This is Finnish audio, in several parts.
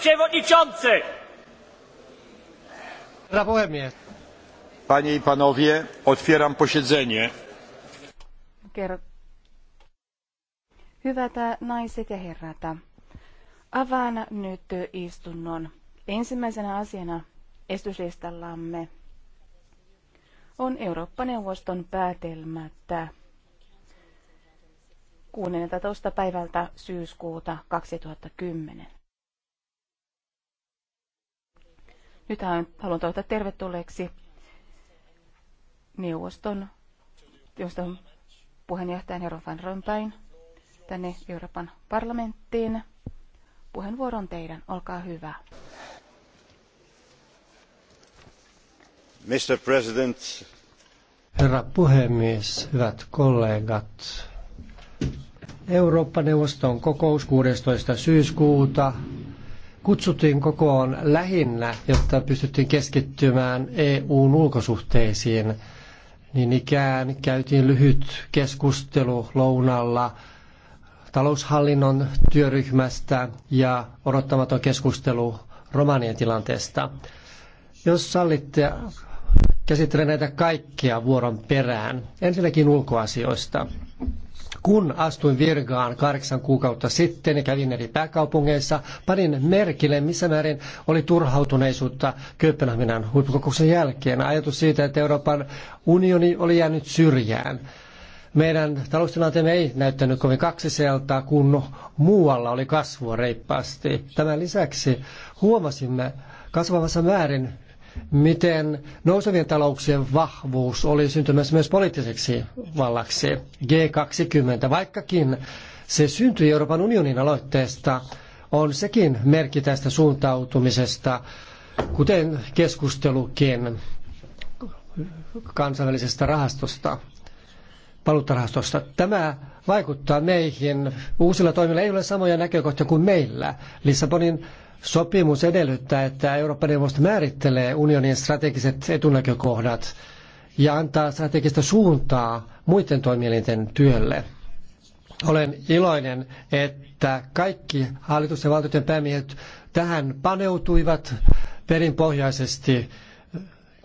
przewodniczący! Panie i panowie, otwieram posiedzenie. Hyvät naiset ja herrat, avaan nyt istunnon. Ensimmäisenä asiana esityslistallamme on Eurooppa-neuvoston päätelmät 16. päivältä syyskuuta 2010. Nyt haluan toivottaa tervetulleeksi neuvoston, josta puheenjohtajan Herra Van Rompuyn tänne Euroopan parlamenttiin. Puheenvuoro on teidän, olkaa hyvä. Mr. President. Herra puhemies, hyvät kollegat. Eurooppa-neuvoston kokous 16. syyskuuta kutsuttiin kokoon lähinnä, jotta pystyttiin keskittymään EUn ulkosuhteisiin. Niin ikään käytiin lyhyt keskustelu lounalla taloushallinnon työryhmästä ja odottamaton keskustelu romanien tilanteesta. Jos sallitte, käsittelen näitä kaikkia vuoron perään. Ensinnäkin ulkoasioista. Kun astuin virkaan kahdeksan kuukautta sitten ja kävin eri pääkaupungeissa, panin merkille, missä määrin oli turhautuneisuutta Kööpenhaminan huippukokouksen jälkeen. Ajatus siitä, että Euroopan unioni oli jäänyt syrjään. Meidän taloustilanteemme ei näyttänyt kovin kaksiselta, kun muualla oli kasvua reippaasti. Tämän lisäksi huomasimme kasvavassa määrin miten nousevien talouksien vahvuus oli syntymässä myös poliittiseksi vallaksi G20, vaikkakin se syntyi Euroopan unionin aloitteesta, on sekin merkki tästä suuntautumisesta, kuten keskustelukin kansainvälisestä rahastosta, valuuttarahastosta. Tämä vaikuttaa meihin. Uusilla toimilla ei ole samoja näkökohtia kuin meillä. Lissabonin Sopimus edellyttää, että Euroopan neuvosto määrittelee unionin strategiset etunäkökohdat ja antaa strategista suuntaa muiden toimielinten työlle. Olen iloinen, että kaikki hallitus- ja valtioiden päämiehet tähän paneutuivat perinpohjaisesti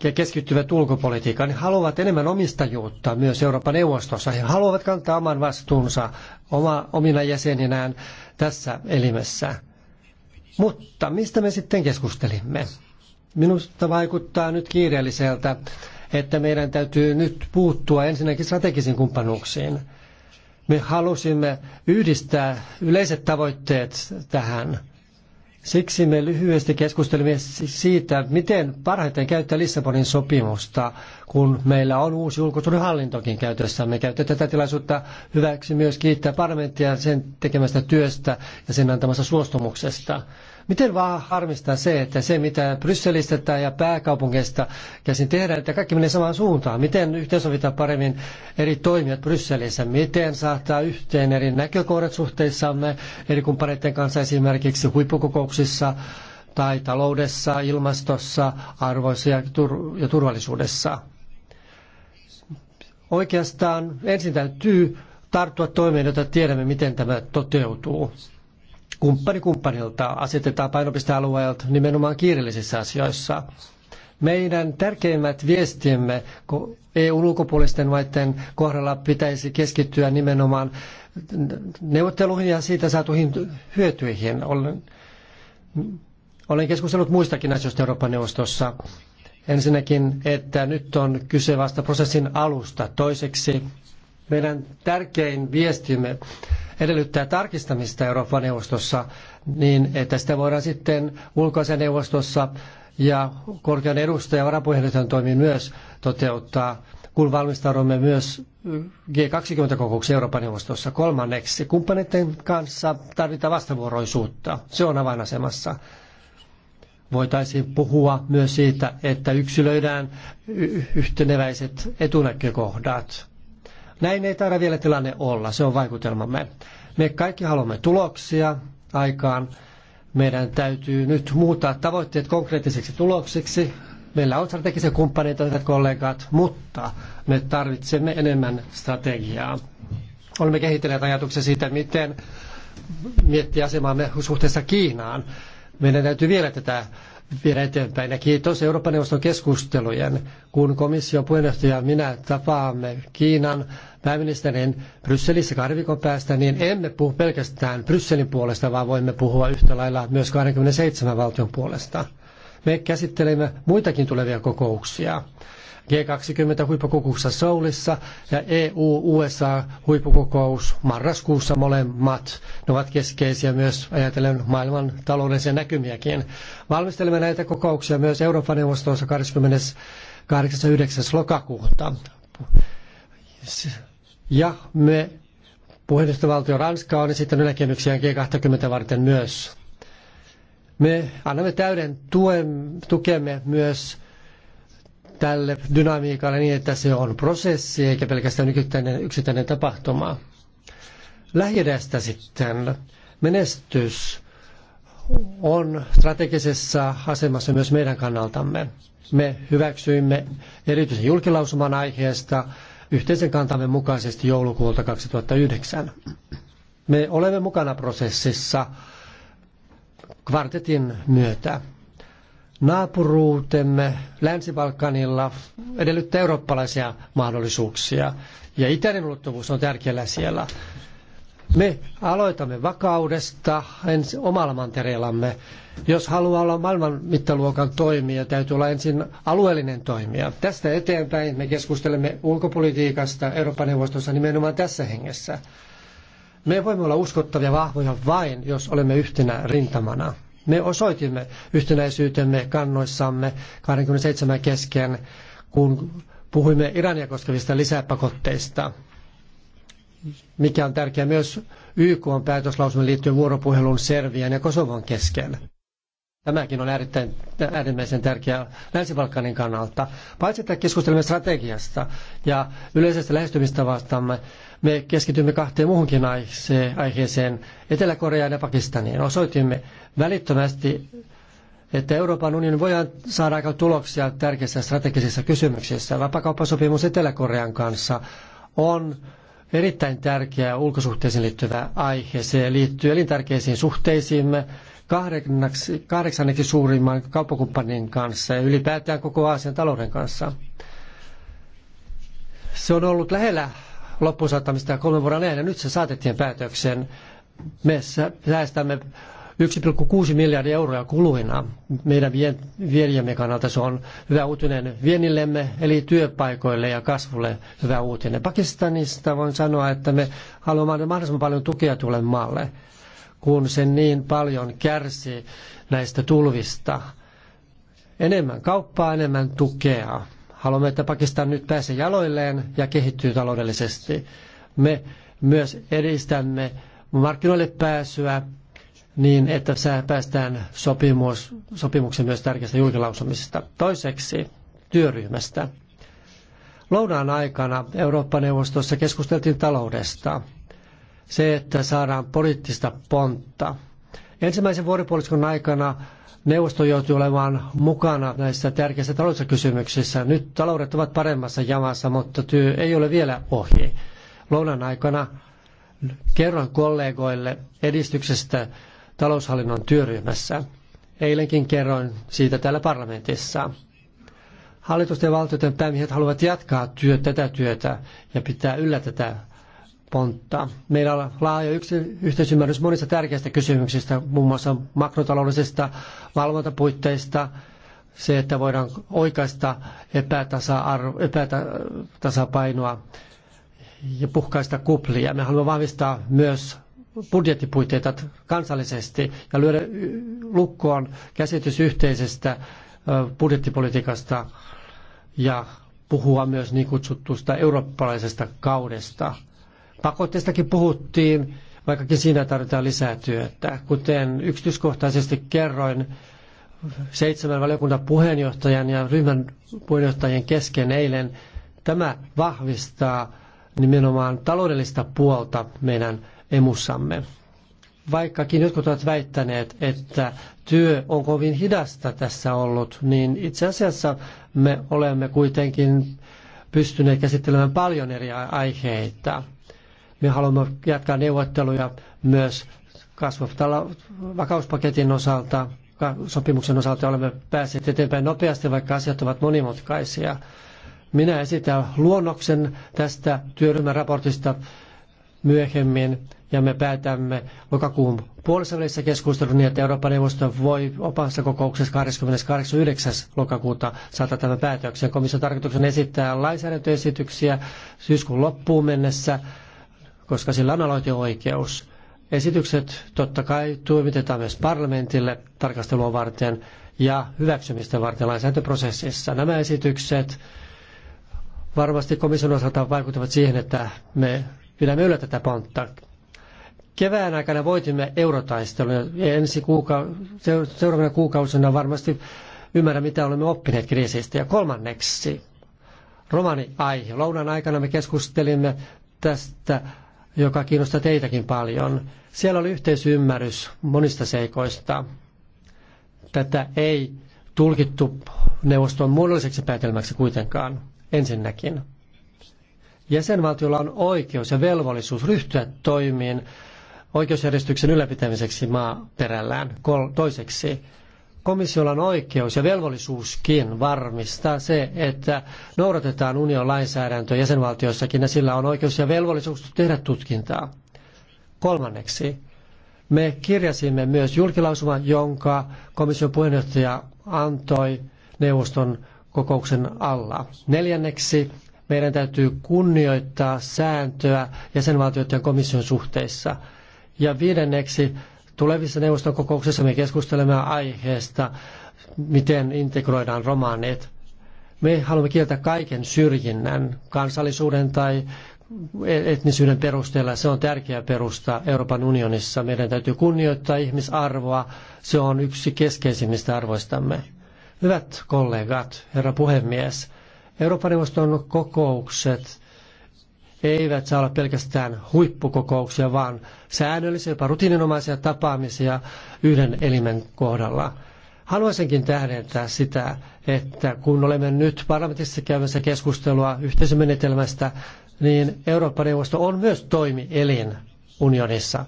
ja keskittyvät ulkopolitiikkaan, niin haluavat enemmän omistajuutta myös Euroopan neuvostossa. He haluavat kantaa oman vastuunsa oma, omina jäseninään tässä elimessä. Mutta mistä me sitten keskustelimme? Minusta vaikuttaa nyt kiireelliseltä, että meidän täytyy nyt puuttua ensinnäkin strategisiin kumppanuuksiin. Me halusimme yhdistää yleiset tavoitteet tähän. Siksi me lyhyesti keskustelimme siitä, miten parhaiten käyttää Lissabonin sopimusta, kun meillä on uusi hallintokin käytössä. Me käytämme tätä tilaisuutta hyväksi myös kiittää parlamenttia sen tekemästä työstä ja sen antamasta suostumuksesta. Miten vaan harmistaa se, että se mitä Brysselistä tai pääkaupungeista käsin tehdään, että kaikki menee samaan suuntaan? Miten yhteensovitaan paremmin eri toimijat Brysselissä? Miten saattaa yhteen eri näkökohdat suhteissamme eri kumppaneiden kanssa esimerkiksi huippukokouksissa tai taloudessa, ilmastossa, arvoissa ja, tur- ja turvallisuudessa? Oikeastaan ensin täytyy tarttua toimeen, jotta tiedämme, miten tämä toteutuu kumppani kumppanilta asetetaan painopistealueelta nimenomaan kiireellisissä asioissa. Meidän tärkeimmät viestimme EU-ulkopuolisten maiden kohdalla pitäisi keskittyä nimenomaan neuvotteluihin ja siitä saatuihin hyötyihin. Olen, olen keskustellut muistakin asioista Euroopan neuvostossa. Ensinnäkin, että nyt on kyse vasta prosessin alusta. Toiseksi, meidän tärkein viestimme edellyttää tarkistamista Euroopan neuvostossa niin, että sitä voidaan sitten ulkoisen neuvostossa ja korkean edustajan varapuheenjohtajan toimi myös toteuttaa, kun valmistaudumme myös G20-kokouksia Euroopan neuvostossa. Kolmanneksi, kumppaneiden kanssa tarvitaan vastavuoroisuutta. Se on avainasemassa. Voitaisiin puhua myös siitä, että yksilöidään yhteneväiset etunäkökohdat näin ei taida vielä tilanne olla, se on vaikutelmamme. Me kaikki haluamme tuloksia aikaan. Meidän täytyy nyt muuttaa tavoitteet konkreettiseksi tuloksiksi. Meillä on strategisia kumppaneita, hyvät kollegat, mutta me tarvitsemme enemmän strategiaa. Olemme kehitelleet ajatuksia siitä, miten miettiä asemaamme suhteessa Kiinaan. Meidän täytyy vielä tätä viedä eteenpäin. Ja kiitos Euroopan neuvoston keskustelujen, kun komission puheenjohtaja ja minä tapaamme Kiinan pääministerin niin Brysselissä kahden viikon päästä, niin emme puhu pelkästään Brysselin puolesta, vaan voimme puhua yhtä lailla myös 27 valtion puolesta. Me käsittelemme muitakin tulevia kokouksia. G20-huippukokouksessa Soulissa ja EU-USA-huippukokous marraskuussa molemmat. Ne ovat keskeisiä myös ajatellen maailman taloudellisia näkymiäkin. Valmistelemme näitä kokouksia myös Euroopan neuvostossa 28.9. lokakuuta. Ja me puheenjohtovaltio Ranska on esittänyt näkemyksiä G20 varten myös. Me annamme täyden tuen, tukemme myös tälle dynamiikalle niin, että se on prosessi eikä pelkästään yksittäinen, yksittäinen tapahtuma. lähi sitten menestys on strategisessa asemassa myös meidän kannaltamme. Me hyväksyimme erityisen julkilausuman aiheesta yhteisen kantamme mukaisesti joulukuulta 2009. Me olemme mukana prosessissa kvartetin myötä naapuruutemme Länsi-Balkanilla edellyttää eurooppalaisia mahdollisuuksia. Ja itäinen ulottuvuus on tärkeällä siellä. Me aloitamme vakaudesta ensin omalla mantereellamme. Jos haluaa olla maailman mittaluokan toimija, täytyy olla ensin alueellinen toimija. Tästä eteenpäin me keskustelemme ulkopolitiikasta Euroopan neuvostossa nimenomaan tässä hengessä. Me voimme olla uskottavia vahvoja vain, jos olemme yhtenä rintamana. Me osoitimme yhtenäisyytemme kannoissamme 27 kesken, kun puhuimme Irania koskevista lisäpakotteista, mikä on tärkeää myös YK on päätöslausuman liittyen vuoropuheluun Servian ja Kosovon kesken. Tämäkin on erittäin, äärimmäisen tärkeää Länsi-Balkanin kannalta. Paitsi että keskustelemme strategiasta ja yleisestä lähestymistavastamme, me keskitymme kahteen muuhunkin aiheeseen, Etelä-Koreaan ja Pakistaniin. Osoitimme välittömästi, että Euroopan unioni voi saada aika tuloksia tärkeissä strategisissa kysymyksissä. Vapakauppasopimus Etelä-Korean kanssa on erittäin tärkeä ulkosuhteisiin liittyvä aihe. Se liittyy elintärkeisiin suhteisiimme kahdeksanneksi suurimman kauppakumppanin kanssa ja ylipäätään koko Aasian talouden kanssa. Se on ollut lähellä loppuun saattamista kolmen vuoden ajan. Nyt se saatettiin päätökseen. Me säästämme 1,6 miljardia euroa kuluina. Meidän viejämme kannalta se on hyvä uutinen viennillemme, eli työpaikoille ja kasvulle hyvä uutinen. Pakistanista voin sanoa, että me haluamme mahdollisimman paljon tukea tuolle maalle, kun se niin paljon kärsii näistä tulvista. Enemmän kauppaa, enemmän tukea. Haluamme, että Pakistan nyt pääsee jaloilleen ja kehittyy taloudellisesti. Me myös edistämme markkinoille pääsyä niin, että päästään sopimus, sopimuksen myös tärkeästä julkilausumisesta. Toiseksi työryhmästä. Lounaan aikana Eurooppa-neuvostossa keskusteltiin taloudesta. Se, että saadaan poliittista pontta. Ensimmäisen vuoripuoliskon aikana neuvosto joutuu olemaan mukana näissä tärkeissä taloudellisissa kysymyksissä. Nyt taloudet ovat paremmassa jamassa, mutta työ ei ole vielä ohi. Lounan aikana kerron kollegoille edistyksestä taloushallinnon työryhmässä. Eilenkin kerroin siitä täällä parlamentissa. Hallitusten ja valtioiden päämiehet haluavat jatkaa työ, tätä työtä ja pitää yllä tätä pontta. Meillä on laaja yksi, yhteisymmärrys monista tärkeistä kysymyksistä, muun muassa makrotaloudellisista valvontapuitteista, se, että voidaan oikaista epätasa-arvo, epätasapainoa ja puhkaista kuplia. Me haluamme vahvistaa myös budjettipuitteita kansallisesti ja lyödä lukkoon käsitys yhteisestä budjettipolitiikasta ja puhua myös niin kutsutusta eurooppalaisesta kaudesta. Pakotteistakin puhuttiin, vaikkakin siinä tarvitaan lisää työtä. Kuten yksityiskohtaisesti kerroin, seitsemän valiokunnan puheenjohtajan ja ryhmän puheenjohtajien kesken eilen, tämä vahvistaa nimenomaan taloudellista puolta meidän emussamme. Vaikkakin jotkut ovat väittäneet, että työ on kovin hidasta tässä ollut, niin itse asiassa me olemme kuitenkin pystyneet käsittelemään paljon eri aiheita. Me haluamme jatkaa neuvotteluja myös kasvattala vakauspaketin osalta, sopimuksen osalta olemme päässeet eteenpäin nopeasti, vaikka asiat ovat monimutkaisia. Minä esitän luonnoksen tästä työryhmän raportista myöhemmin ja me päätämme lokakuun puolessa keskustelun niin, että Euroopan neuvosto voi opassa kokouksessa 28.9. lokakuuta saada tämän päätöksen. Komission tarkoituksen esittää lainsäädäntöesityksiä syyskuun loppuun mennessä koska sillä on aloiteoikeus. Esitykset totta kai toimitetaan myös parlamentille tarkastelua varten ja hyväksymistä varten lainsäädäntöprosessissa. Nämä esitykset varmasti komission osalta vaikuttavat siihen, että me pidämme yllä tätä pontta. Kevään aikana voitimme eurotaistelun ja ensi kuuka- seuraavana kuukausina varmasti ymmärrä, mitä olemme oppineet kriisistä. Ja kolmanneksi, romani aihe. Lounan aikana me keskustelimme tästä joka kiinnostaa teitäkin paljon. Siellä oli yhteisymmärrys monista seikoista. Tätä ei tulkittu neuvoston muodolliseksi päätelmäksi kuitenkaan ensinnäkin. Jäsenvaltiolla on oikeus ja velvollisuus ryhtyä toimiin oikeusjärjestyksen ylläpitämiseksi maaperällään toiseksi komissiolla on oikeus ja velvollisuuskin varmistaa se, että noudatetaan union lainsäädäntöä jäsenvaltioissakin ja sillä on oikeus ja velvollisuus tehdä tutkintaa. Kolmanneksi, me kirjasimme myös julkilausuman, jonka komission puheenjohtaja antoi neuvoston kokouksen alla. Neljänneksi, meidän täytyy kunnioittaa sääntöä jäsenvaltioiden komission suhteissa. Ja viidenneksi, Tulevissa neuvoston kokouksissa me keskustelemme aiheesta, miten integroidaan romaneet. Me haluamme kieltää kaiken syrjinnän kansallisuuden tai etnisyyden perusteella. Se on tärkeä perusta Euroopan unionissa. Meidän täytyy kunnioittaa ihmisarvoa. Se on yksi keskeisimmistä arvoistamme. Hyvät kollegat, herra puhemies, Euroopan neuvoston kokoukset eivät saa olla pelkästään huippukokouksia, vaan säännöllisiä, jopa rutiininomaisia tapaamisia yhden elimen kohdalla. Haluaisinkin tähdentää sitä, että kun olemme nyt parlamentissa käymässä keskustelua yhteisömenetelmästä, niin Euroopan neuvosto on myös toimielin unionissa.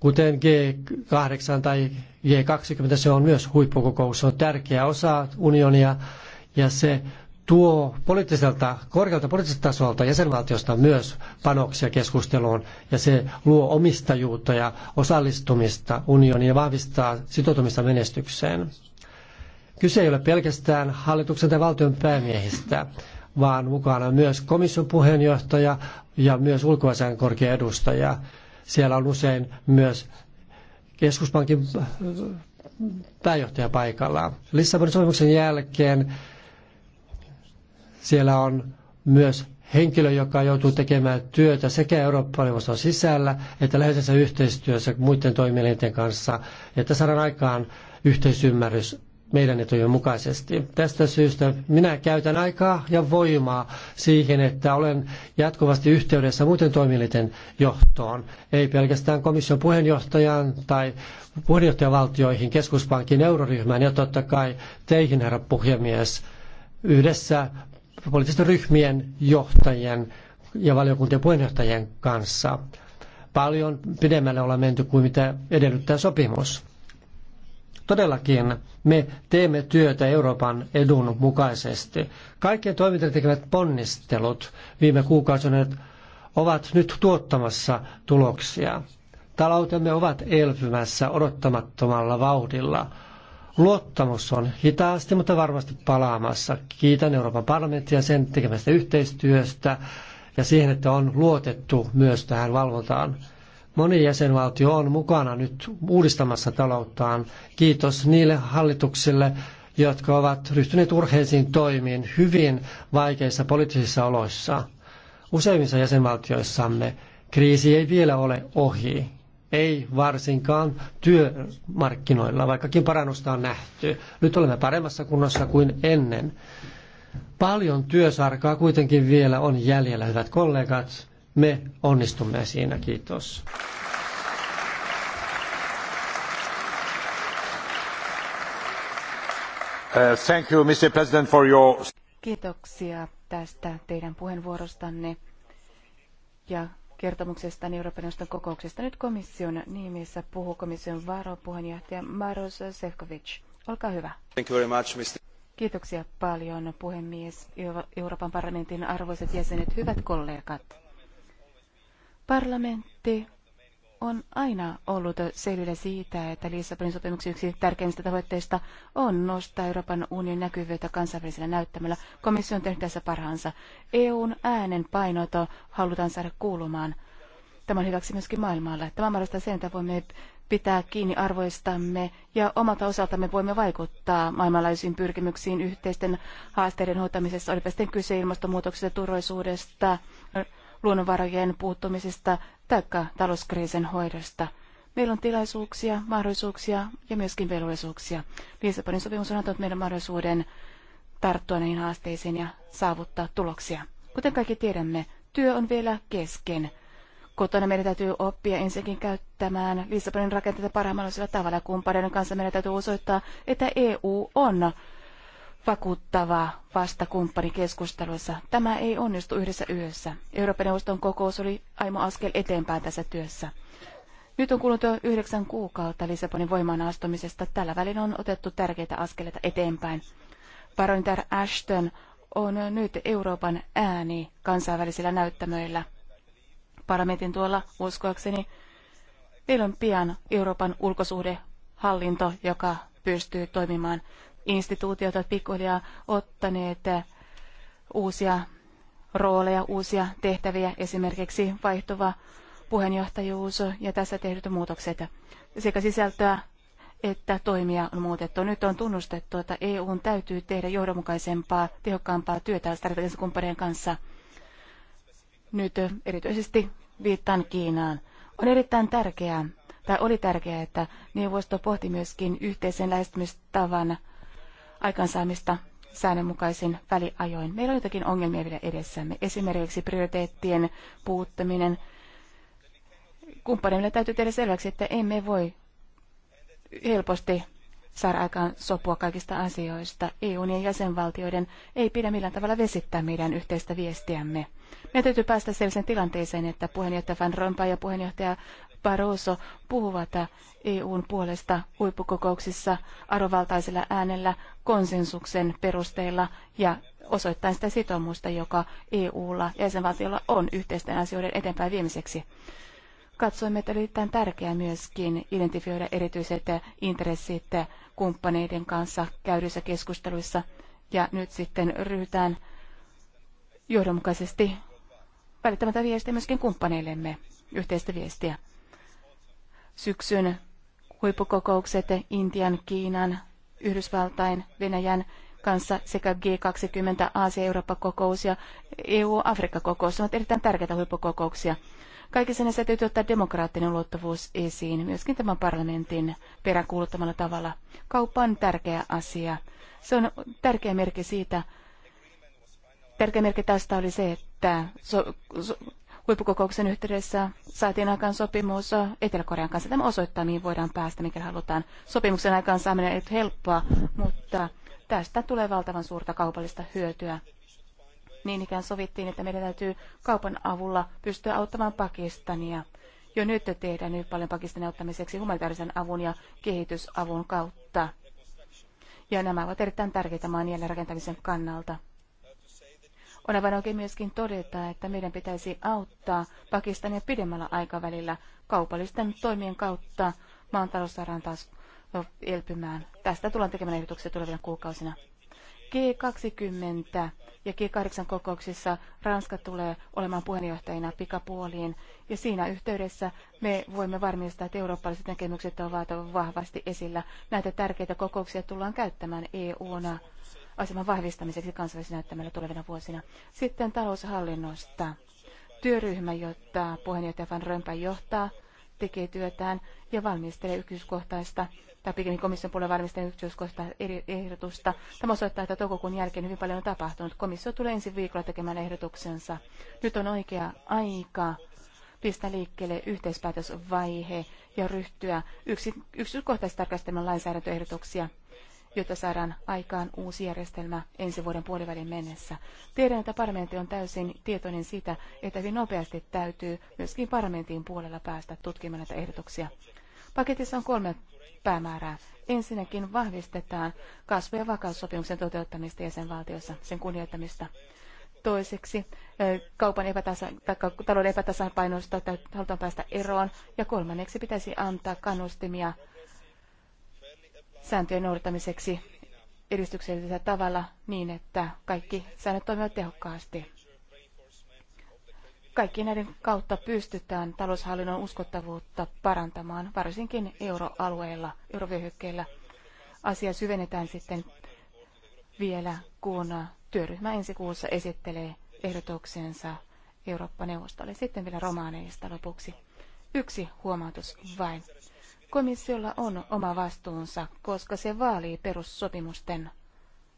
Kuten G8 tai G20, se on myös huippukokous. Se on tärkeä osa unionia ja se tuo poliittiselta, korkealta poliittiselta tasolta jäsenvaltiosta myös panoksia keskusteluun ja se luo omistajuutta ja osallistumista unioniin ja vahvistaa sitoutumista menestykseen. Kyse ei ole pelkästään hallituksen tai valtion päämiehistä, vaan mukana myös komission puheenjohtaja ja myös ulkoasian korkea edustaja. Siellä on usein myös keskuspankin äh, pääjohtaja paikallaan. Lissabonin sopimuksen jälkeen siellä on myös henkilö, joka joutuu tekemään työtä sekä eurooppa neuvoston sisällä että läheisessä yhteistyössä muiden toimielinten kanssa, että saadaan aikaan yhteisymmärrys meidän etujen mukaisesti. Tästä syystä minä käytän aikaa ja voimaa siihen, että olen jatkuvasti yhteydessä muiden toimielinten johtoon, ei pelkästään komission puheenjohtajaan tai puheenjohtajavaltioihin, keskuspankin euroryhmään ja totta kai teihin, herra puhemies, yhdessä poliittisten ryhmien johtajien ja valiokuntien puheenjohtajien kanssa. Paljon pidemmälle ollaan menty kuin mitä edellyttää sopimus. Todellakin me teemme työtä Euroopan edun mukaisesti. Kaikkien toimintojen tekevät ponnistelut viime kuukausina ovat nyt tuottamassa tuloksia. Taloutemme ovat elpymässä odottamattomalla vauhdilla Luottamus on hitaasti, mutta varmasti palaamassa. Kiitän Euroopan parlamenttia sen tekemästä yhteistyöstä ja siihen, että on luotettu myös tähän valvontaan. Moni jäsenvaltio on mukana nyt uudistamassa talouttaan. Kiitos niille hallituksille, jotka ovat ryhtyneet urheisiin toimiin hyvin vaikeissa poliittisissa oloissa. Useimmissa jäsenvaltioissamme kriisi ei vielä ole ohi ei varsinkaan työmarkkinoilla, vaikkakin parannusta on nähty. Nyt olemme paremmassa kunnossa kuin ennen. Paljon työsarkaa kuitenkin vielä on jäljellä, hyvät kollegat. Me onnistumme siinä, kiitos. Uh, thank you, Mr. President, for your... Kiitoksia tästä teidän puheenvuorostanne ja kertomuksesta Euroopan neuvoston kokouksesta. Nyt komission nimissä puhuu komission varapuheenjohtaja Maros Sefcovic. Olkaa hyvä. Thank you very much, Mr. Kiitoksia paljon, puhemies, Euroopan parlamentin arvoiset jäsenet, hyvät kollegat. Parlamentti on aina ollut selvillä siitä, että Lissabonin sopimuksen yksi tärkeimmistä tavoitteista on nostaa Euroopan unionin näkyvyyttä kansainvälisellä näyttämällä. Komissio on tehnyt tässä parhaansa. EUn äänen painoto halutaan saada kuulumaan. Tämä on hyväksi myöskin maailmalle. Tämä mahdollistaa sen, että voimme pitää kiinni arvoistamme ja omalta osaltamme voimme vaikuttaa maailmanlaisiin pyrkimyksiin yhteisten haasteiden hoitamisessa, olipa sitten kyse ilmastonmuutoksesta, turvallisuudesta, luonnonvarojen puuttumisesta tai talouskriisin hoidosta. Meillä on tilaisuuksia, mahdollisuuksia ja myöskin velvollisuuksia. Lissabonin sopimus on antanut meidän mahdollisuuden tarttua näihin haasteisiin ja saavuttaa tuloksia. Kuten kaikki tiedämme, työ on vielä kesken. Kotona meidän täytyy oppia ensinnäkin käyttämään Lissabonin rakenteita parhaimmalla tavalla. Kumppaneiden kanssa meidän täytyy osoittaa, että EU on vakuuttava vastakumppani keskusteluissa. Tämä ei onnistu yhdessä yössä. Euroopan neuvoston kokous oli aimo askel eteenpäin tässä työssä. Nyt on kulunut jo yhdeksän kuukautta Lissabonin voimaan astumisesta. Tällä välin on otettu tärkeitä askeleita eteenpäin. Baroniter Ashton on nyt Euroopan ääni kansainvälisillä näyttämöillä. Parlamentin tuolla uskoakseni meillä on pian Euroopan ulkosuhdehallinto, joka pystyy toimimaan instituutiot ovat pikkuhiljaa ottaneet uusia rooleja, uusia tehtäviä, esimerkiksi vaihtuva puheenjohtajuus ja tässä tehdyt muutokset. Sekä sisältöä että toimia on muutettu. Nyt on tunnustettu, että EUn täytyy tehdä johdonmukaisempaa, tehokkaampaa työtä strategisen kumppanien kanssa. Nyt erityisesti viittaan Kiinaan. On erittäin tärkeää, tai oli tärkeää, että neuvosto pohti myöskin yhteisen lähestymistavan aikaansaamista säännönmukaisin väliajoin. Meillä on jotakin ongelmia vielä edessämme, esimerkiksi prioriteettien puuttaminen. Kumppanille täytyy tehdä selväksi, että emme voi helposti saada aikaan sopua kaikista asioista. EUn ja jäsenvaltioiden ei pidä millään tavalla vesittää meidän yhteistä viestiämme. Meidän täytyy päästä sellaiseen tilanteeseen, että puheenjohtaja Van Rompuy ja puheenjohtaja Barroso puhuvat EUn puolesta huippukokouksissa arvovaltaisella äänellä konsensuksen perusteella ja osoittain sitä sitoumusta, joka EUlla ja jäsenvaltiolla on yhteisten asioiden eteenpäin viemiseksi. Katsoimme, että oli erittäin tärkeää myöskin identifioida erityiset intressit kumppaneiden kanssa käydyissä keskusteluissa ja nyt sitten ryhdytään johdonmukaisesti välittämättä viestiä myöskin kumppaneillemme yhteistä viestiä syksyn huippukokoukset Intian, Kiinan, Yhdysvaltain, Venäjän kanssa sekä G20 Aasia-Eurooppa-kokous ja EU-Afrikka-kokous ovat erittäin tärkeitä huippukokouksia. Kaikissa näissä täytyy ottaa demokraattinen luottavuus esiin, myöskin tämän parlamentin peräkuuluttamalla tavalla. Kauppa on tärkeä asia. Se on tärkeä merkki siitä, tärkeä merkki tästä oli se, että so, so, huippukokouksen yhteydessä saatiin aikaan sopimus Etelä-Korean kanssa. Tämä osoittaa, mihin voidaan päästä, mikä halutaan. Sopimuksen aikaan saaminen ei ole helppoa, mutta tästä tulee valtavan suurta kaupallista hyötyä. Niin ikään sovittiin, että meidän täytyy kaupan avulla pystyä auttamaan Pakistania. Jo nyt tehdään nyt paljon Pakistanin auttamiseksi humanitaarisen avun ja kehitysavun kautta. Ja nämä ovat erittäin tärkeitä maan jälleenrakentamisen kannalta. On aivan oikein myöskin todeta, että meidän pitäisi auttaa Pakistania pidemmällä aikavälillä kaupallisten toimien kautta maan talous saadaan taas elpymään. Tästä tullaan tekemään ehdotuksia tulevina kuukausina. G20 ja G8-kokouksissa Ranska tulee olemaan puheenjohtajina pikapuoliin. Ja siinä yhteydessä me voimme varmistaa, että eurooppalaiset näkemykset ovat vahvasti esillä. Näitä tärkeitä kokouksia tullaan käyttämään EU: EU-na aseman vahvistamiseksi kansallisnäyttämällä tulevina vuosina. Sitten taloushallinnosta. Työryhmä, jota puheenjohtaja Van Römpä johtaa, tekee työtään ja valmistelee yksityiskohtaista tai pikemmin komission puolella valmistelee yksityiskohtaista ehdotusta. Tämä osoittaa, että toukokuun jälkeen hyvin paljon on tapahtunut. Komissio tulee ensi viikolla tekemään ehdotuksensa. Nyt on oikea aika pistää liikkeelle yhteispäätösvaihe ja ryhtyä yksi, yksityiskohtaisesti tarkastelemaan lainsäädäntöehdotuksia jotta saadaan aikaan uusi järjestelmä ensi vuoden puolivälin mennessä. Tiedän, että parlamentti on täysin tietoinen sitä, että hyvin nopeasti täytyy myöskin parlamentin puolella päästä tutkimaan näitä ehdotuksia. Paketissa on kolme päämäärää. Ensinnäkin vahvistetaan kasvu- ja vakaussopimuksen toteuttamista jäsenvaltiossa, sen kunnioittamista. Toiseksi kaupan epätasa, tai talouden epätasapainosta halutaan päästä eroon. Ja kolmanneksi pitäisi antaa kannustimia sääntöjen noudattamiseksi edistyksellisellä tavalla niin, että kaikki säännöt toimivat tehokkaasti. Kaikki näiden kautta pystytään taloushallinnon uskottavuutta parantamaan, varsinkin euroalueella, eurovyöhykkeellä. Asia syvennetään sitten vielä, kun työryhmä ensi kuussa esittelee ehdotuksensa Eurooppa-neuvostolle. Sitten vielä romaaneista lopuksi. Yksi huomautus vain. Komissiolla on oma vastuunsa, koska se vaalii perussopimusten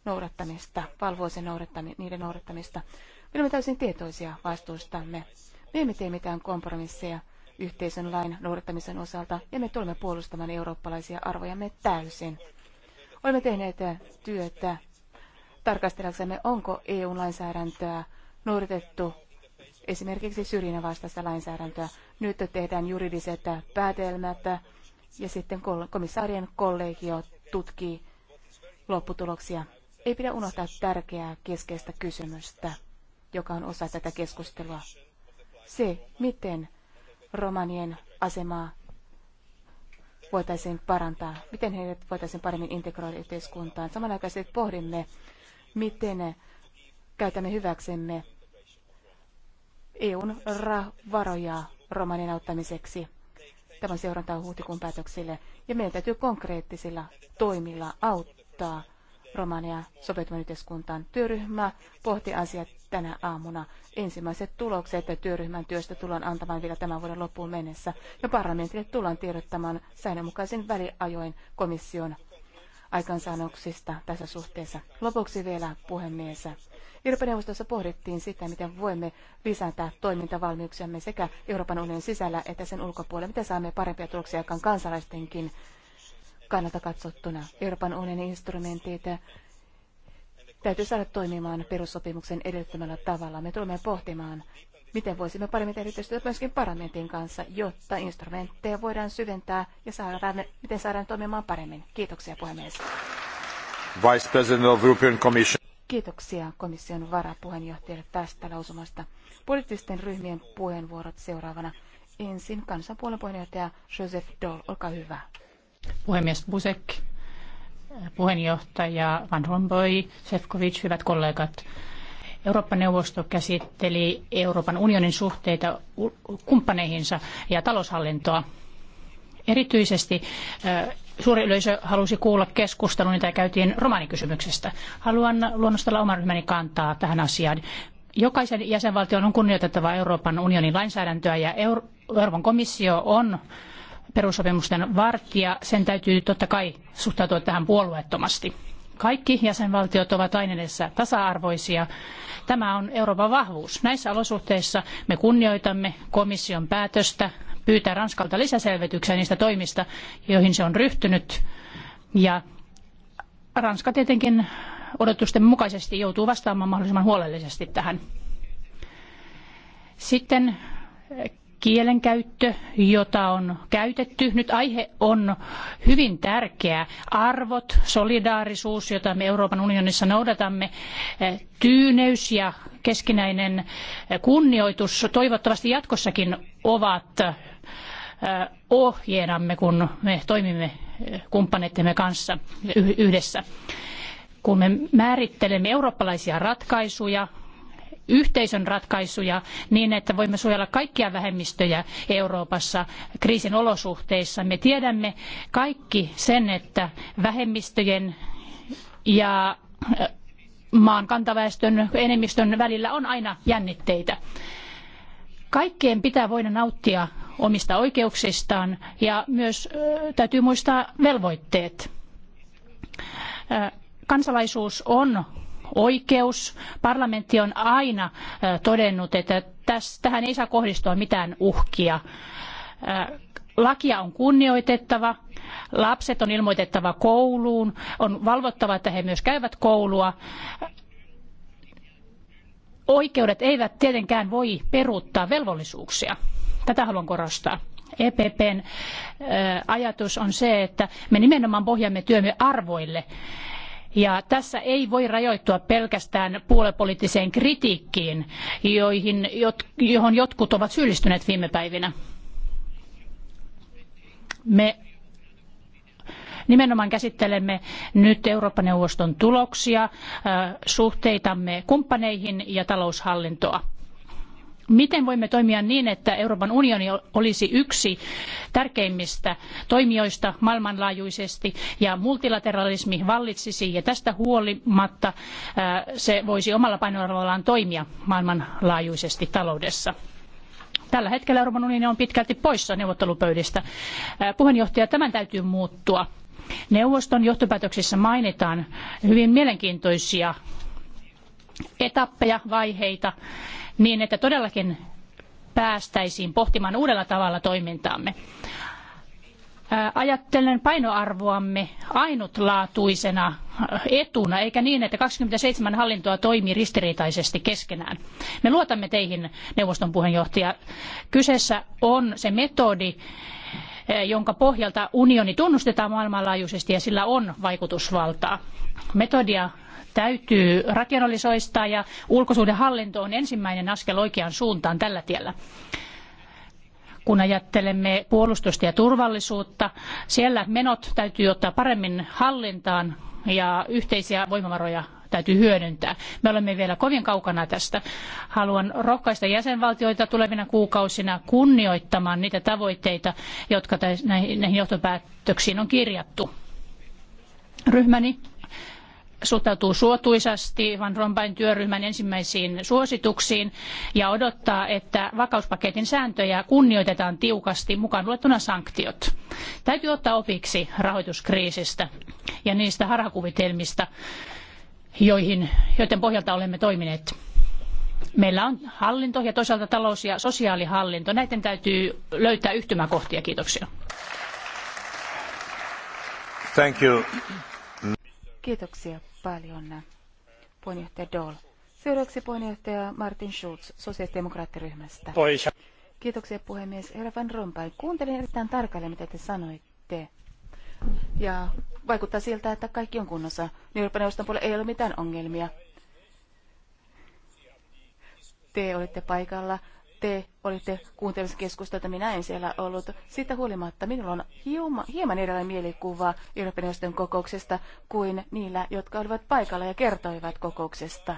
noudattamista, valvoo sen noudattami, niiden noudattamista. Me olemme täysin tietoisia vastuustamme. Me emme tee mitään kompromisseja yhteisön lain noudattamisen osalta ja me tulemme puolustamaan eurooppalaisia arvojamme täysin. Olemme tehneet työtä tarkastellaksemme, onko EU-lainsäädäntöä noudatettu esimerkiksi syrjinnän vastaista lainsäädäntöä. Nyt tehdään juridiset päätelmät ja sitten komissaarien kollegio tutkii lopputuloksia. Ei pidä unohtaa tärkeää keskeistä kysymystä, joka on osa tätä keskustelua. Se, miten romanien asemaa voitaisiin parantaa, miten heidät voitaisiin paremmin integroida yhteiskuntaan. Samanaikaisesti pohdimme, miten käytämme hyväksemme EUn varoja romanien auttamiseksi. Tämä seurantaa huhtikuun päätöksille. Ja meidän täytyy konkreettisilla toimilla auttaa Romania sopeutuvan yhteiskuntaan. Työryhmä pohti asiat tänä aamuna. Ensimmäiset tulokset työryhmän työstä tullaan antamaan vielä tämän vuoden loppuun mennessä. Ja parlamentille tullaan tiedottamaan säännönmukaisen väliajoin komission aikansaannoksista tässä suhteessa. Lopuksi vielä puhemies. Euroopan neuvostossa pohdittiin sitä, miten voimme lisätä toimintavalmiuksiamme sekä Euroopan unionin sisällä että sen ulkopuolella, miten saamme parempia tuloksia aikaan kansalaistenkin kannalta katsottuna. Euroopan unionin instrumentit täytyy saada toimimaan perussopimuksen edellyttämällä tavalla. Me tulemme pohtimaan miten voisimme paremmin tehdä yhteistyötä myöskin parlamentin kanssa, jotta instrumentteja voidaan syventää ja saadaan, miten saadaan toimimaan paremmin. Kiitoksia puhemies. Vice President of European Commission. Kiitoksia komission varapuheenjohtajalle tästä lausumasta. Poliittisten ryhmien puheenvuorot seuraavana. Ensin kansanpuolen puheenjohtaja Joseph Doll, olkaa hyvä. Puhemies Busek, puheenjohtaja Van Rompuy, Sefcovic, hyvät kollegat. Eurooppa-neuvosto käsitteli Euroopan unionin suhteita kumppaneihinsa ja taloushallintoa. Erityisesti suuri yleisö halusi kuulla keskustelun, mitä käytiin romanikysymyksestä. Haluan luonnostella oman ryhmäni kantaa tähän asiaan. Jokaisen jäsenvaltion on kunnioitettava Euroopan unionin lainsäädäntöä ja Euroopan komissio on perussopimusten vartija. Sen täytyy totta kai suhtautua tähän puolueettomasti kaikki jäsenvaltiot ovat aina edessä tasa-arvoisia. Tämä on Euroopan vahvuus. Näissä olosuhteissa me kunnioitamme komission päätöstä pyytää Ranskalta lisäselvityksiä niistä toimista, joihin se on ryhtynyt. Ja Ranska tietenkin odotusten mukaisesti joutuu vastaamaan mahdollisimman huolellisesti tähän. Sitten kielenkäyttö, jota on käytetty. Nyt aihe on hyvin tärkeä. Arvot, solidaarisuus, jota me Euroopan unionissa noudatamme, eh, tyyneys ja keskinäinen eh, kunnioitus toivottavasti jatkossakin ovat eh, ohjeenamme, kun me toimimme kumppaneittemme kanssa yhdessä. Kun me määrittelemme eurooppalaisia ratkaisuja, yhteisön ratkaisuja niin, että voimme suojella kaikkia vähemmistöjä Euroopassa kriisin olosuhteissa. Me tiedämme kaikki sen, että vähemmistöjen ja äh, maan kantaväestön enemmistön välillä on aina jännitteitä. Kaikkien pitää voida nauttia omista oikeuksistaan ja myös äh, täytyy muistaa velvoitteet. Äh, kansalaisuus on oikeus. Parlamentti on aina todennut, että tähän ei saa kohdistua mitään uhkia. Lakia on kunnioitettava, lapset on ilmoitettava kouluun, on valvottava, että he myös käyvät koulua. Oikeudet eivät tietenkään voi peruuttaa velvollisuuksia. Tätä haluan korostaa. EPPn ajatus on se, että me nimenomaan pohjaamme työmme arvoille ja tässä ei voi rajoittua pelkästään puoluepoliittiseen kritiikkiin, joihin, johon jotkut ovat syyllistyneet viime päivinä. Me nimenomaan käsittelemme nyt Eurooppa-neuvoston tuloksia, äh, suhteitamme kumppaneihin ja taloushallintoa. Miten voimme toimia niin, että Euroopan unioni olisi yksi tärkeimmistä toimijoista maailmanlaajuisesti ja multilateralismi vallitsisi ja tästä huolimatta äh, se voisi omalla painoarvollaan toimia maailmanlaajuisesti taloudessa? Tällä hetkellä Euroopan unioni on pitkälti poissa neuvottelupöydistä. Äh, puheenjohtaja, tämän täytyy muuttua. Neuvoston johtopäätöksissä mainitaan hyvin mielenkiintoisia etappeja, vaiheita, niin että todellakin päästäisiin pohtimaan uudella tavalla toimintaamme. Ajattelen painoarvoamme ainutlaatuisena etuna, eikä niin, että 27 hallintoa toimii ristiriitaisesti keskenään. Me luotamme teihin, neuvoston puheenjohtaja. Kyseessä on se metodi, jonka pohjalta unioni tunnustetaan maailmanlaajuisesti ja sillä on vaikutusvaltaa. Metodia täytyy rationalisoistaa ja ulkosuhdehallinto on ensimmäinen askel oikeaan suuntaan tällä tiellä. Kun ajattelemme puolustusta ja turvallisuutta, siellä menot täytyy ottaa paremmin hallintaan ja yhteisiä voimavaroja täytyy hyödyntää. Me olemme vielä kovin kaukana tästä. Haluan rohkaista jäsenvaltioita tulevina kuukausina kunnioittamaan niitä tavoitteita, jotka näihin johtopäätöksiin on kirjattu. Ryhmäni suhtautuu suotuisasti Van Rompuyn työryhmän ensimmäisiin suosituksiin ja odottaa, että vakauspaketin sääntöjä kunnioitetaan tiukasti, mukaan luettuna sanktiot. Täytyy ottaa opiksi rahoituskriisistä ja niistä harhakuvitelmista, joihin, joiden pohjalta olemme toimineet. Meillä on hallinto ja toisaalta talous- ja sosiaalihallinto. Näiden täytyy löytää yhtymäkohtia. Kiitoksia. Thank you. Kiitoksia paljon, puheenjohtaja Dole. Seuraavaksi puheenjohtaja Martin Schulz sosiaalidemokraattiryhmästä. Kiitoksia puhemies. Herra Van Rompuy, kuuntelin erittäin tarkalleen, mitä te sanoitte. Ja vaikuttaa siltä, että kaikki on kunnossa. Euroopan neuvoston puolella ei ole mitään ongelmia. Te olitte paikalla te olitte kuuntelemassa keskustelua, minä en siellä ollut. Siitä huolimatta minulla on hiuma, hieman erilainen mielikuva Euroopan neuvoston kokouksesta kuin niillä, jotka olivat paikalla ja kertoivat kokouksesta.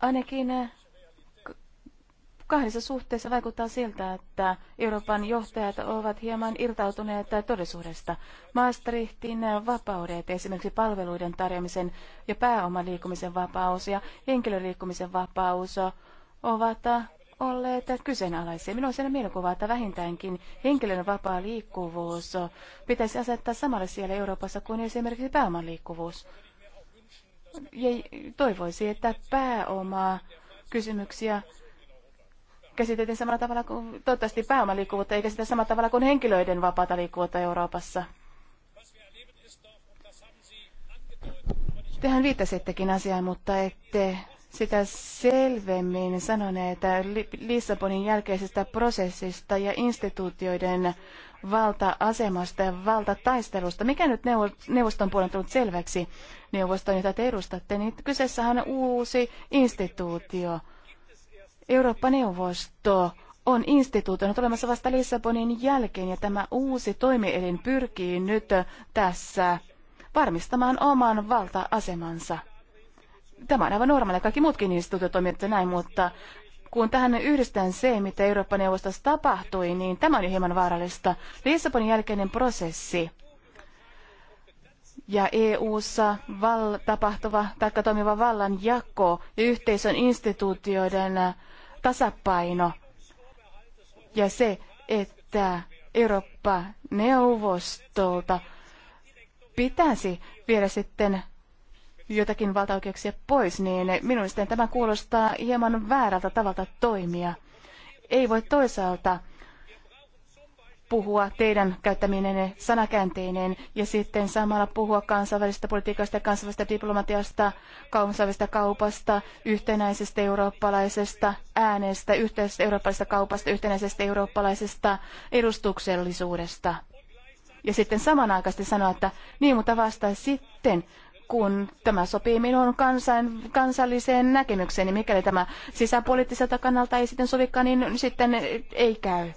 Ainakin kahdessa suhteessa vaikuttaa siltä, että Euroopan johtajat ovat hieman irtautuneet todellisuudesta. Maastrichtin vapaudet, esimerkiksi palveluiden tarjoamisen ja pääoman liikkumisen vapaus ja henkilöliikkumisen vapaus ovat olleet kyseenalaisia. Minulla on siellä mielikuva, että vähintäänkin henkilön vapaa liikkuvuus pitäisi asettaa samalle siellä Euroopassa kuin esimerkiksi pääoman liikkuvuus. Ja toivoisin, että pääomaa kysymyksiä käsitettiin samalla tavalla kuin, toivottavasti pääomaliikkuvuutta, eikä sitä samalla tavalla kuin henkilöiden vapaata liikkuvuutta Euroopassa. Tehän viittasittekin asiaan, mutta ette sitä selvemmin sanoneet Lissabonin jälkeisestä prosessista ja instituutioiden valta-asemasta ja valtataistelusta. Mikä nyt neuvoston puolen tullut selväksi neuvoston, jota te edustatte, niin kyseessähän on uusi instituutio – Eurooppa-neuvosto on instituutioinut olemassa vasta Lissabonin jälkeen ja tämä uusi toimielin pyrkii nyt tässä varmistamaan oman valta-asemansa. Tämä on aivan normaalia, Kaikki muutkin instituutiot toimivat näin, mutta kun tähän yhdistetään se, mitä eurooppa neuvostossa tapahtui, niin tämä on jo hieman vaarallista. Lissabonin jälkeinen prosessi ja EU-ssa val- tapahtuva tai toimiva vallanjako ja yhteisön instituutioiden tasapaino ja se, että Eurooppa-neuvostolta pitäisi viedä sitten jotakin valtaoikeuksia pois, niin minun mielestäni tämä kuulostaa hieman väärältä tavalta toimia. Ei voi toisaalta puhua teidän käyttäminenne sanakäänteineen ja sitten samalla puhua kansainvälisestä politiikasta, kansainvälisestä diplomatiasta, kansainvälisestä kaupasta, yhtenäisestä eurooppalaisesta äänestä, yhteisestä eurooppalaisesta kaupasta, yhtenäisestä eurooppalaisesta edustuksellisuudesta. Ja sitten samanaikaisesti sanoa, että niin, mutta vasta sitten, kun tämä sopii minun kansan, kansalliseen näkemykseeni, niin mikäli tämä sisäpoliittiselta kannalta ei sitten sovikaan, niin sitten ei käy.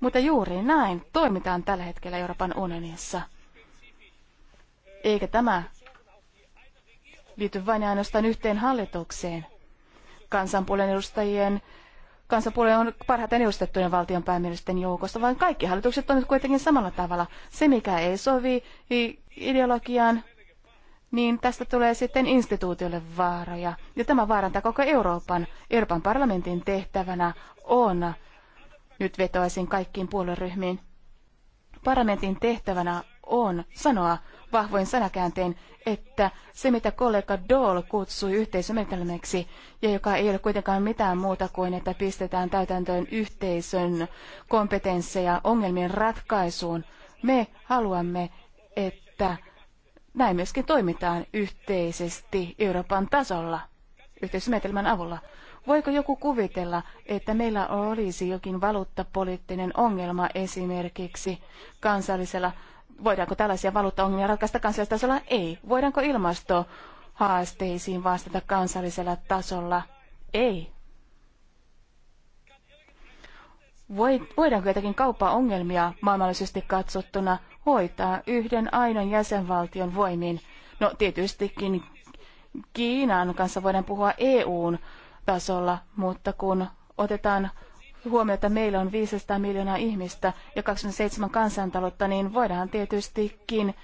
Mutta juuri näin toimitaan tällä hetkellä Euroopan unionissa. Eikä tämä liity vain ainoastaan yhteen hallitukseen. Kansanpuolen edustajien kansanpuolue on parhaiten edustettujen valtion päämiesten joukosta, vaan kaikki hallitukset toimivat kuitenkin samalla tavalla. Se, mikä ei sovi ideologiaan, niin tästä tulee sitten instituutiolle vaaroja. Ja tämä vaarantaa koko Euroopan. Euroopan parlamentin tehtävänä on nyt vetoaisin kaikkiin puolueryhmiin. Parlamentin tehtävänä on sanoa vahvoin sanakääntein, että se mitä kollega Dole kutsui yhteisömenetelmäksi, ja joka ei ole kuitenkaan mitään muuta kuin, että pistetään täytäntöön yhteisön kompetensseja ongelmien ratkaisuun, me haluamme, että näin myöskin toimitaan yhteisesti Euroopan tasolla yhteisömenetelmän avulla. Voiko joku kuvitella, että meillä olisi jokin valuuttapoliittinen ongelma esimerkiksi kansallisella, voidaanko tällaisia valuuttaongelmia ratkaista kansallisella tasolla? Ei. Voidaanko ilmastohaasteisiin vastata kansallisella tasolla? Ei. Voidaanko jotakin kauppaongelmia maailmallisesti katsottuna hoitaa yhden ainoan jäsenvaltion voimin? No tietystikin Kiinan kanssa voidaan puhua EUn tasolla, mutta kun otetaan huomioon, että meillä on 500 miljoonaa ihmistä ja 27 kansantaloutta, niin voidaan tietystikin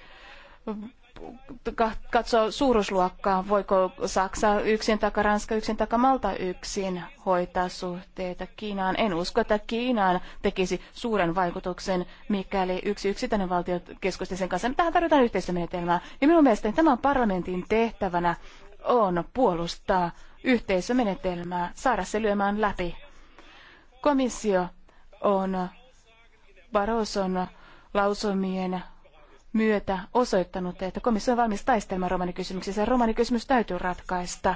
katsoa suuruusluokkaa, voiko Saksa yksin tai Ranska yksin tai Malta yksin hoitaa suhteita Kiinaan. En usko, että Kiinaan tekisi suuren vaikutuksen, mikäli yksi yksittäinen valtio keskustelisi sen kanssa. Tähän tarvitaan menetelmää. Ja minun mielestäni tämän parlamentin tehtävänä on puolustaa yhteisömenetelmää, saada se lyömään läpi. Komissio on Baroson lausumien myötä osoittanut, että komissio on valmis taistelemaan romanikysymyksessä. Romanikysymys täytyy ratkaista.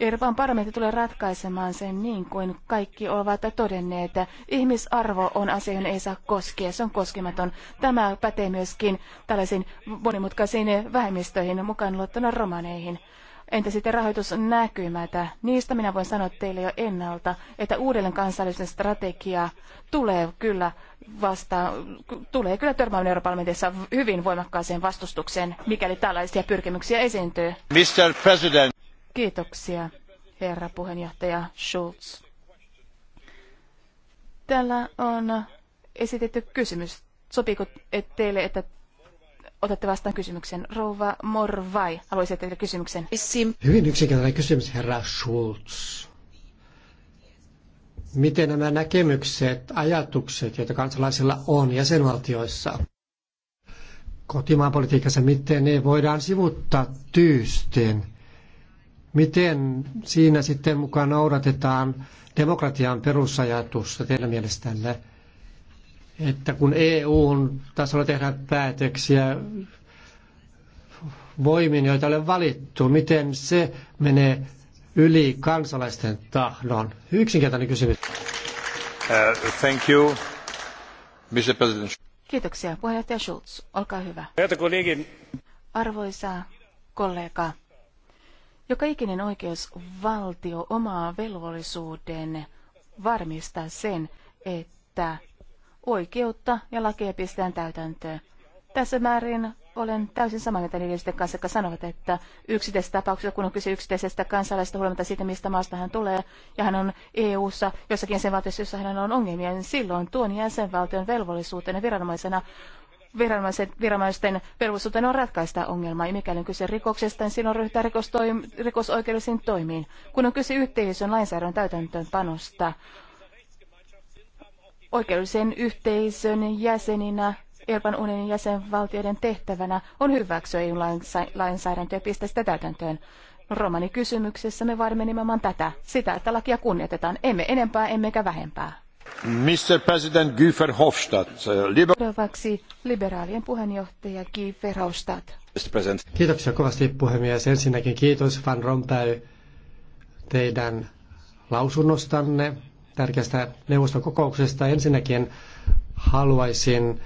Euroopan parlamentti tulee ratkaisemaan sen niin kuin kaikki ovat todenneet. Ihmisarvo on asia, johon ei saa koskea. Se on koskematon. Tämä pätee myöskin tällaisiin monimutkaisiin vähemmistöihin, mukaan luettuna romaneihin. Entä sitten rahoitusnäkymätä? Niistä minä voin sanoa teille jo ennalta, että uudelleen kansallisen strategia tulee kyllä vasta tulee kyllä törmäämään Euroopan hyvin voimakkaaseen vastustukseen, mikäli tällaisia pyrkimyksiä esiintyy. Mr. President. Kiitoksia, herra puheenjohtaja Schulz. Täällä on esitetty kysymys. Sopiiko teille, että otatte vastaan kysymyksen. Rouva Morvai, haluaisitte tehdä kysymyksen. Hyvin yksinkertainen kysymys, herra Schulz. Miten nämä näkemykset, ajatukset, joita kansalaisilla on jäsenvaltioissa, kotimaan politiikassa, miten ne voidaan sivuttaa tyystin? Miten siinä sitten mukaan noudatetaan demokratian perusajatusta teidän mielestänne? että kun EU-tasolla tehdään päätöksiä voimin, joita ole valittu, miten se menee yli kansalaisten tahdon? Yksinkertainen kysymys. Uh, thank you, Mr. President. Kiitoksia, puheenjohtaja Schulz. Olkaa hyvä. Arvoisa kollega, joka ikinen oikeusvaltio omaa velvollisuuden varmistaa sen, että oikeutta ja lakeja pistetään täytäntöön. Tässä määrin olen täysin samaa mieltä niiden kanssa, jotka sanovat, että yksittäisessä tapauksessa, kun on kyse yksittäisestä kansalaisesta huolimatta siitä, mistä maasta hän tulee, ja hän on EU-ssa jossakin jäsenvaltiossa, jossa hänellä on ongelmia, niin silloin tuon jäsenvaltion velvollisuutena viranomaisena viranomaisten, viranomaisten velvollisuutena on ratkaista ongelmaa, ja mikäli on kyse rikoksesta, niin silloin ryhtyä rikostoim, rikosoikeudellisiin toimiin. Kun on kyse yhteisön lainsäädännön täytäntöönpanosta, oikeudellisen yhteisön jäseninä Euroopan unionin jäsenvaltioiden tehtävänä on hyväksyä EU-lainsäädäntöä ja pistää sitä täytäntöön. kysymyksessä me vaadimme nimenomaan tätä, sitä, että lakia kunnioitetaan, emme enempää emmekä vähempää. Mr. President Güfer Hofstadt, uh, liber- Seuraavaksi liberaalien puheenjohtaja Guy Verhofstadt. Mr. President. Kiitoksia kovasti puhemies. Ensinnäkin kiitos Van Rompuy teidän lausunnostanne tärkeästä neuvoston kokouksesta. Ensinnäkin haluaisin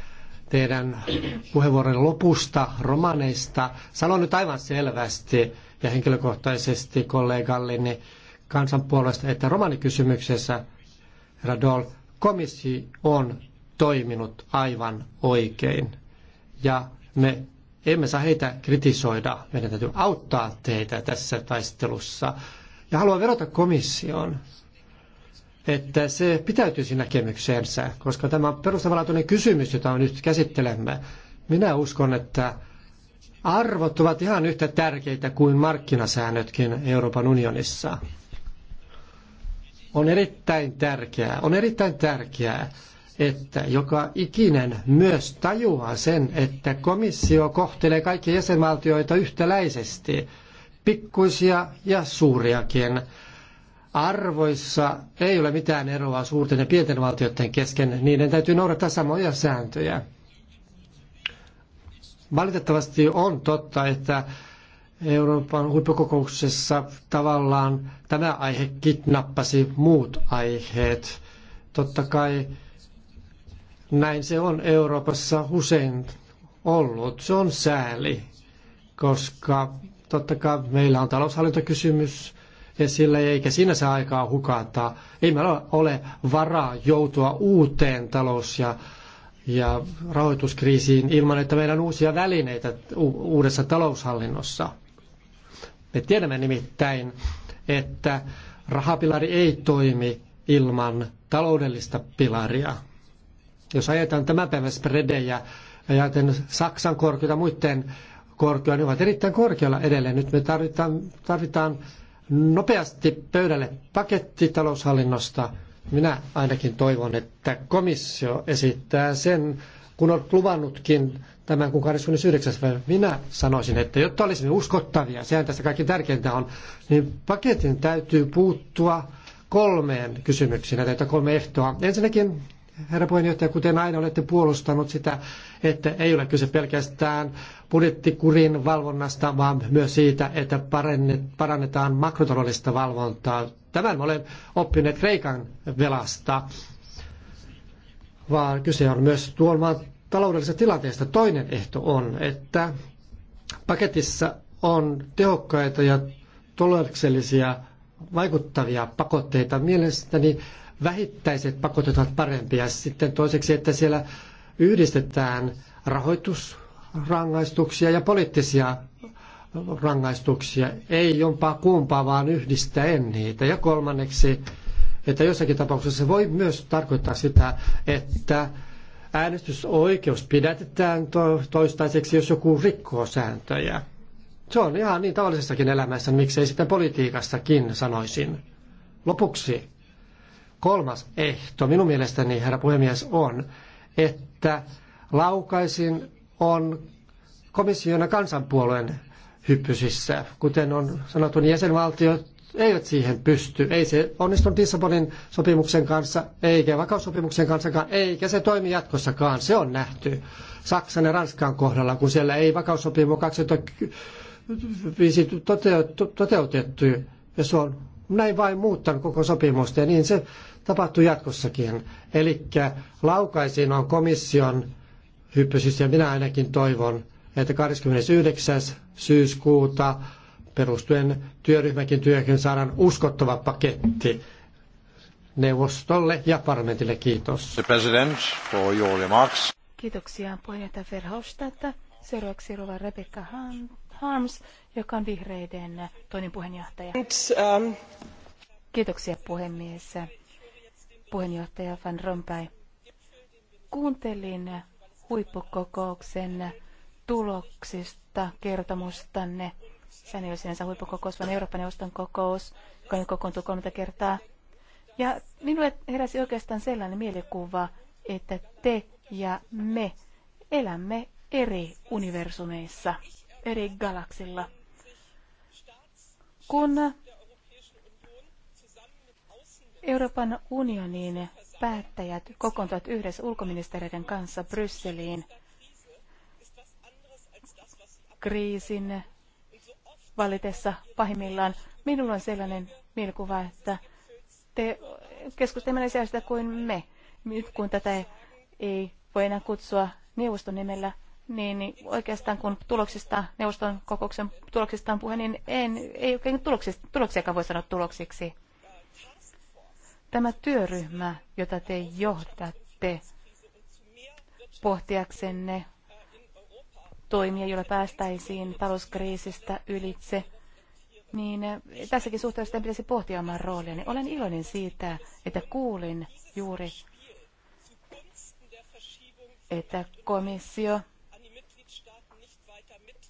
teidän puheenvuoron lopusta romaneista. Sanon nyt aivan selvästi ja henkilökohtaisesti kollegalleni kansanpuolesta, että romanikysymyksessä Radol komissio on toiminut aivan oikein. Ja me emme saa heitä kritisoida, meidän täytyy auttaa teitä tässä taistelussa. Ja haluan verota komissioon että se pitäytyisi näkemykseensä, koska tämä on perustavanlaatuinen kysymys, jota nyt käsittelemme. Minä uskon, että arvot ovat ihan yhtä tärkeitä kuin markkinasäännötkin Euroopan unionissa. On erittäin tärkeää, on erittäin tärkeää, että joka ikinen myös tajuaa sen, että komissio kohtelee kaikkia jäsenvaltioita yhtäläisesti, pikkuisia ja suuriakin arvoissa ei ole mitään eroa suurten ja pienten valtioiden kesken. Niiden täytyy noudattaa samoja sääntöjä. Valitettavasti on totta, että Euroopan huippukokouksessa tavallaan tämä aihe kidnappasi muut aiheet. Totta kai näin se on Euroopassa usein ollut. Se on sääli, koska totta kai meillä on taloushallintokysymys, esille, eikä siinä saa aikaa hukata. Ei meillä ole varaa joutua uuteen talous- ja, ja rahoituskriisiin ilman, että meillä on uusia välineitä uudessa taloushallinnossa. Me tiedämme nimittäin, että rahapilari ei toimi ilman taloudellista pilaria. Jos ajetaan tämän päivän spredejä ja Saksan korkeita muiden korkeita, ne ovat erittäin korkealla edelleen. Nyt me tarvitaan, tarvitaan nopeasti pöydälle paketti taloushallinnosta. Minä ainakin toivon, että komissio esittää sen, kun on luvannutkin tämän kuun 29. päivä. Minä sanoisin, että jotta olisimme uskottavia, sehän tässä kaikki tärkeintä on, niin paketin täytyy puuttua kolmeen kysymyksiin, näitä kolme ehtoa. Ensinnäkin herra puheenjohtaja, kuten aina olette puolustanut sitä, että ei ole kyse pelkästään budjettikurin valvonnasta, vaan myös siitä, että parannetaan makrotaloudellista valvontaa. Tämän me olemme oppineet Kreikan velasta, vaan kyse on myös tuolmaan taloudellisesta tilanteesta. Toinen ehto on, että paketissa on tehokkaita ja tuloksellisia vaikuttavia pakotteita. Mielestäni vähittäiset pakotetut ovat parempia. Sitten toiseksi, että siellä yhdistetään rahoitusrangaistuksia ja poliittisia rangaistuksia, ei jompaa kumpaa, vaan yhdistäen niitä. Ja kolmanneksi, että jossakin tapauksessa se voi myös tarkoittaa sitä, että äänestysoikeus pidätetään toistaiseksi, jos joku rikkoo sääntöjä. Se on ihan niin tavallisessakin elämässä, miksei sitten politiikassakin sanoisin. Lopuksi Kolmas ehto minun mielestäni, herra puhemies, on, että laukaisin on ja kansanpuolueen hyppysissä. Kuten on sanottu, niin jäsenvaltiot eivät siihen pysty. Ei se onnistunut Lissabonin sopimuksen kanssa, eikä vakaussopimuksen kanssakaan, eikä se toimi jatkossakaan. Se on nähty Saksan ja Ranskan kohdalla, kun siellä ei vakaussopimus 2005 toteutettu, ja se on näin vain muuttan koko sopimusta ja niin se tapahtuu jatkossakin. Eli laukaisin on komission hyppysys ja minä ainakin toivon, että 29. syyskuuta perustuen työryhmäkin työhön saadaan uskottava paketti neuvostolle ja parlamentille. Kiitos. The president for your remarks. Kiitoksia puheenjohtaja Verhofstadt. Seuraavaksi Rova Rebecca Hunt Harms, joka on vihreiden toinen puheenjohtaja. Um, Kiitoksia puhemies. Puheenjohtaja Van Rompuy. Kuuntelin huippukokouksen tuloksista kertomustanne. Sehän ei ole sinänsä huippukokous, vaan Euroopan neuvoston kokous, joka nyt kokoontuu kolmatta kertaa. Ja minulle heräsi oikeastaan sellainen mielikuva, että te ja me elämme eri universumeissa eri galaksilla. Kun Euroopan unionin päättäjät kokoontuvat yhdessä ulkoministeriöiden kanssa Brysseliin kriisin valitessa pahimmillaan. Minulla on sellainen mielikuva, että te keskustelemme sitä kuin me. Nyt kun tätä ei voi enää kutsua neuvoston nimellä, niin, niin oikeastaan kun tuloksista, neuvoston kokouksen tuloksista on puhe, niin en, ei oikein tuloksista, tuloksiakaan voi sanoa tuloksiksi. Tämä työryhmä, jota te johdatte pohtiaksenne toimia, joilla päästäisiin talouskriisistä ylitse, niin tässäkin suhteessa pitäisi pohtia omaa Niin Olen iloinen siitä, että kuulin juuri, että komissio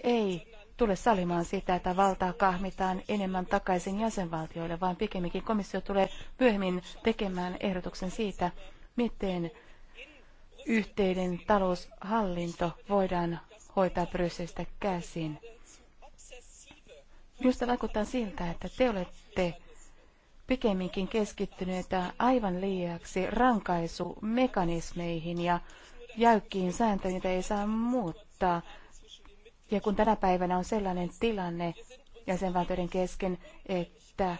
ei tule salimaan sitä, että valtaa kahmitaan enemmän takaisin jäsenvaltioille, vaan pikemminkin komissio tulee myöhemmin tekemään ehdotuksen siitä, miten yhteinen taloushallinto voidaan hoitaa Brysselistä käsin. Minusta vaikuttaa siltä, että te olette pikemminkin keskittyneitä aivan liiaksi rankaisumekanismeihin ja jäykkiin sääntöihin, joita ei saa muuttaa. Ja kun tänä päivänä on sellainen tilanne jäsenvaltioiden kesken, että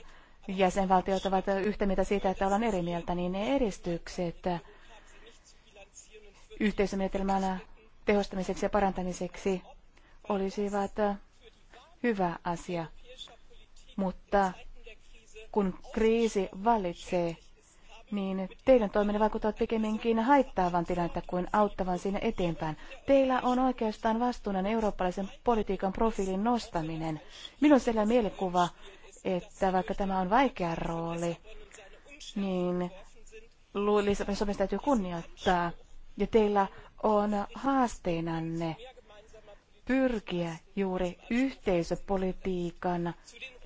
jäsenvaltiot ovat yhtä mieltä siitä, että ollaan eri mieltä, niin ne eristykset yhteisömenetelmän tehostamiseksi ja parantamiseksi olisivat hyvä asia. Mutta kun kriisi vallitsee niin teidän toiminne vaikuttavat pikemminkin haittaavan tilannetta kuin auttavan siinä eteenpäin. Teillä on oikeastaan vastuunen eurooppalaisen politiikan profiilin nostaminen. Minun on sellainen mielikuva, että vaikka tämä on vaikea rooli, niin Lissabonin sopimus täytyy kunnioittaa. Ja teillä on haasteenanne pyrkiä juuri yhteisöpolitiikan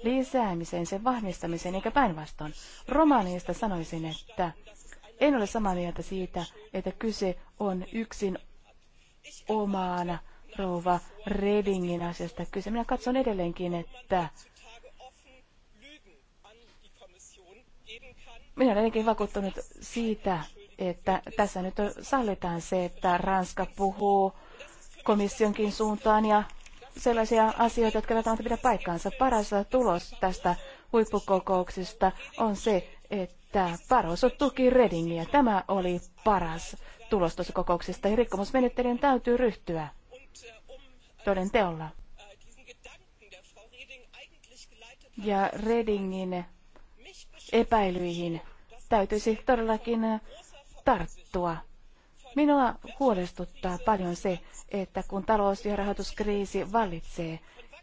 lisäämiseen, sen vahvistamiseen, eikä päinvastoin. Romaniasta sanoisin, että en ole samaa mieltä siitä, että kyse on yksin omaan rouva Redingin asiasta kyse. Minä katson edelleenkin, että minä olen edelleenkin vakuuttunut siitä, että tässä nyt sallitaan se, että Ranska puhuu komissionkin suuntaan ja sellaisia asioita, jotka eivät pidä paikkaansa. Paras tulos tästä huippukokouksesta on se, että Barroso tuki Redingiä. Tämä oli paras tulos tuossa kokouksesta ja rikkomusmenettelyyn täytyy ryhtyä toden teolla. Ja Redingin epäilyihin täytyisi todellakin tarttua. Minua huolestuttaa paljon se, että kun talous- ja rahoituskriisi vallitsee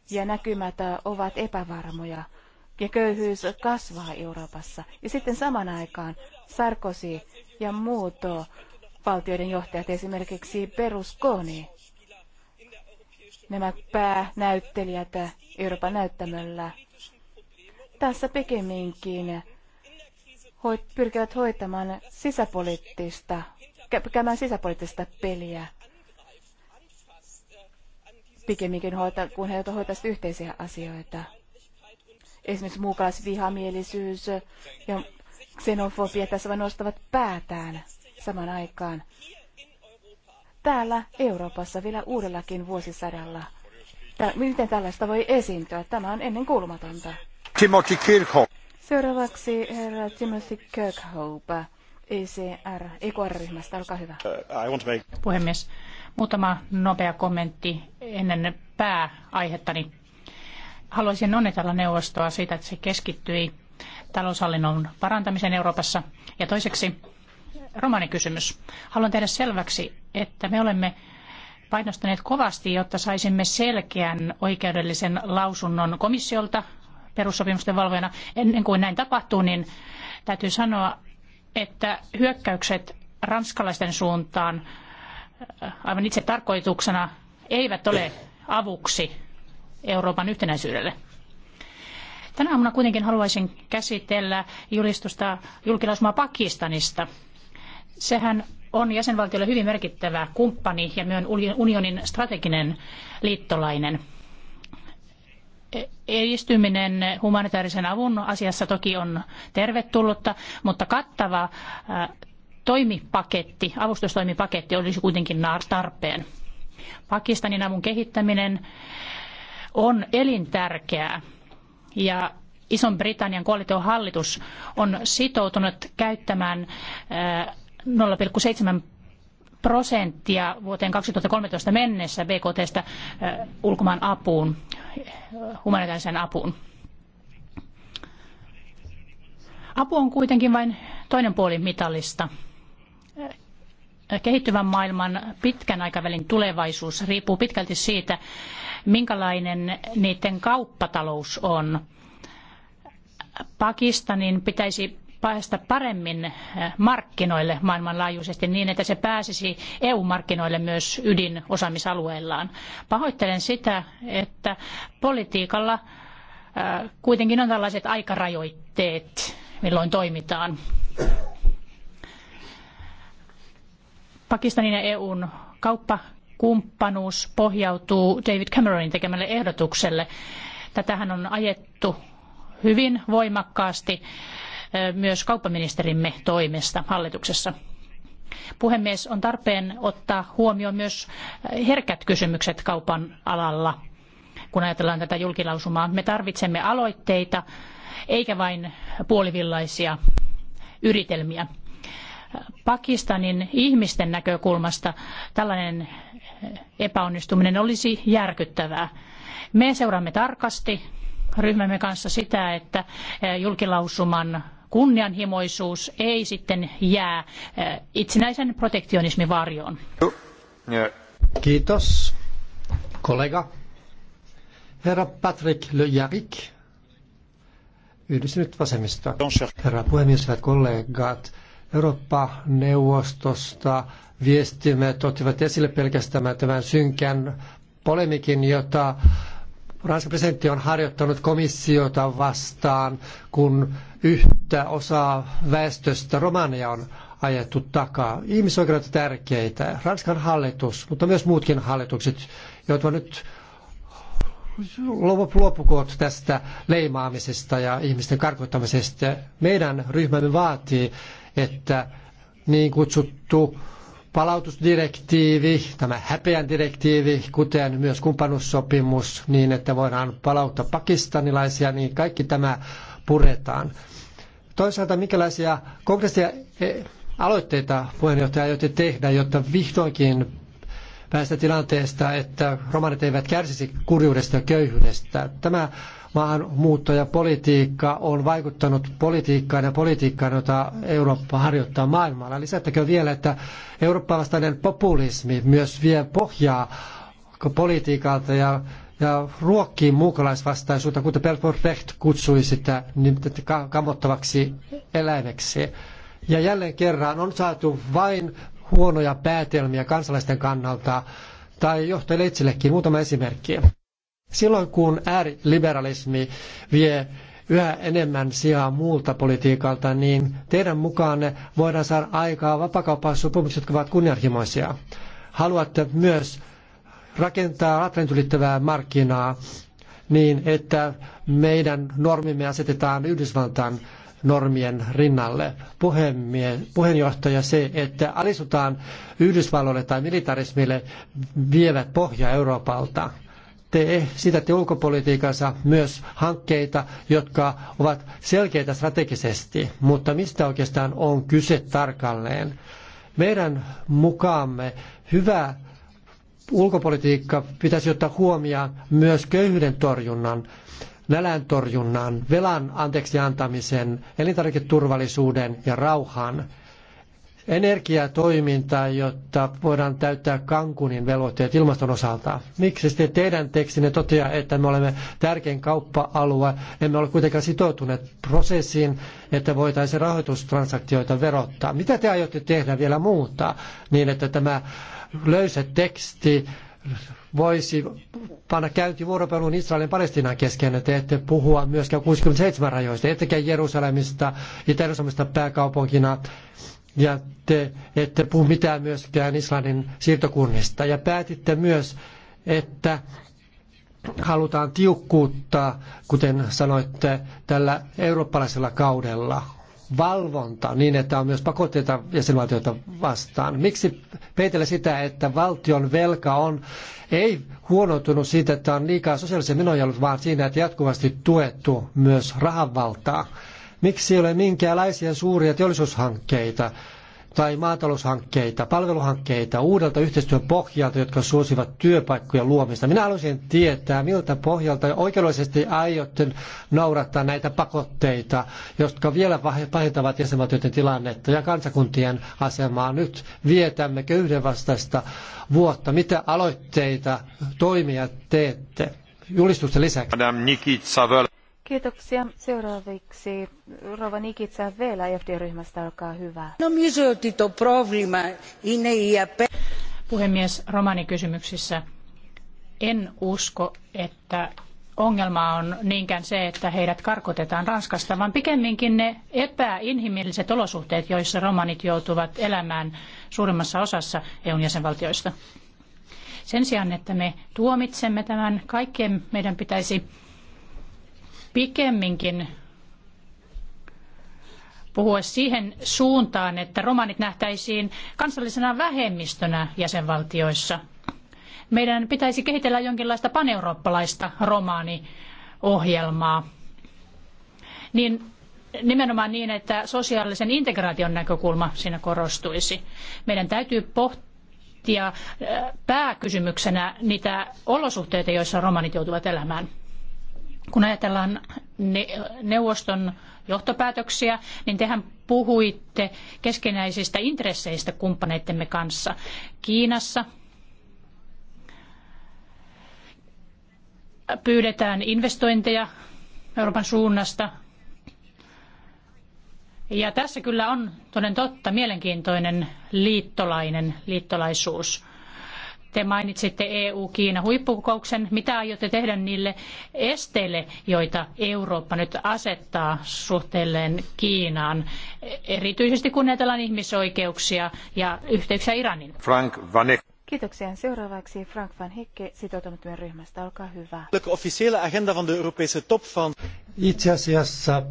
ja näkymät ovat epävarmoja ja köyhyys kasvaa Euroopassa, ja sitten saman aikaan Sarkozy ja muut valtioiden johtajat, esimerkiksi Berlusconi, nämä päänäyttelijät Euroopan näyttämöllä, tässä pikemminkin pyrkivät hoitamaan sisäpoliittista käymään sisäpoliittista peliä pikemminkin hoita, kun he hoitaisivat yhteisiä asioita. Esimerkiksi mukaas vihamielisyys ja xenofobia tässä vain nostavat päätään saman aikaan. Täällä Euroopassa vielä uudellakin vuosisadalla. Tää, miten tällaista voi esiintyä? Tämä on ennen kuulumatonta. Timothy Kirkhope. Seuraavaksi herra Timothy Kirkhope. ECR, EKR-ryhmästä. Olkaa hyvä. Uh, make... Puhemies, muutama nopea kommentti ennen pääaihettani. Haluaisin onnitella neuvostoa siitä, että se keskittyi taloushallinnon parantamiseen Euroopassa. Ja toiseksi romanikysymys. Haluan tehdä selväksi, että me olemme painostaneet kovasti, jotta saisimme selkeän oikeudellisen lausunnon komissiolta perussopimusten valvojana. Ennen kuin näin tapahtuu, niin täytyy sanoa, että hyökkäykset ranskalaisten suuntaan äh, aivan itse tarkoituksena eivät ole avuksi Euroopan yhtenäisyydelle. Tänä aamuna kuitenkin haluaisin käsitellä julistusta julkilausumaa Pakistanista. Sehän on jäsenvaltiolle hyvin merkittävä kumppani ja myös unionin strateginen liittolainen edistyminen humanitaarisen avun asiassa toki on tervetullutta, mutta kattava äh, toimipaketti, avustustoimipaketti olisi kuitenkin tarpeen. Pakistanin avun kehittäminen on elintärkeää ja Ison-Britannian koalitiohallitus on sitoutunut käyttämään 0,7 äh, prosenttia vuoteen 2013 mennessä BKTstä ulkomaan apuun, humanitaariseen apuun. Apu on kuitenkin vain toinen puoli mitallista. Kehittyvän maailman pitkän aikavälin tulevaisuus riippuu pitkälti siitä, minkälainen niiden kauppatalous on. Pakistanin pitäisi päästä paremmin eh, markkinoille maailmanlaajuisesti niin, että se pääsisi EU-markkinoille myös ydinosaamisalueillaan. Pahoittelen sitä, että politiikalla eh, kuitenkin on tällaiset aikarajoitteet, milloin toimitaan. Pakistanin ja EUn kauppakumppanuus pohjautuu David Cameronin tekemälle ehdotukselle. Tätähän on ajettu hyvin voimakkaasti myös kauppaministerimme toimesta hallituksessa. Puhemies, on tarpeen ottaa huomioon myös herkät kysymykset kaupan alalla, kun ajatellaan tätä julkilausumaa. Me tarvitsemme aloitteita, eikä vain puolivillaisia yritelmiä. Pakistanin ihmisten näkökulmasta tällainen epäonnistuminen olisi järkyttävää. Me seuraamme tarkasti ryhmämme kanssa sitä, että julkilausuman kunnianhimoisuus ei sitten jää eh, itsenäisen protektionismin varjoon. Kiitos, kollega. Herra Patrick Le Jarik, yhdistynyt vasemmista. Herra puhemies, hyvät kollegat, Eurooppa-neuvostosta viestimme ottivat esille pelkästään tämän synkän polemikin, jota Ranskan presidentti on harjoittanut komissiota vastaan, kun yhtä osaa väestöstä. romaneja on ajettu takaa. Ihmisoikeudet ovat tärkeitä. Ranskan hallitus, mutta myös muutkin hallitukset, jotka nyt luopukoot tästä leimaamisesta ja ihmisten karkottamisesta. Meidän ryhmämme vaatii, että niin kutsuttu palautusdirektiivi, tämä häpeän direktiivi, kuten myös kumppanuussopimus, niin että voidaan palauttaa pakistanilaisia, niin kaikki tämä puretaan. Toisaalta minkälaisia konkreettisia e, aloitteita puheenjohtaja aiotte tehdä, jotta vihdoinkin päästä tilanteesta, että romanit eivät kärsisi kurjuudesta ja köyhyydestä. Tämä politiikka on vaikuttanut politiikkaan ja politiikkaan, jota Eurooppa harjoittaa maailmalla. Lisättäkö vielä, että eurooppalaistainen populismi myös vie pohjaa politiikalta ja ja ruokkii muukalaisvastaisuutta, kuten Belfort Brecht kutsui sitä kamottavaksi eläimeksi. Ja jälleen kerran on saatu vain huonoja päätelmiä kansalaisten kannalta tai johtajille itsellekin. Muutama esimerkki. Silloin kun ääriliberalismi vie yhä enemmän sijaa muulta politiikalta, niin teidän mukaanne voidaan saada aikaa vapakauppasopimukset, jotka ovat kunnianhimoisia. Haluatte myös rakentaa Atlantin ylittävää markkinaa niin, että meidän normimme asetetaan Yhdysvaltain normien rinnalle. Puhemie, puheenjohtaja se, että alisutaan Yhdysvalloille tai militarismille vievät pohja Euroopalta. Te esitätte ulkopolitiikassa myös hankkeita, jotka ovat selkeitä strategisesti, mutta mistä oikeastaan on kyse tarkalleen? Meidän mukaamme hyvä ulkopolitiikka pitäisi ottaa huomioon myös köyhyyden torjunnan, nälän torjunnan, velan anteeksi antamisen, elintarviketurvallisuuden ja rauhan energiatoiminta, jotta voidaan täyttää Kankunin velvoitteet ilmaston osalta. Miksi sitten teidän tekstinne toteaa, että me olemme tärkein kauppa-alue, emme ole kuitenkaan sitoutuneet prosessiin, että voitaisiin rahoitustransaktioita verottaa. Mitä te aiotte tehdä vielä muuta niin, että tämä löysä teksti voisi panna käynti vuoropeluun Israelin ja Palestiinan kesken, että ette puhua myöskään 67 rajoista, ettekä Jerusalemista ja Jerusalemista pääkaupunkina, ja te ette puhu mitään myöskään Islannin siirtokunnista. Ja päätitte myös, että halutaan tiukkuutta, kuten sanoitte, tällä eurooppalaisella kaudella valvonta niin, että on myös pakotteita jäsenvaltioita vastaan? Miksi peitellä sitä, että valtion velka on ei huonotunut siitä, että on liikaa sosiaalisia menoja ollut, vaan siinä, että jatkuvasti tuettu myös rahanvaltaa? Miksi ei ole minkäänlaisia suuria teollisuushankkeita? tai maataloushankkeita, palveluhankkeita uudelta yhteistyön pohjalta, jotka suosivat työpaikkojen luomista. Minä haluaisin tietää, miltä pohjalta oikeudellisesti aiotte noudattaa näitä pakotteita, jotka vielä pahentavat jäsenvaltioiden tilannetta ja kansakuntien asemaa. Nyt vietämmekö yhdenvastaista vuotta. Mitä aloitteita, toimia teette? Julistusten lisäksi. Madame Kiitoksia. Seuraavaksi Rova Nikitsa Vela FD-ryhmästä, olkaa hyvä. No, to problema Puhemies, romanikysymyksissä en usko, että ongelma on niinkään se, että heidät karkotetaan Ranskasta, vaan pikemminkin ne epäinhimilliset olosuhteet, joissa romanit joutuvat elämään suurimmassa osassa EUn jäsenvaltioista. Sen sijaan, että me tuomitsemme tämän, kaikkien meidän pitäisi pikemminkin puhua siihen suuntaan, että romanit nähtäisiin kansallisena vähemmistönä jäsenvaltioissa. Meidän pitäisi kehitellä jonkinlaista paneurooppalaista romaaniohjelmaa. Niin nimenomaan niin, että sosiaalisen integraation näkökulma siinä korostuisi. Meidän täytyy pohtia pääkysymyksenä niitä olosuhteita, joissa romanit joutuvat elämään kun ajatellaan neuvoston johtopäätöksiä, niin tehän puhuitte keskinäisistä intresseistä kumppaneittemme kanssa Kiinassa. Pyydetään investointeja Euroopan suunnasta. Ja tässä kyllä on toden totta mielenkiintoinen liittolainen liittolaisuus. Te mainitsitte EU-Kiina-huippukokouksen. Mitä aiotte tehdä niille esteille, joita Eurooppa nyt asettaa suhteelleen Kiinaan, erityisesti kun ajatellaan ihmisoikeuksia ja yhteyksiä Iranin? Frank Van Kiitoksia. Seuraavaksi Frank van Hekke sitoutumattomien ryhmästä. Olkaa hyvä. agenda van de Europese top van... Itse asiassa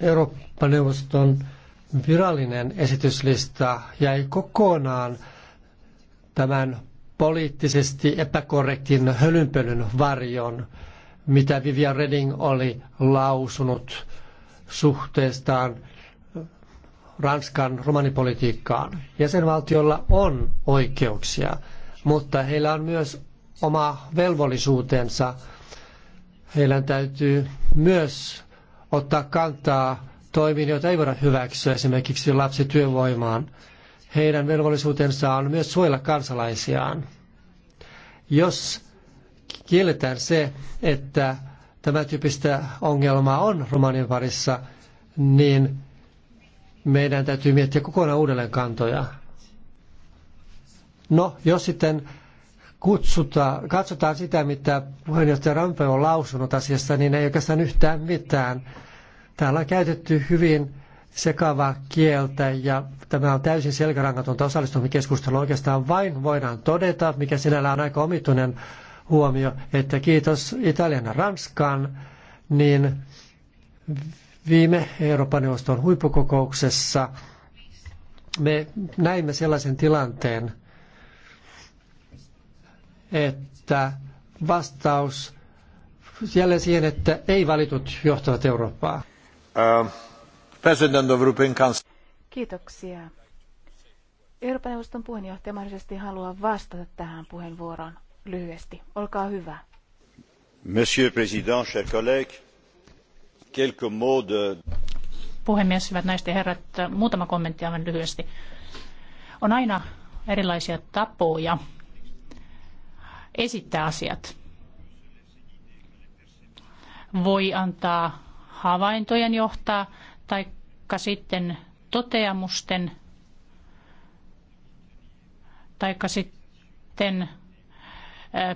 Eurooppa-neuvoston virallinen esityslista jäi kokonaan tämän poliittisesti epäkorrektin hölynpölyn varjon, mitä Vivian Redding oli lausunut suhteestaan Ranskan romanipolitiikkaan. Jäsenvaltiolla on oikeuksia, mutta heillä on myös oma velvollisuutensa. Heidän täytyy myös ottaa kantaa toimiin, joita ei voida hyväksyä, esimerkiksi lapsityövoimaan. työvoimaan heidän velvollisuutensa on myös suojella kansalaisiaan. Jos kielletään se, että tämä tyyppistä ongelmaa on romanien parissa, niin meidän täytyy miettiä kokonaan uudelleen kantoja. No, jos sitten kutsuta, katsotaan sitä, mitä puheenjohtaja Rampe on lausunut asiasta, niin ei oikeastaan yhtään mitään. Täällä on käytetty hyvin sekavaa kieltä ja tämä on täysin selkärangatonta osallistumiskeskustelua. Oikeastaan vain voidaan todeta, mikä sinällään on aika omituinen huomio, että kiitos Italian ja Ranskan, niin viime Euroopan neuvoston huippukokouksessa me näimme sellaisen tilanteen, että vastaus jälleen siihen, että ei valitut johtavat Eurooppaa. Uh. President of European Council. Kiitoksia. Euroopan neuvoston puheenjohtaja mahdollisesti haluaa vastata tähän puheenvuoroon lyhyesti. Olkaa hyvä. Monsieur President, chers collègues, quelques mots de... Puhemies, hyvät naiset ja herrat, muutama kommentti aivan lyhyesti. On aina erilaisia tapoja esittää asiat. Voi antaa havaintojen johtaa tai sitten toteamusten tai sitten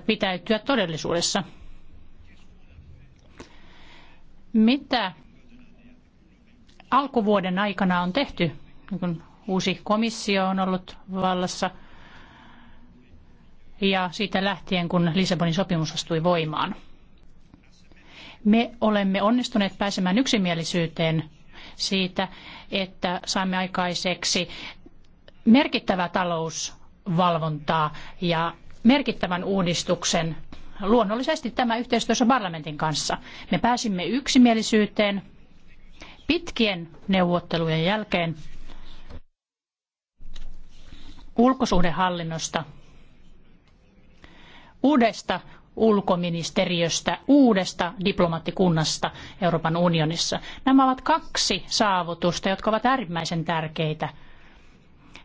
pitäytyä todellisuudessa. Mitä alkuvuoden aikana on tehty, niin kun uusi komissio on ollut vallassa ja siitä lähtien, kun Lissabonin sopimus astui voimaan? Me olemme onnistuneet pääsemään yksimielisyyteen siitä, että saimme aikaiseksi merkittävää talousvalvontaa ja merkittävän uudistuksen. Luonnollisesti tämä yhteistyössä parlamentin kanssa. Me pääsimme yksimielisyyteen pitkien neuvottelujen jälkeen ulkosuhdehallinnosta, uudesta ulkoministeriöstä uudesta diplomaattikunnasta Euroopan unionissa. Nämä ovat kaksi saavutusta, jotka ovat äärimmäisen tärkeitä.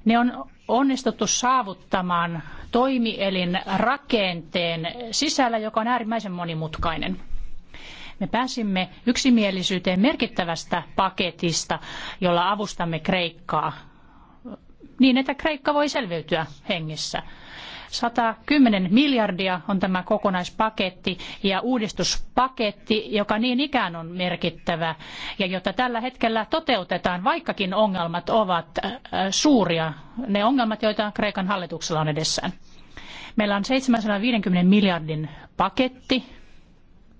Ne on onnistuttu saavuttamaan toimielin rakenteen sisällä, joka on äärimmäisen monimutkainen. Me pääsimme yksimielisyyteen merkittävästä paketista, jolla avustamme Kreikkaa niin, että Kreikka voi selviytyä hengissä. 110 miljardia on tämä kokonaispaketti ja uudistuspaketti, joka niin ikään on merkittävä ja jota tällä hetkellä toteutetaan, vaikkakin ongelmat ovat äh, äh, suuria, ne ongelmat, joita Kreikan hallituksella on edessään. Meillä on 750 miljardin paketti,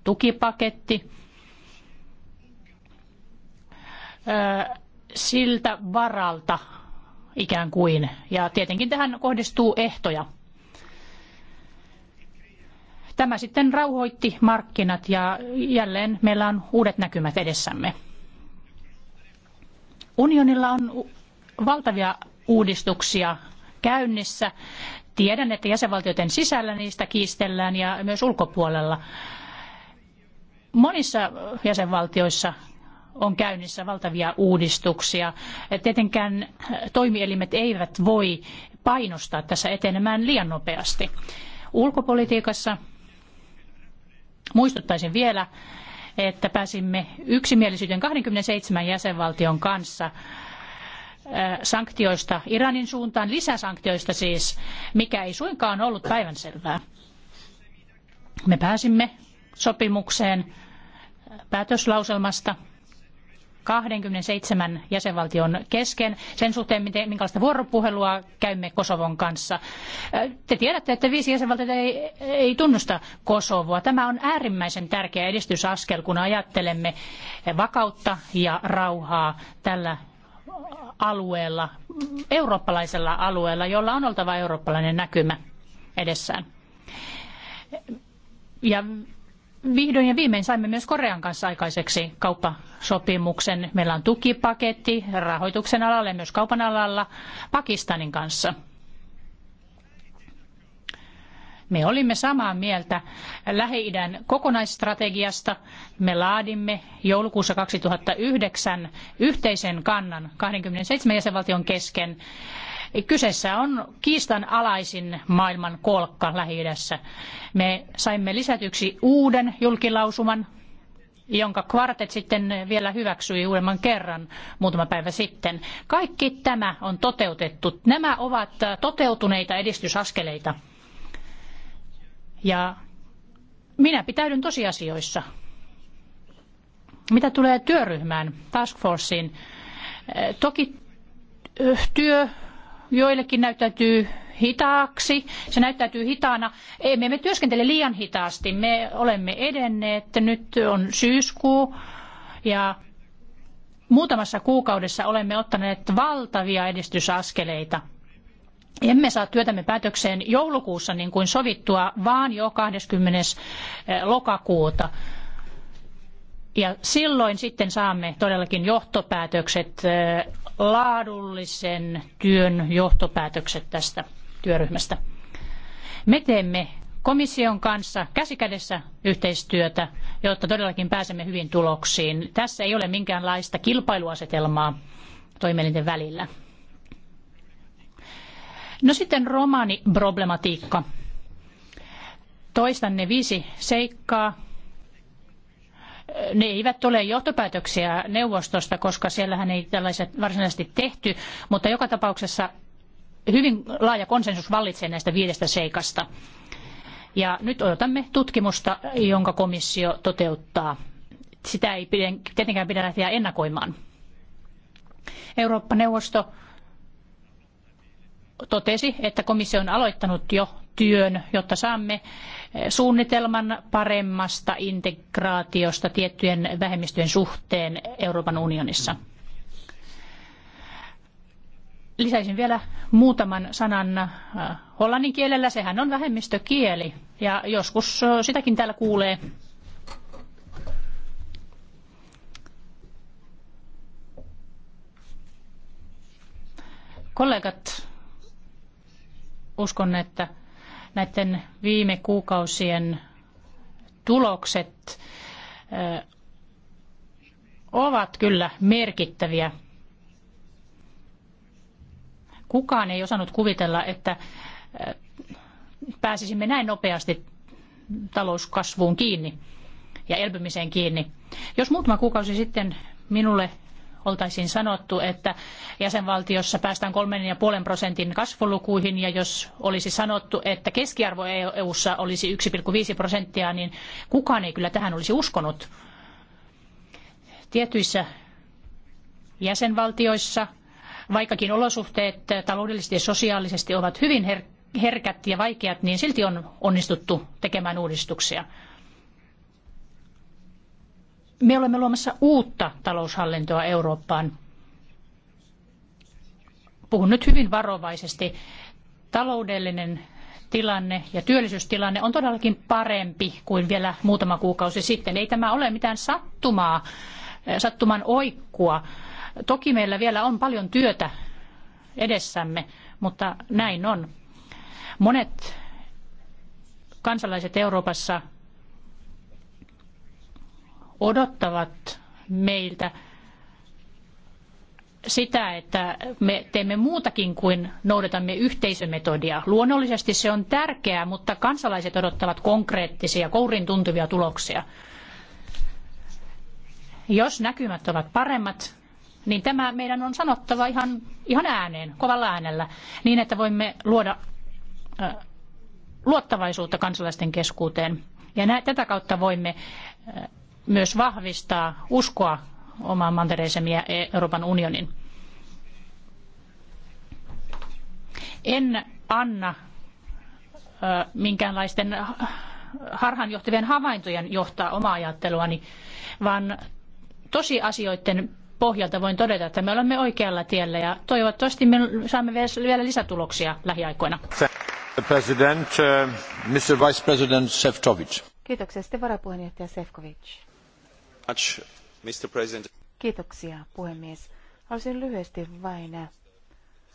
tukipaketti. Äh, siltä varalta ikään kuin. Ja tietenkin tähän kohdistuu ehtoja. Tämä sitten rauhoitti markkinat ja jälleen meillä on uudet näkymät edessämme. Unionilla on valtavia uudistuksia käynnissä. Tiedän, että jäsenvaltioiden sisällä niistä kiistellään ja myös ulkopuolella. Monissa jäsenvaltioissa on käynnissä valtavia uudistuksia. Tietenkään toimielimet eivät voi painostaa tässä etenemään liian nopeasti. Ulkopolitiikassa Muistuttaisin vielä, että pääsimme yksimielisyyteen 27 jäsenvaltion kanssa äh, sanktioista Iranin suuntaan, lisäsanktioista siis, mikä ei suinkaan ollut päivänselvää. Me pääsimme sopimukseen päätöslauselmasta – 27 jäsenvaltion kesken sen suhteen, miten, minkälaista vuoropuhelua käymme Kosovon kanssa. Te tiedätte, että viisi jäsenvaltiota ei, ei tunnusta Kosovoa. Tämä on äärimmäisen tärkeä edistysaskel, kun ajattelemme vakautta ja rauhaa tällä alueella, eurooppalaisella alueella, jolla on oltava eurooppalainen näkymä edessään. Ja Vihdoin ja viimein saimme myös Korean kanssa aikaiseksi kauppasopimuksen. Meillä on tukipaketti rahoituksen alalle ja myös kaupan alalla Pakistanin kanssa. Me olimme samaa mieltä Lähi-idän kokonaisstrategiasta. Me laadimme joulukuussa 2009 yhteisen kannan 27 jäsenvaltion kesken Kyseessä on kiistanalaisin maailman kolkka lähi -idässä. Me saimme lisätyksi uuden julkilausuman, jonka kvartet sitten vielä hyväksyi uudemman kerran muutama päivä sitten. Kaikki tämä on toteutettu. Nämä ovat toteutuneita edistysaskeleita. Ja minä pitäydyn tosiasioissa. Mitä tulee työryhmään, task forceen, eh, toki eh, työ joillekin näyttäytyy hitaaksi, se näyttäytyy hitaana. Emme me työskentele liian hitaasti, me olemme edenneet, nyt on syyskuu ja muutamassa kuukaudessa olemme ottaneet valtavia edistysaskeleita. Emme saa työtämme päätökseen joulukuussa niin kuin sovittua, vaan jo 20. lokakuuta. Ja silloin sitten saamme todellakin johtopäätökset, laadullisen työn johtopäätökset tästä työryhmästä. Me teemme komission kanssa käsikädessä yhteistyötä, jotta todellakin pääsemme hyvin tuloksiin. Tässä ei ole minkäänlaista kilpailuasetelmaa toimielinten välillä. No sitten romani problematiikka. Toistan ne viisi seikkaa, ne eivät ole johtopäätöksiä neuvostosta, koska siellähän ei tällaiset varsinaisesti tehty, mutta joka tapauksessa hyvin laaja konsensus vallitsee näistä viidestä seikasta. Ja nyt odotamme tutkimusta, jonka komissio toteuttaa. Sitä ei tietenkään pidä lähteä ennakoimaan. Eurooppa-neuvosto totesi, että komissio on aloittanut jo työn, jotta saamme suunnitelman paremmasta integraatiosta tiettyjen vähemmistöjen suhteen Euroopan unionissa. Lisäisin vielä muutaman sanan äh, hollannin kielellä. Sehän on vähemmistökieli ja joskus äh, sitäkin täällä kuulee. Kollegat, uskon, että näiden viime kuukausien tulokset ovat kyllä merkittäviä. Kukaan ei osannut kuvitella, että pääsisimme näin nopeasti talouskasvuun kiinni ja elpymiseen kiinni. Jos muutama kuukausi sitten minulle oltaisiin sanottu, että jäsenvaltiossa päästään kolmen ja puolen prosentin kasvulukuihin ja jos olisi sanottu, että keskiarvo EU:ssa olisi yksi viisi prosenttia, niin kukaan ei kyllä tähän olisi uskonut. Tietyissä jäsenvaltioissa, vaikkakin olosuhteet taloudellisesti ja sosiaalisesti ovat hyvin herkät ja vaikeat, niin silti on onnistuttu tekemään uudistuksia. Me olemme luomassa uutta taloushallintoa Eurooppaan. Puhun nyt hyvin varovaisesti. Taloudellinen tilanne ja työllisyystilanne on todellakin parempi kuin vielä muutama kuukausi sitten. Ei tämä ole mitään sattumaa, sattuman oikkua. Toki meillä vielä on paljon työtä edessämme, mutta näin on. Monet kansalaiset Euroopassa odottavat meiltä sitä, että me teemme muutakin kuin noudatamme yhteisömetodia. Luonnollisesti se on tärkeää, mutta kansalaiset odottavat konkreettisia, kourin tuntuvia tuloksia. Jos näkymät ovat paremmat, niin tämä meidän on sanottava ihan, ihan ääneen, kovalla äänellä, niin että voimme luoda äh, luottavaisuutta kansalaisten keskuuteen. Ja nä- tätä kautta voimme äh, myös vahvistaa uskoa omaan mantereisemme ja Euroopan unionin. En anna minkäänlaisten harhaanjohtavien havaintojen johtaa omaa ajatteluani, vaan tosiasioiden pohjalta voin todeta, että me olemme oikealla tiellä ja toivottavasti me saamme vielä lisätuloksia lähiaikoina. President, Mr. Vice President Kiitoksia. Sitten varapuheenjohtaja Sefcovic much, Mr. President. Kiitoksia, puhemies. Haluaisin lyhyesti vain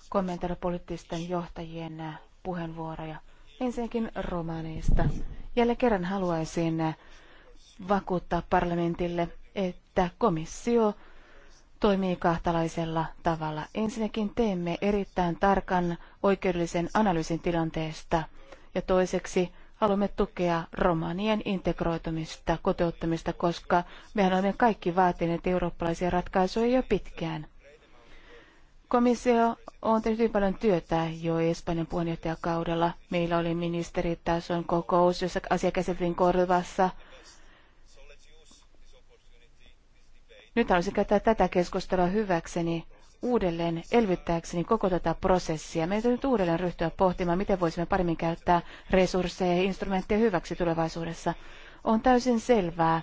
kommentoida poliittisten johtajien puheenvuoroja. Ensinnäkin romaneista. Jälleen kerran haluaisin vakuuttaa parlamentille, että komissio toimii kahtalaisella tavalla. Ensinnäkin teemme erittäin tarkan oikeudellisen analyysin tilanteesta ja toiseksi haluamme tukea romanien integroitumista, kotouttamista, koska mehän olemme kaikki vaatineet eurooppalaisia ratkaisuja jo pitkään. Komissio on tehnyt hyvin paljon työtä jo Espanjan puheenjohtajakaudella. Meillä oli ministeritason kokous, jossa asia käsiteltiin korvassa. Nyt haluaisin käyttää tätä keskustelua hyväkseni uudelleen elvyttääkseni koko tätä prosessia. Meidän täytyy nyt uudelleen ryhtyä pohtimaan, miten voisimme paremmin käyttää resursseja ja instrumentteja hyväksi tulevaisuudessa. On täysin selvää,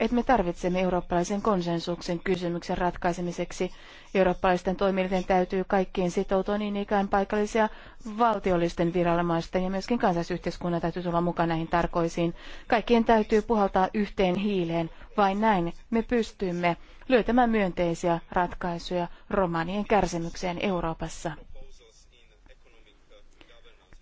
että me tarvitsemme eurooppalaisen konsensuksen kysymyksen ratkaisemiseksi. Eurooppalaisten toimijoiden täytyy kaikkien sitoutua niin ikään paikallisia valtiollisten viranomaisten ja myöskin kansallisyhteiskunnan täytyy tulla mukaan näihin tarkoisiin. Kaikkien täytyy puhaltaa yhteen hiileen vain näin me pystymme löytämään myönteisiä ratkaisuja romanien kärsimykseen Euroopassa.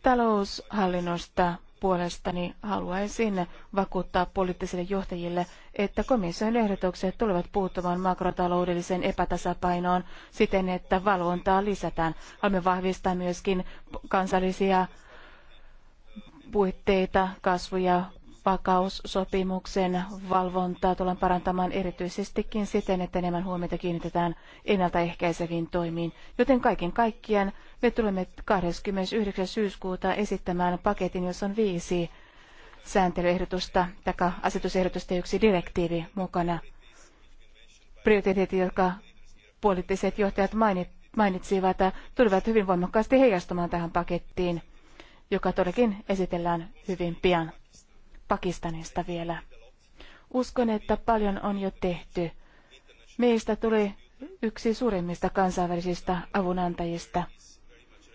Taloushallinnosta puolestani haluaisin vakuuttaa poliittisille johtajille, että komission ehdotukset tulevat puuttumaan makrotaloudelliseen epätasapainoon siten, että valvontaa lisätään. Haluamme vahvistaa myöskin kansallisia puitteita kasvu- ja vakaussopimuksen valvontaa tullaan parantamaan erityisestikin siten, että enemmän huomiota kiinnitetään ennaltaehkäiseviin toimiin. Joten kaiken kaikkiaan me tulemme 29. syyskuuta esittämään paketin, jossa on viisi sääntelyehdotusta tai asetusehdotusta ja yksi direktiivi mukana. Prioriteetit, jotka poliittiset johtajat mainitsivat, tulevat hyvin voimakkaasti heijastumaan tähän pakettiin, joka todellakin esitellään hyvin pian. Pakistanista vielä. Uskon, että paljon on jo tehty. Meistä tuli yksi suurimmista kansainvälisistä avunantajista.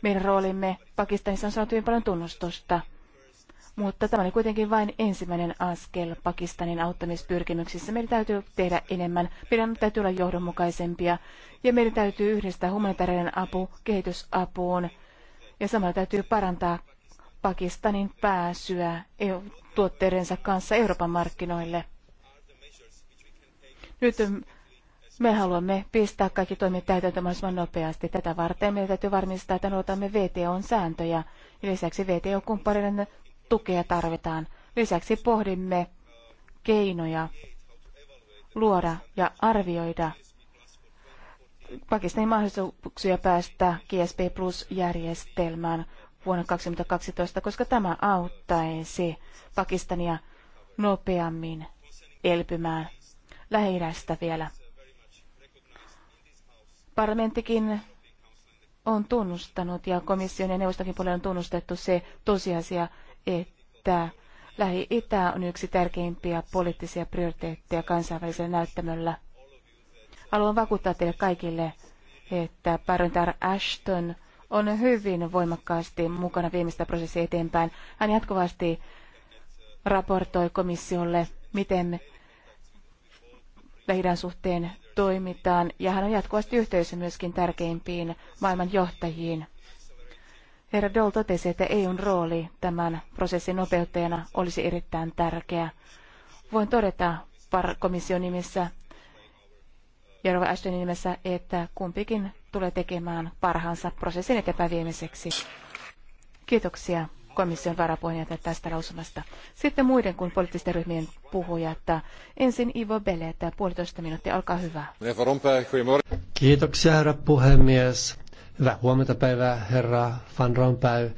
Meidän roolimme Pakistanissa on saatu hyvin paljon tunnustusta, mutta tämä oli kuitenkin vain ensimmäinen askel Pakistanin auttamispyrkimyksissä. Meidän täytyy tehdä enemmän, meidän täytyy olla johdonmukaisempia ja meidän täytyy yhdistää humanitaarinen apu kehitysapuun ja samalla täytyy parantaa Pakistanin pääsyä tuotteidensa kanssa Euroopan markkinoille. Nyt me haluamme pistää kaikki toimet täytäntöön mahdollisimman nopeasti. Tätä varten meidän täytyy varmistaa, että noudatamme VTOn sääntöjä. Lisäksi VTO-kumppaneiden tukea tarvitaan. Lisäksi pohdimme keinoja luoda ja arvioida Pakistanin mahdollisuuksia päästä GSP Plus-järjestelmään vuonna 2012, koska tämä auttaisi Pakistania nopeammin elpymään lähi vielä. Parlamenttikin on tunnustanut ja komission ja neuvostokin puolella on tunnustettu se tosiasia, että Lähi-Itä on yksi tärkeimpiä poliittisia prioriteetteja kansainvälisellä näyttämöllä. Haluan vakuuttaa teille kaikille, että parantar Ashton on hyvin voimakkaasti mukana viimeistä prosessia eteenpäin. Hän jatkuvasti raportoi komissiolle, miten lähidän suhteen toimitaan, ja hän on jatkuvasti yhteydessä myöskin tärkeimpiin maailman johtajiin. Herra Dole totesi, että EUn rooli tämän prosessin nopeuttajana olisi erittäin tärkeä. Voin todeta komission nimissä ja Rova Ashtonin nimessä, että kumpikin tulee tekemään parhaansa prosessin eteenpäinviemiseksi. Kiitoksia komission varapuheenjohtaja tästä lausumasta. Sitten muiden kuin poliittisten ryhmien puhujat. Ensin Ivo Bele, että puolitoista minuuttia, olkaa hyvä. Kiitoksia herra puhemies. Hyvää huomenta päivää herra Van Rompuy.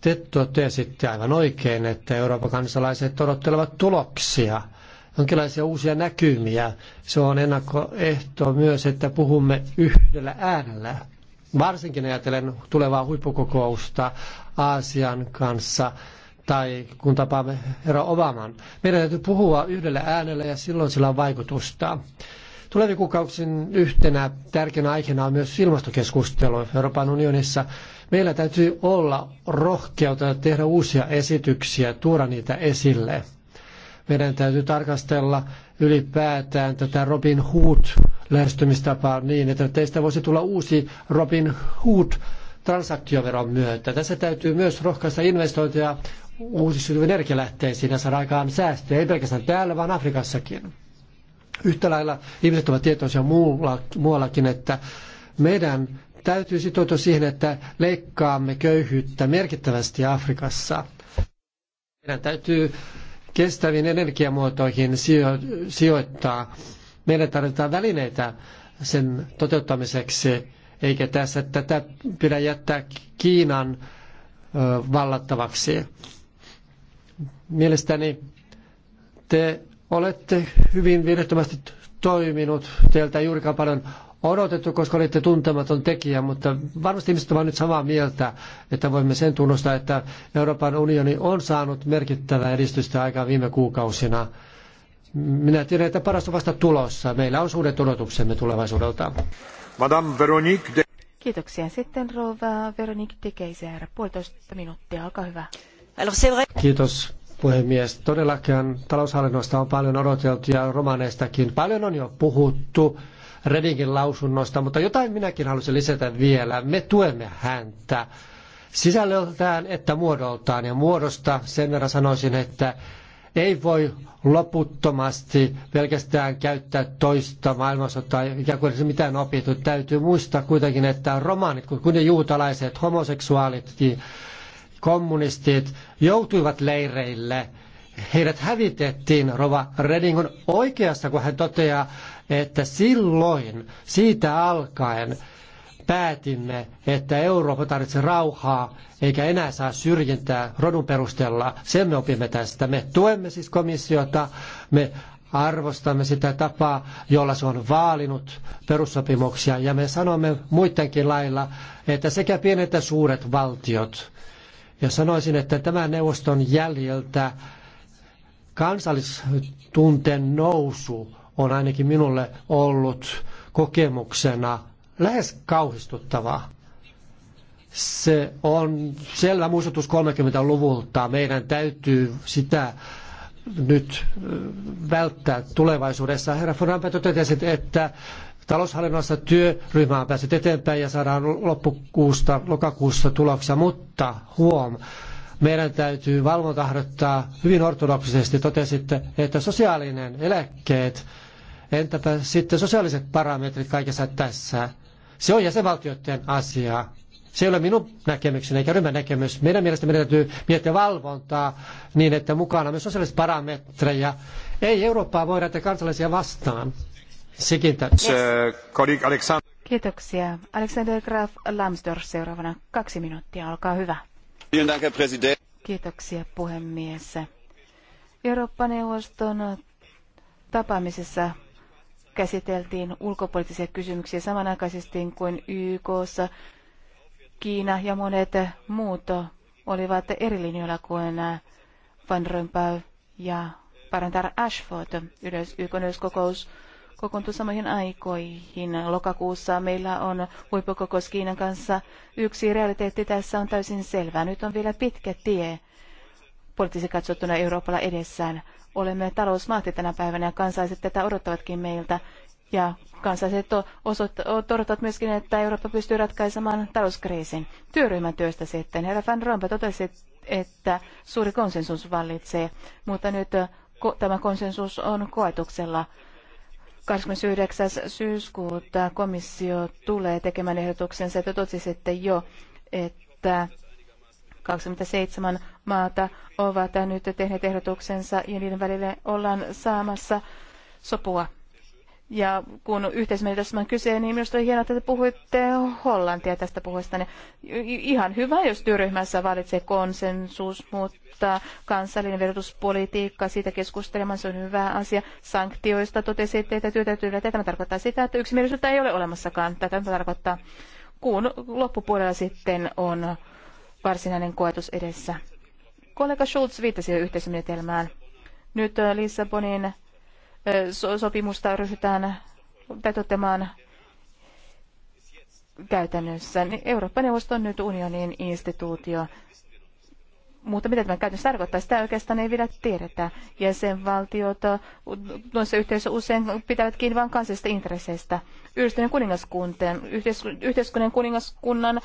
Te totesitte aivan oikein, että Euroopan kansalaiset odottelevat tuloksia – jonkinlaisia uusia näkymiä. Se on ennakkoehto myös, että puhumme yhdellä äänellä. Varsinkin ajatellen tulevaa huippukokousta Aasian kanssa tai kun tapaamme herra Obaman. Meidän täytyy puhua yhdellä äänellä ja silloin sillä on vaikutusta. Tulevien kuukausien yhtenä tärkeänä aiheena on myös ilmastokeskustelu Euroopan unionissa. Meillä täytyy olla rohkeutta tehdä uusia esityksiä, tuoda niitä esille. Meidän täytyy tarkastella ylipäätään tätä Robin Hood lähestymistapaa niin, että teistä voisi tulla uusi Robin Hood transaktioveron myötä. Tässä täytyy myös rohkaista investointeja uusissa energialähteisiin ja saada aikaan säästöjä, ei pelkästään täällä, vaan Afrikassakin. Yhtä lailla ihmiset ovat tietoisia muuallakin, että meidän täytyy sitoutua siihen, että leikkaamme köyhyyttä merkittävästi Afrikassa. Meidän täytyy kestäviin energiamuotoihin sijoittaa. Meille tarvitaan välineitä sen toteuttamiseksi, eikä tässä tätä pidä jättää Kiinan vallattavaksi. Mielestäni te olette hyvin virheettömästi toiminut, teiltä ei juurikaan paljon odotettu, koska olitte tuntematon tekijä, mutta varmasti ihmiset ovat nyt samaa mieltä, että voimme sen tunnustaa, että Euroopan unioni on saanut merkittävää edistystä aikaa viime kuukausina. Minä tiedän, että paras on vasta tulossa. Meillä on suuret odotuksemme tulevaisuudelta. Madame Veronique de... Kiitoksia. Sitten rouva Veronique de Keiser, puolitoista minuuttia, olkaa hyvä. Kiitos puhemies. Todellakin taloushallinnosta on paljon odoteltu ja romaneistakin paljon on jo puhuttu Redingin lausunnosta, mutta jotain minäkin haluaisin lisätä vielä. Me tuemme häntä sisällöltään että muodoltaan. Ja muodosta sen verran sanoisin, että ei voi loputtomasti pelkästään käyttää toista maailmansotaa, ikään kuin se mitään opittu. Täytyy muistaa kuitenkin, että romaanit, kun ne juutalaiset, homoseksuaalit, kommunistit joutuivat leireille. Heidät hävitettiin. Rova Redingon oikeassa, kun hän toteaa, että silloin siitä alkaen päätimme, että Eurooppa tarvitsee rauhaa eikä enää saa syrjintää rodun perusteella. Sen me opimme tästä. Me tuemme siis komissiota, me arvostamme sitä tapaa, jolla se on vaalinut perussopimuksia ja me sanomme muidenkin lailla, että sekä pienet että suuret valtiot. Ja sanoisin, että tämän neuvoston jäljeltä kansallistunteen nousu on ainakin minulle ollut kokemuksena lähes kauhistuttavaa. Se on selvä muistutus 30-luvulta. Meidän täytyy sitä nyt välttää tulevaisuudessa. Herra Fonampe totesi, että taloushallinnossa työryhmä on päässyt eteenpäin ja saadaan loppukuusta, lokakuussa tuloksia, mutta huom, meidän täytyy valvonta hyvin ortodoksisesti. Totesitte, että sosiaalinen eläkkeet, entäpä sitten sosiaaliset parametrit kaikessa tässä. Se on jäsenvaltioiden asia. Se ei ole minun näkemykseni eikä ryhmän näkemys. Meidän mielestä meidän täytyy miettiä valvontaa niin, että mukana myös sosiaaliset parametreja. Ei Eurooppaa voida että kansalaisia vastaan. Sekin uh, Kiitoksia. Alexander Graf Lambsdorff seuraavana kaksi minuuttia. Olkaa hyvä. Kiitoksia puhemies. Eurooppa-neuvoston tapaamisessa käsiteltiin ulkopoliittisia kysymyksiä samanaikaisesti kuin YKssa. Kiina ja monet muut olivat eri linjoilla kuin Van Rompuy ja parantar Ashford. Yleis- YK yleiskokous kokoontuu samoihin aikoihin. Lokakuussa meillä on huippukokous Kiinan kanssa. Yksi realiteetti tässä on täysin selvä. Nyt on vielä pitkä tie poliittisesti katsottuna Euroopalla edessään. Olemme talousmahti tänä päivänä ja kansalaiset tätä odottavatkin meiltä. Ja kansalaiset odottavat myöskin, että Eurooppa pystyy ratkaisemaan talouskriisin. Työryhmän työstä sitten. Herra Van Rompe totesi, että suuri konsensus vallitsee, mutta nyt tämä konsensus on koetuksella. 29. syyskuuta komissio tulee tekemään ehdotuksensa, että totesitte jo, että 27 maata ovat nyt tehneet ehdotuksensa ja niiden välille ollaan saamassa sopua ja kun yhteismenetelmästä on kyse, niin minusta on hienoa, että te puhuitte hollantia tästä puheesta. Ihan hyvä, jos työryhmässä valitsee konsensus, mutta kansallinen verotuspolitiikka, siitä keskustelemaan, se on hyvä asia. Sanktioista totesitte, että työtä työtä. Tämä tarkoittaa sitä, että yksimielisyyttä ei ole olemassakaan. Tätä tarkoittaa, kun loppupuolella sitten on varsinainen koetus edessä. Kollega Schulz viittasi jo yhteismenetelmään. Nyt äh, Lissabonin sopimusta ryhdytään toteuttamaan käytännössä. Niin Eurooppa-neuvosto on nyt unionin instituutio. Mutta mitä tämä käytännössä tarkoittaa, sitä oikeastaan ei vielä tiedetä. Jäsenvaltiot noissa yhteisöissä usein pitävät kiinni vain kansallisista intresseistä. Yhdistyneen kuningaskunnan, yhteiskunnan kuningaskunnan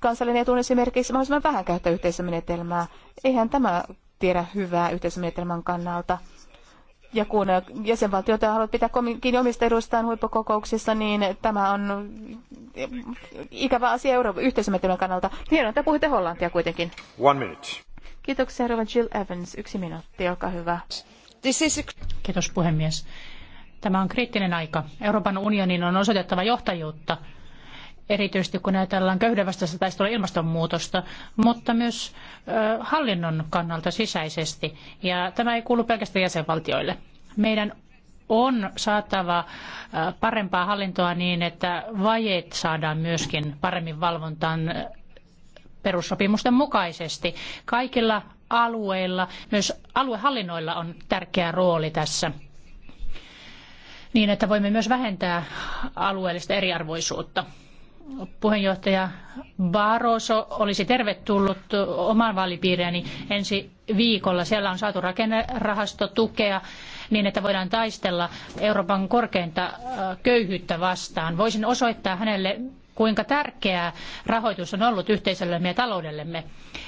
kansallinen etu on esimerkiksi mahdollisimman vähän käyttää yhteisömenetelmää. Eihän tämä tiedä hyvää yhteisömenetelmän kannalta. Ja kun jäsenvaltiot haluavat pitää kiinni omista edustaan huippukokouksissa, niin tämä on ikävä asia Euroopan yhteisömetelyn kannalta. Hienoa, että puhuitte hollantia kuitenkin. One minute. Kiitoksia, Rova Jill Evans. Yksi minuutti, olkaa hyvä. This is a... Kiitos puhemies. Tämä on kriittinen aika. Euroopan unionin on osoitettava johtajuutta erityisesti kun ajatellaan köyhdenvastaista taistelua ilmastonmuutosta, mutta myös hallinnon kannalta sisäisesti. Ja tämä ei kuulu pelkästään jäsenvaltioille. Meidän on saatava parempaa hallintoa niin, että vajeet saadaan myöskin paremmin valvontaan perussopimusten mukaisesti. Kaikilla alueilla, myös aluehallinnoilla on tärkeä rooli tässä niin, että voimme myös vähentää alueellista eriarvoisuutta puheenjohtaja Barroso olisi tervetullut oman vaalipiireeni ensi viikolla. Siellä on saatu rakennerahastotukea niin, että voidaan taistella Euroopan korkeinta äh, köyhyyttä vastaan. Voisin osoittaa hänelle, kuinka tärkeää rahoitus on ollut yhteisöllemme ja taloudellemme,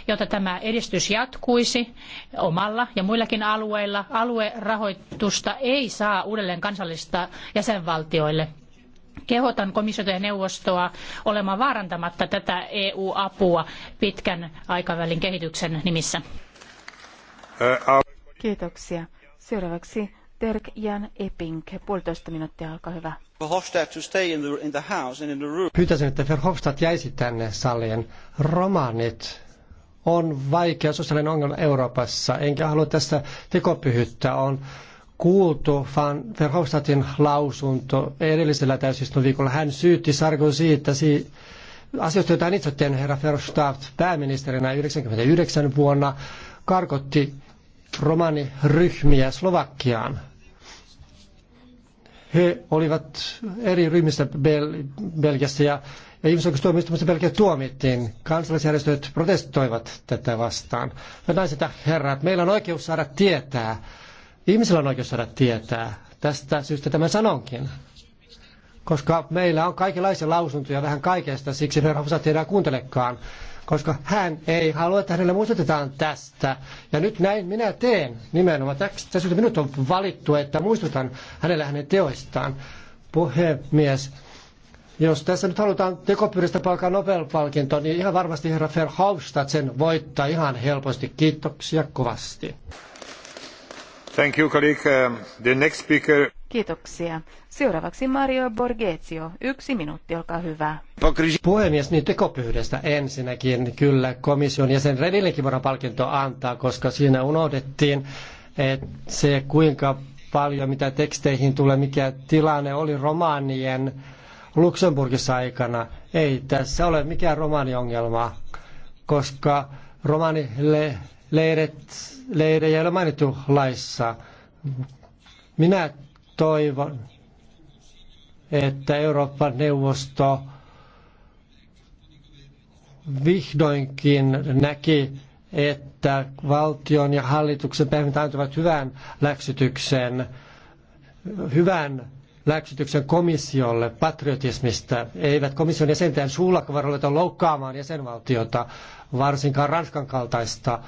jotta tämä edistys jatkuisi omalla ja muillakin alueilla. Aluerahoitusta ei saa uudelleen kansallista jäsenvaltioille kehotan komissiota ja neuvostoa olemaan vaarantamatta tätä EU-apua pitkän aikavälin kehityksen nimissä. Kiitoksia. Seuraavaksi Dirk Jan Epping, puolitoista minuuttia, olkaa hyvä. Pyytäisin, että Verhofstadt jäisi tänne saliin. Romanit on vaikea sosiaalinen ongelma Euroopassa, enkä halua tässä tekopyhyyttä. On kuultu Van Verhofstadtin lausunto edellisellä täysistunviikolla. Hän syytti Sarkozy, että si- asioista, joita hän itse tehnyt herra Verhofstadt pääministerinä 1999 vuonna, karkotti romaniryhmiä Slovakiaan. He olivat eri ryhmistä Bel- Belgiassa ja, ja ihmisoikeustuomioistumista Belgia tuomittiin. Kansalaisjärjestöt protestoivat tätä vastaan. Ja naiset ja herrat, meillä on oikeus saada tietää, Ihmisillä on oikeus saada tietää. Tästä syystä tämän sanonkin. Koska meillä on kaikenlaisia lausuntoja vähän kaikesta, siksi herra ei enää kuuntelekaan. Koska hän ei halua, että hänelle muistutetaan tästä. Ja nyt näin minä teen nimenomaan. Tästä syystä minut on valittu, että muistutan hänelle hänen teoistaan. Puhemies, jos tässä nyt halutaan tekopyristä palkaa Nobel-palkinto, niin ihan varmasti herra Verhofstadt sen voittaa ihan helposti. Kiitoksia kovasti. Um, Kiitoksia. Seuraavaksi Mario Borghezio. Yksi minuutti, olkaa hyvä. Puhemies, niin tekopyhdestä ensinnäkin kyllä komission jäsen Redillekin voidaan palkinto antaa, koska siinä unohdettiin, että se kuinka paljon mitä teksteihin tulee, mikä tilanne oli romaanien Luxemburgissa aikana. Ei tässä ole mikään romaaniongelma, koska romaanille leiret, leirejä ei ole mainittu laissa. Minä toivon, että Euroopan neuvosto vihdoinkin näki, että valtion ja hallituksen pehmit antavat hyvän läksytyksen, hyvän läksytyksen komissiolle patriotismista. Eivät komission jäsenten suulla ruveta loukkaamaan jäsenvaltiota, varsinkaan Ranskan kaltaista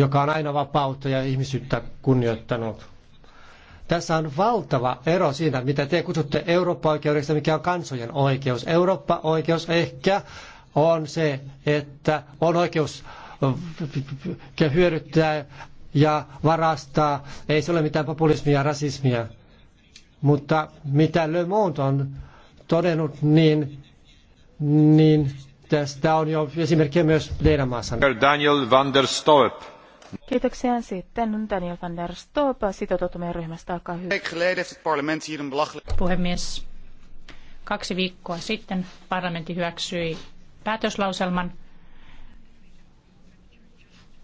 joka on aina vapautta ja ihmisyyttä kunnioittanut. Tässä on valtava ero siinä, mitä te kutsutte Eurooppa-oikeudeksi, mikä on kansojen oikeus. Eurooppa-oikeus ehkä on se, että on oikeus hyödyttää ja varastaa. Ei se ole mitään populismia ja rasismia. Mutta mitä Le Monde on todennut, niin, niin tästä on jo esimerkkejä myös teidän maassanne. Daniel van der Stolp. Kiitoksia. Sitten Daniel van der Stoop sitoutumien ryhmästä. Olkaa hyvä. Puhemies, kaksi viikkoa sitten parlamentti hyväksyi päätöslauselman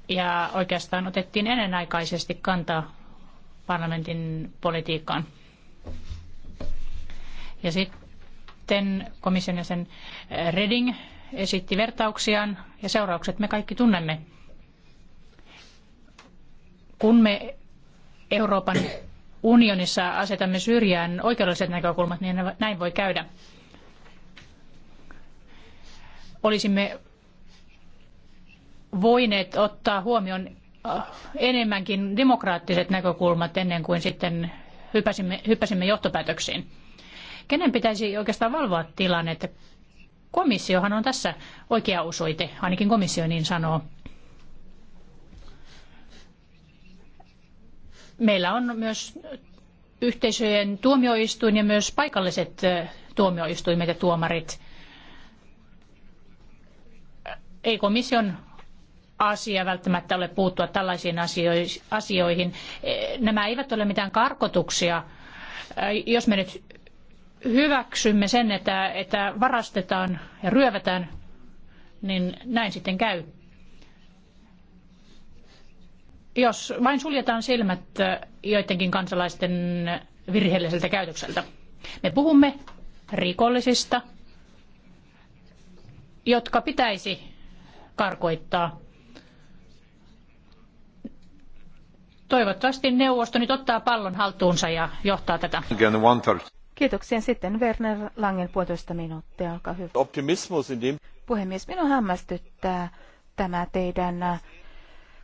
ja oikeastaan otettiin ennenaikaisesti kantaa parlamentin politiikkaan. Ja sitten komission jäsen Reding esitti vertauksiaan ja seuraukset me kaikki tunnemme. Kun me Euroopan unionissa asetamme syrjään oikeudelliset näkökulmat, niin näin voi käydä. Olisimme voineet ottaa huomioon äh, enemmänkin demokraattiset näkökulmat ennen kuin sitten hypäsimme, hypäsimme johtopäätöksiin. Kenen pitäisi oikeastaan valvoa tilannetta? Komissiohan on tässä oikea osoite, ainakin komissio niin sanoo. Meillä on myös yhteisöjen tuomioistuin ja myös paikalliset tuomioistuimet ja tuomarit. Ei komission asia välttämättä ole puuttua tällaisiin asioihin. E, nämä eivät ole mitään karkotuksia. Jos me nyt hyväksymme sen, että, että varastetaan ja ryövätään, niin näin sitten käy jos vain suljetaan silmät joidenkin kansalaisten virheelliseltä käytökseltä. Me puhumme rikollisista, jotka pitäisi karkoittaa. Toivottavasti neuvosto nyt ottaa pallon haltuunsa ja johtaa tätä. Kiitoksia. Sitten Werner Langen puolitoista minuuttia. Olkaa hyvä. Puhemies, minua hämmästyttää tämä teidän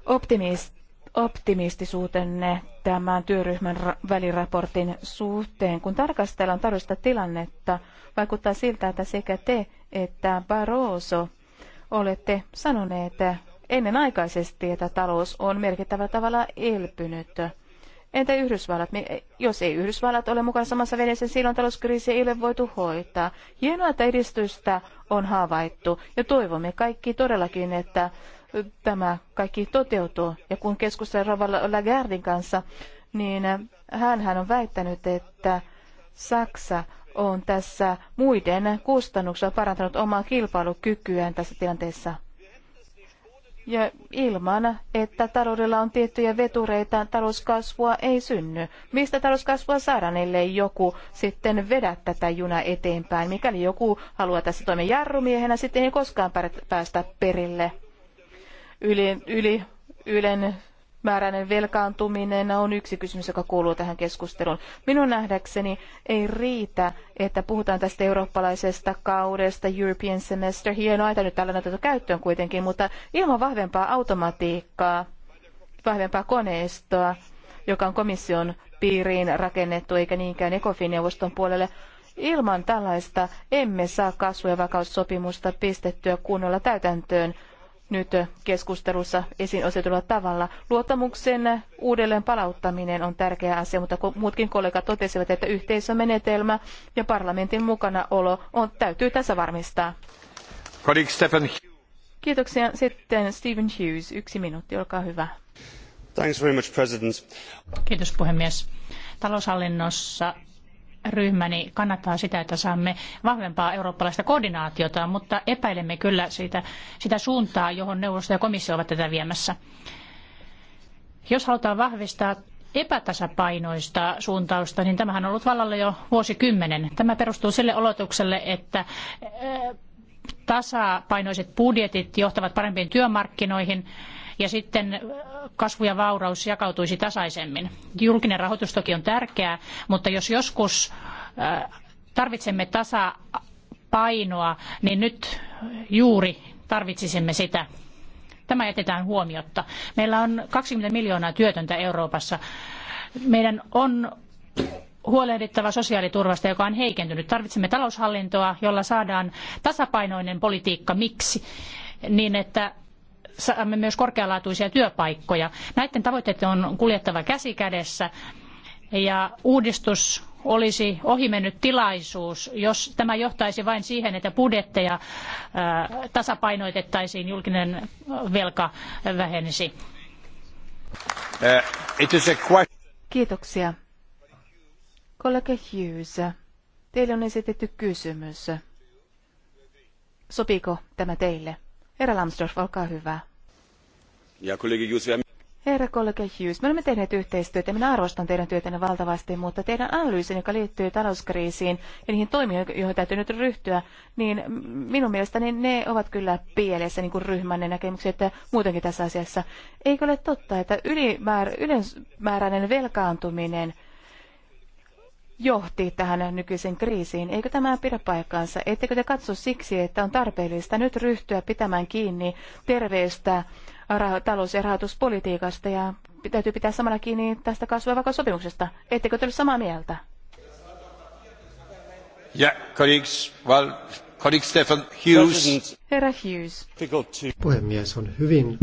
optimist optimistisuutenne tämän työryhmän väliraportin suhteen. Kun tarkastellaan taloudellista tilannetta, vaikuttaa siltä, että sekä te että Barroso olette sanoneet ennenaikaisesti, että talous on merkittävällä tavalla elpynyt. Entä Yhdysvallat? Jos ei Yhdysvallat ole mukana samassa veneessä, silloin talouskriisiä ei ole voitu hoitaa. Hienoa, että edistystä on havaittu ja toivomme kaikki todellakin, että tämä kaikki toteutuu. Ja kun keskustelin Rova Lagardin kanssa, niin hän on väittänyt, että Saksa on tässä muiden kustannuksella parantanut omaa kilpailukykyään tässä tilanteessa. Ja ilman, että taloudella on tiettyjä vetureita, talouskasvua ei synny. Mistä talouskasvua saadaan, ellei joku sitten vedä tätä juna eteenpäin? Mikäli joku haluaa tässä toimia jarrumiehenä, sitten ei koskaan päästä perille yli, yli ylen määräinen velkaantuminen on yksi kysymys, joka kuuluu tähän keskusteluun. Minun nähdäkseni ei riitä, että puhutaan tästä eurooppalaisesta kaudesta, European semester, hienoa, että nyt tällainen otettu käyttöön kuitenkin, mutta ilman vahvempaa automatiikkaa, vahvempaa koneistoa, joka on komission piiriin rakennettu, eikä niinkään ECOFIN-neuvoston puolelle, Ilman tällaista emme saa kasvu- ja vakaussopimusta pistettyä kunnolla täytäntöön nyt keskustelussa esiin osetulla tavalla. Luottamuksen uudelleen palauttaminen on tärkeä asia, mutta muutkin kollegat totesivat, että yhteisömenetelmä ja parlamentin mukanaolo on, täytyy tässä varmistaa. Kiitoksia. Sitten Stephen Hughes, yksi minuutti, olkaa hyvä. Thanks very much, President. Kiitos puhemies. Taloushallinnossa ryhmäni kannattaa sitä, että saamme vahvempaa eurooppalaista koordinaatiota, mutta epäilemme kyllä siitä, sitä suuntaa, johon neuvosto ja komissio ovat tätä viemässä. Jos halutaan vahvistaa epätasapainoista suuntausta, niin tämähän on ollut vallalla jo vuosikymmenen. Tämä perustuu sille oletukselle, että äh, tasapainoiset budjetit johtavat parempiin työmarkkinoihin ja sitten kasvu ja vauraus jakautuisi tasaisemmin. Julkinen rahoitus toki on tärkeää, mutta jos joskus tarvitsemme tasapainoa, niin nyt juuri tarvitsisimme sitä. Tämä jätetään huomiotta. Meillä on 20 miljoonaa työtöntä Euroopassa. Meidän on huolehdittava sosiaaliturvasta, joka on heikentynyt. Tarvitsemme taloushallintoa, jolla saadaan tasapainoinen politiikka miksi, niin että saamme myös korkealaatuisia työpaikkoja. Näiden tavoitteiden on kuljettava käsi kädessä ja uudistus olisi ohimennyt tilaisuus, jos tämä johtaisi vain siihen, että budjetteja tasapainoitettaisiin, julkinen velka vähenisi. Eh, Kiitoksia. Kollega Hughes, teille on esitetty kysymys. Sopiiko tämä teille? Herra Lambsdorff, olkaa hyvä. Ja kollega Hughes, Herra kollega Hughes, me olemme tehneet yhteistyötä. Minä arvostan teidän työtänne valtavasti, mutta teidän analyysin, joka liittyy talouskriisiin ja niihin toimiin, joihin täytyy nyt ryhtyä, niin minun mielestäni ne ovat kyllä pielessä, niin kuin ryhmänne näkemykset että muutenkin tässä asiassa. Eikö ole totta, että ylimäär, ylimääräinen velkaantuminen – johti tähän nykyisen kriisiin. Eikö tämä pidä paikkaansa? Ettekö te katso siksi, että on tarpeellista nyt ryhtyä pitämään kiinni terveestä talous- ja rahoituspolitiikasta ja täytyy pitää samalla kiinni tästä kasvavaa sopimuksesta? Ettekö te ole samaa mieltä? Ja, colleagues, well, colleague Stefan Hughes. Herra Hughes. Puhemies, on hyvin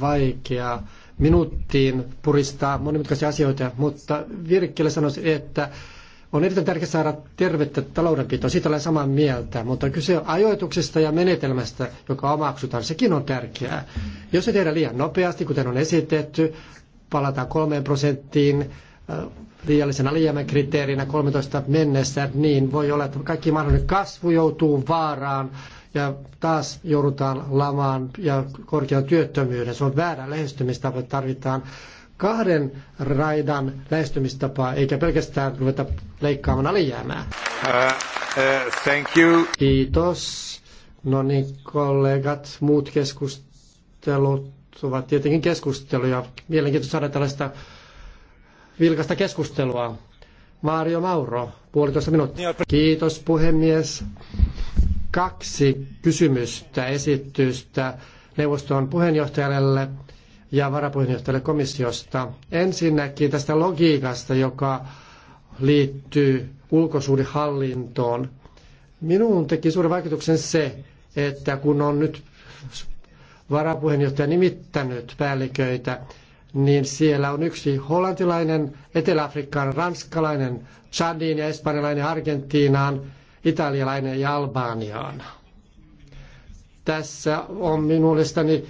vaikea minuuttiin puristaa monimutkaisia asioita, mutta virkkeelle sanoisin, että on erittäin tärkeää saada tervettä taloudenpitoa, siitä olen samaa mieltä, mutta kyse on ajoituksesta ja menetelmästä, joka omaksutaan, sekin on tärkeää. Jos se tehdään liian nopeasti, kuten on esitetty, palataan kolmeen prosenttiin äh, liiallisen alijäämän kriteerinä 13 mennessä, niin voi olla, että kaikki mahdollinen kasvu joutuu vaaraan ja taas joudutaan lamaan ja korkean työttömyyden. Se on väärä lähestymistapa, tarvitaan kahden raidan lähestymistapaa, eikä pelkästään ruveta leikkaamaan alijäämää. Uh, uh, thank you. Kiitos. No niin, kollegat, muut keskustelut ovat tietenkin keskusteluja. Mielenkiintoista saada tällaista vilkasta keskustelua. Mario Mauro, puolitoista minuuttia. Kiitos puhemies. Kaksi kysymystä esitystä neuvoston puheenjohtajalle ja varapuheenjohtajalle komissiosta. Ensinnäkin tästä logiikasta, joka liittyy ulkosuudenhallintoon. Minun teki suuren vaikutuksen se, että kun on nyt varapuheenjohtaja nimittänyt päälliköitä, niin siellä on yksi hollantilainen, etelä-afrikkaan ranskalainen, Chadin ja espanjalainen Argentiinaan, italialainen ja Albaniaan. Tässä on minun mielestäni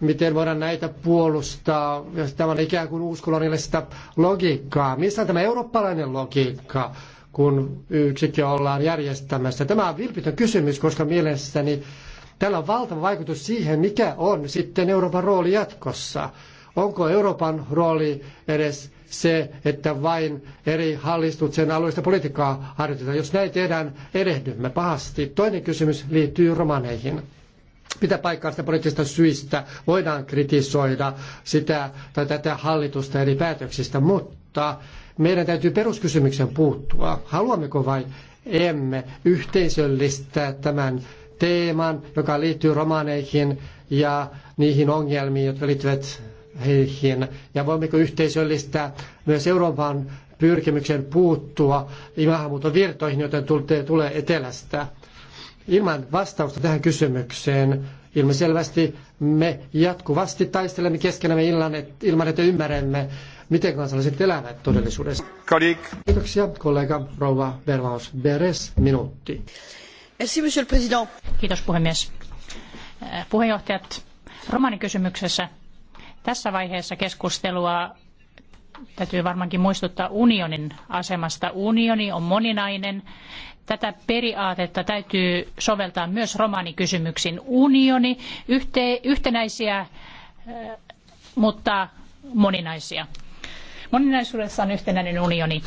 miten voidaan näitä puolustaa. Ja tämä on ikään kuin uuskolonialista logiikkaa. Missä on tämä eurooppalainen logiikka, kun yksikkö ollaan järjestämässä? Tämä on vilpitön kysymys, koska mielestäni tällä on valtava vaikutus siihen, mikä on sitten Euroopan rooli jatkossa. Onko Euroopan rooli edes se, että vain eri hallituksen alueista politiikkaa harjoitetaan. Jos näin tehdään, erehdymme pahasti. Toinen kysymys liittyy romaneihin pitää paikkaa sitä poliittisista syistä voidaan kritisoida sitä tai tätä hallitusta eri päätöksistä, mutta meidän täytyy peruskysymykseen puuttua. Haluammeko vai emme yhteisöllistää tämän teeman, joka liittyy romaneihin ja niihin ongelmiin, jotka liittyvät heihin, ja voimmeko yhteisöllistää myös Euroopan pyrkimyksen puuttua maahanmuuton virtoihin, joten tulee etelästä. Ilman vastausta tähän kysymykseen ilmiselvästi me jatkuvasti taistelemme keskenämme ilman, et, ilman, että ymmärrämme, miten kansalaiset elävät todellisuudessa. Kodik. Kiitoksia kollega Rouva Bervaus Beres, minuutti. Merci, monsieur le président. Kiitos puhemies. Äh, puheenjohtajat, romanikysymyksessä tässä vaiheessa keskustelua täytyy varmaankin muistuttaa unionin asemasta. Unioni on moninainen Tätä periaatetta täytyy soveltaa myös romanikysymyksiin. Unioni, yhte, yhtenäisiä, mutta moninaisia. Moninaisuudessa on yhtenäinen unioni.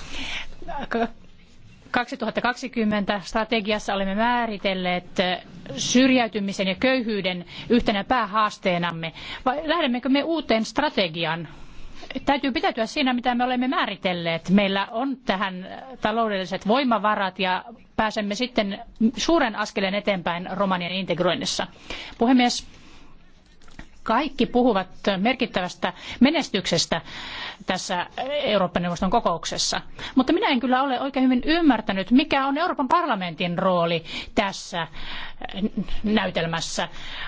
2020 strategiassa olemme määritelleet syrjäytymisen ja köyhyyden yhtenä päähaasteenamme. Vai lähdemmekö me uuteen strategiaan? täytyy pitäytyä siinä, mitä me olemme määritelleet. Meillä on tähän taloudelliset voimavarat ja pääsemme sitten suuren askeleen eteenpäin Romanian integroinnissa. Puhemies, kaikki puhuvat merkittävästä menestyksestä tässä Euroopan neuvoston kokouksessa. Mutta minä en kyllä ole oikein hyvin ymmärtänyt, mikä on Euroopan parlamentin rooli tässä näytelmässä.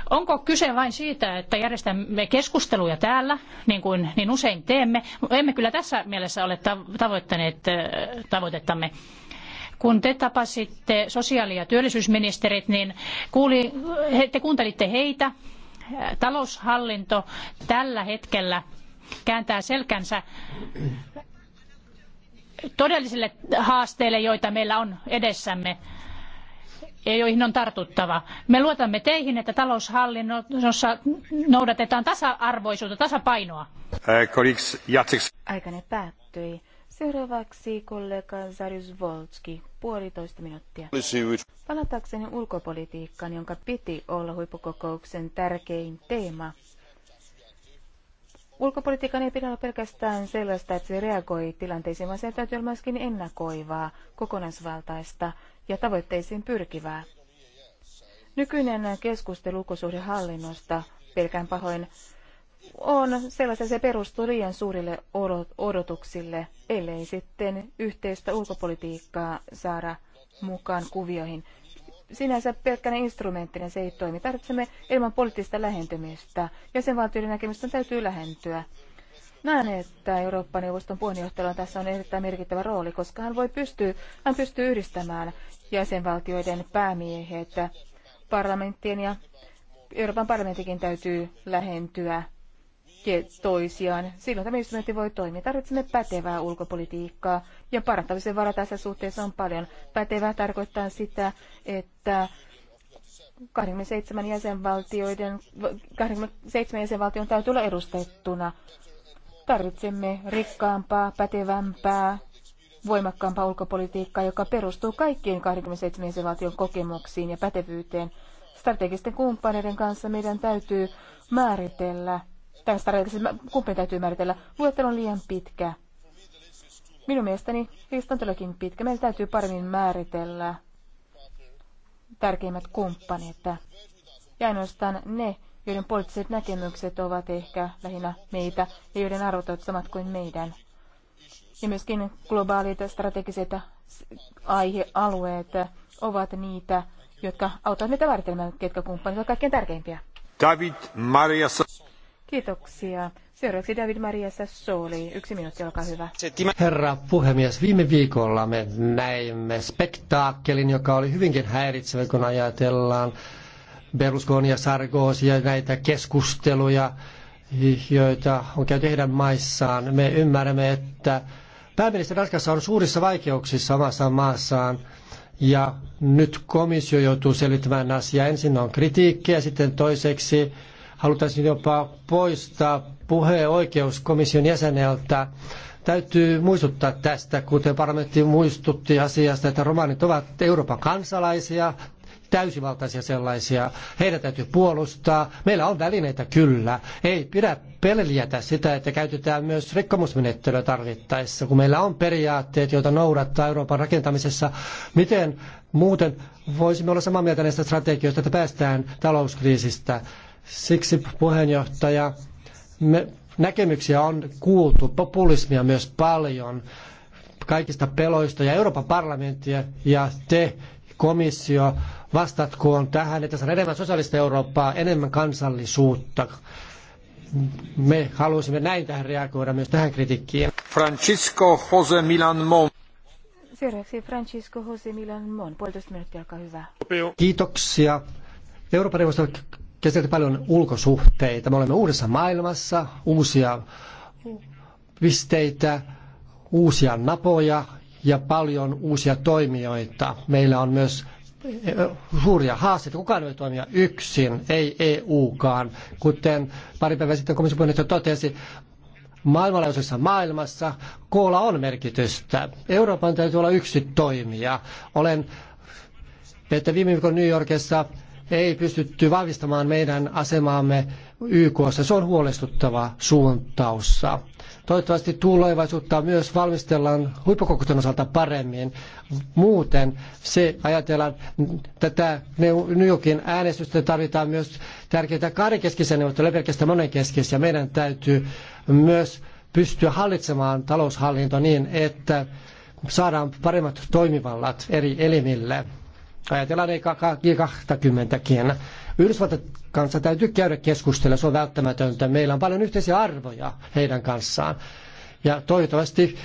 Onko kyse vain siitä, että järjestämme keskusteluja täällä, niin kuin niin usein teemme? Emme kyllä tässä mielessä ole tavoittaneet tavoitettamme kun te tapasitte sosiaali- ja työllisyysministerit, niin kuuli, te kuuntelitte heitä Eh, taloushallinto tällä hetkellä kääntää selkänsä todellisille haasteille, joita meillä on edessämme ja joihin on tartuttava. Me luotamme teihin, että taloushallinnossa noudatetaan tasa-arvoisuutta, tasapainoa. Eh, Aikane päättyi. Seuraavaksi kollega Zarius Volski, puolitoista minuuttia. Palatakseni ulkopolitiikkaan, jonka piti olla huippukokouksen tärkein teema. Ulkopolitiikan ei pidä olla pelkästään sellaista, että se reagoi tilanteisiin, vaan sen täytyy olla myöskin ennakoivaa, kokonaisvaltaista ja tavoitteisiin pyrkivää. Nykyinen keskustelu ulkosuhdehallinnosta pelkään pahoin on sellaisia, se perustuu liian suurille odotuksille, ellei sitten yhteistä ulkopolitiikkaa saada mukaan kuvioihin. Sinänsä pelkkänä instrumenttina se ei toimi. Tarvitsemme ilman poliittista lähentymistä. Jäsenvaltioiden näkemysten täytyy lähentyä. Näen, että Euroopan neuvoston puheenjohtajalla tässä on erittäin merkittävä rooli, koska hän, voi pystyä, hän pystyy yhdistämään jäsenvaltioiden päämiehet parlamenttien ja Euroopan parlamentikin täytyy lähentyä toisiaan. Silloin tämä instrumentti voi toimia. Tarvitsemme pätevää ulkopolitiikkaa ja parantamisen vara tässä suhteessa on paljon. Pätevää tarkoittaa sitä, että 27 jäsenvaltioiden, 27 jäsenvaltion täytyy olla edustettuna. Tarvitsemme rikkaampaa, pätevämpää, voimakkaampaa ulkopolitiikkaa, joka perustuu kaikkien 27 jäsenvaltion kokemuksiin ja pätevyyteen. Strategisten kumppaneiden kanssa meidän täytyy määritellä tarjota, siis kumpi täytyy määritellä. Luettelo on liian pitkä. Minun mielestäni lista on todellakin pitkä. Meillä täytyy paremmin määritellä tärkeimmät kumppanit. Ja ainoastaan ne, joiden poliittiset näkemykset ovat ehkä lähinnä meitä ja joiden arvot ovat samat kuin meidän. Ja myöskin globaalit strategiset aihealueet ovat niitä, jotka auttavat meitä määrittelemään, ketkä kumppanit ovat kaikkein tärkeimpiä. David Maria Kiitoksia. Seuraavaksi David Maria Sassoli. Yksi minuutti, olkaa hyvä. Herra puhemies, viime viikolla me näimme spektaakkelin, joka oli hyvinkin häiritsevä, kun ajatellaan Berlusconia, Sargoosia, näitä keskusteluja, joita on käyty heidän maissaan. Me ymmärrämme, että pääministeri Ranskassa on suurissa vaikeuksissa omassa maassaan. Ja nyt komissio joutuu selittämään asiaa. Ensin on kritiikkiä, sitten toiseksi halutaan jopa poistaa puheoikeus komission jäseneltä. Täytyy muistuttaa tästä, kuten parlamentti muistutti asiasta, että romanit ovat Euroopan kansalaisia, täysivaltaisia sellaisia. Heidän täytyy puolustaa. Meillä on välineitä kyllä. Ei pidä peljätä sitä, että käytetään myös rikkomusmenettelyä tarvittaessa, kun meillä on periaatteet, joita noudattaa Euroopan rakentamisessa. Miten muuten voisimme olla samaa mieltä näistä strategioista, että päästään talouskriisistä? Siksi puheenjohtaja, me, näkemyksiä on kuultu, populismia myös paljon, kaikista peloista ja Euroopan parlamenttia ja te komissio vastatkoon tähän, että saadaan enemmän sosiaalista Eurooppaa, enemmän kansallisuutta. Me haluaisimme näin tähän reagoida myös tähän kritiikkiin. Francisco Jose Milan Mon. Seuraavaksi Francisco Jose Milan Mon. Puolitoista minuuttia, olkaa hyvä. Kiitoksia. Euroopan neuvoston käsitelty paljon ulkosuhteita. Me olemme uudessa maailmassa, uusia pisteitä, uusia napoja ja paljon uusia toimijoita. Meillä on myös eh, eh, suuria haasteita. Kukaan ei toimia yksin, ei EUkaan. Kuten pari päivää sitten komission puheenjohtaja totesi, maailmanlaajuisessa maailmassa koolla on merkitystä. Euroopan täytyy olla yksi toimija. Olen että viime viikon New Yorkissa ei pystytty vahvistamaan meidän asemaamme YKssa. Se on huolestuttava suuntaus. Toivottavasti tulevaisuutta myös valmistellaan huippukokousten osalta paremmin. Muuten se ajatellaan tätä New Yorkin äänestystä tarvitaan myös tärkeitä kahdenkeskisiä neuvotteluja, pelkästään monenkeskisiä. Meidän täytyy myös pystyä hallitsemaan taloushallinto niin, että saadaan paremmat toimivallat eri elimille. Ajatellaan ei 20kin. Yhdysvaltain kanssa täytyy käydä keskustella, se on välttämätöntä. Meillä on paljon yhteisiä arvoja heidän kanssaan. Ja toivottavasti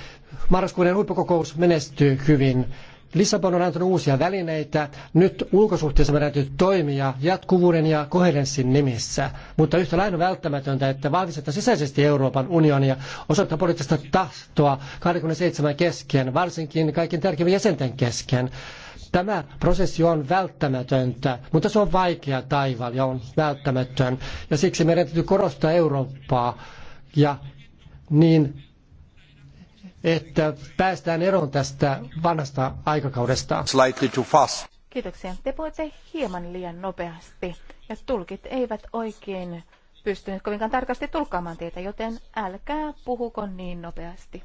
marraskuuden huippukokous menestyy hyvin. Lissabon on antanut uusia välineitä. Nyt ulkosuhteessa me täytyy toimia jatkuvuuden ja koherenssin nimissä. Mutta yhtä lailla on välttämätöntä, että vahvistetaan sisäisesti Euroopan unionia osoittaa poliittista tahtoa 27 kesken, varsinkin kaikkien tärkeimmän jäsenten kesken. Tämä prosessi on välttämätöntä, mutta se on vaikea taival ja on välttämätön. Ja siksi meidän täytyy korostaa Eurooppaa ja niin, että päästään eroon tästä vanhasta aikakaudesta. Slightly too fast. Kiitoksia. Te puhuitte hieman liian nopeasti ja tulkit eivät oikein pystyneet kovinkaan tarkasti tulkkaamaan teitä, joten älkää puhuko niin nopeasti.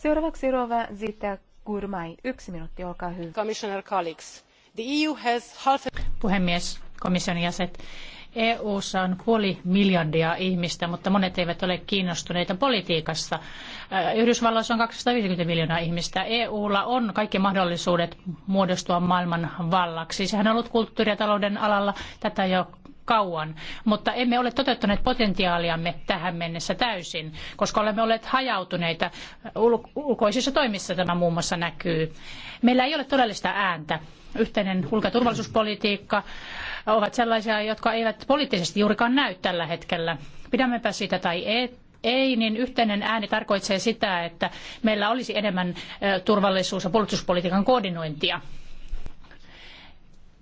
Seuraavaksi Rova Zita Gurmai. Yksi minuutti, olkaa hyvä. Commissioner colleagues, the EU has half... Puhemies, komission jäsen. EU:ssa on puoli miljardia ihmistä, mutta monet eivät ole kiinnostuneita politiikasta. Äh, Yhdysvalloissa on 250 miljoonaa ihmistä. EUlla on kaikki mahdollisuudet muodostua maailman vallaksi. Sehän on ollut kulttuuri- ja talouden alalla tätä jo kauan, mutta emme ole toteuttaneet potentiaaliamme tähän mennessä täysin, koska olemme olleet hajautuneita. Ulkoisissa toimissa tämä muun muassa näkyy. Meillä ei ole todellista ääntä. Yhteinen ulko- ja turvallisuuspolitiikka ovat sellaisia, jotka eivät poliittisesti juurikaan näy tällä hetkellä. Pidämmepä sitä tai ei, ei, niin yhteinen ääni tarkoitsee sitä, että meillä olisi enemmän turvallisuus- ja puolustuspolitiikan koordinointia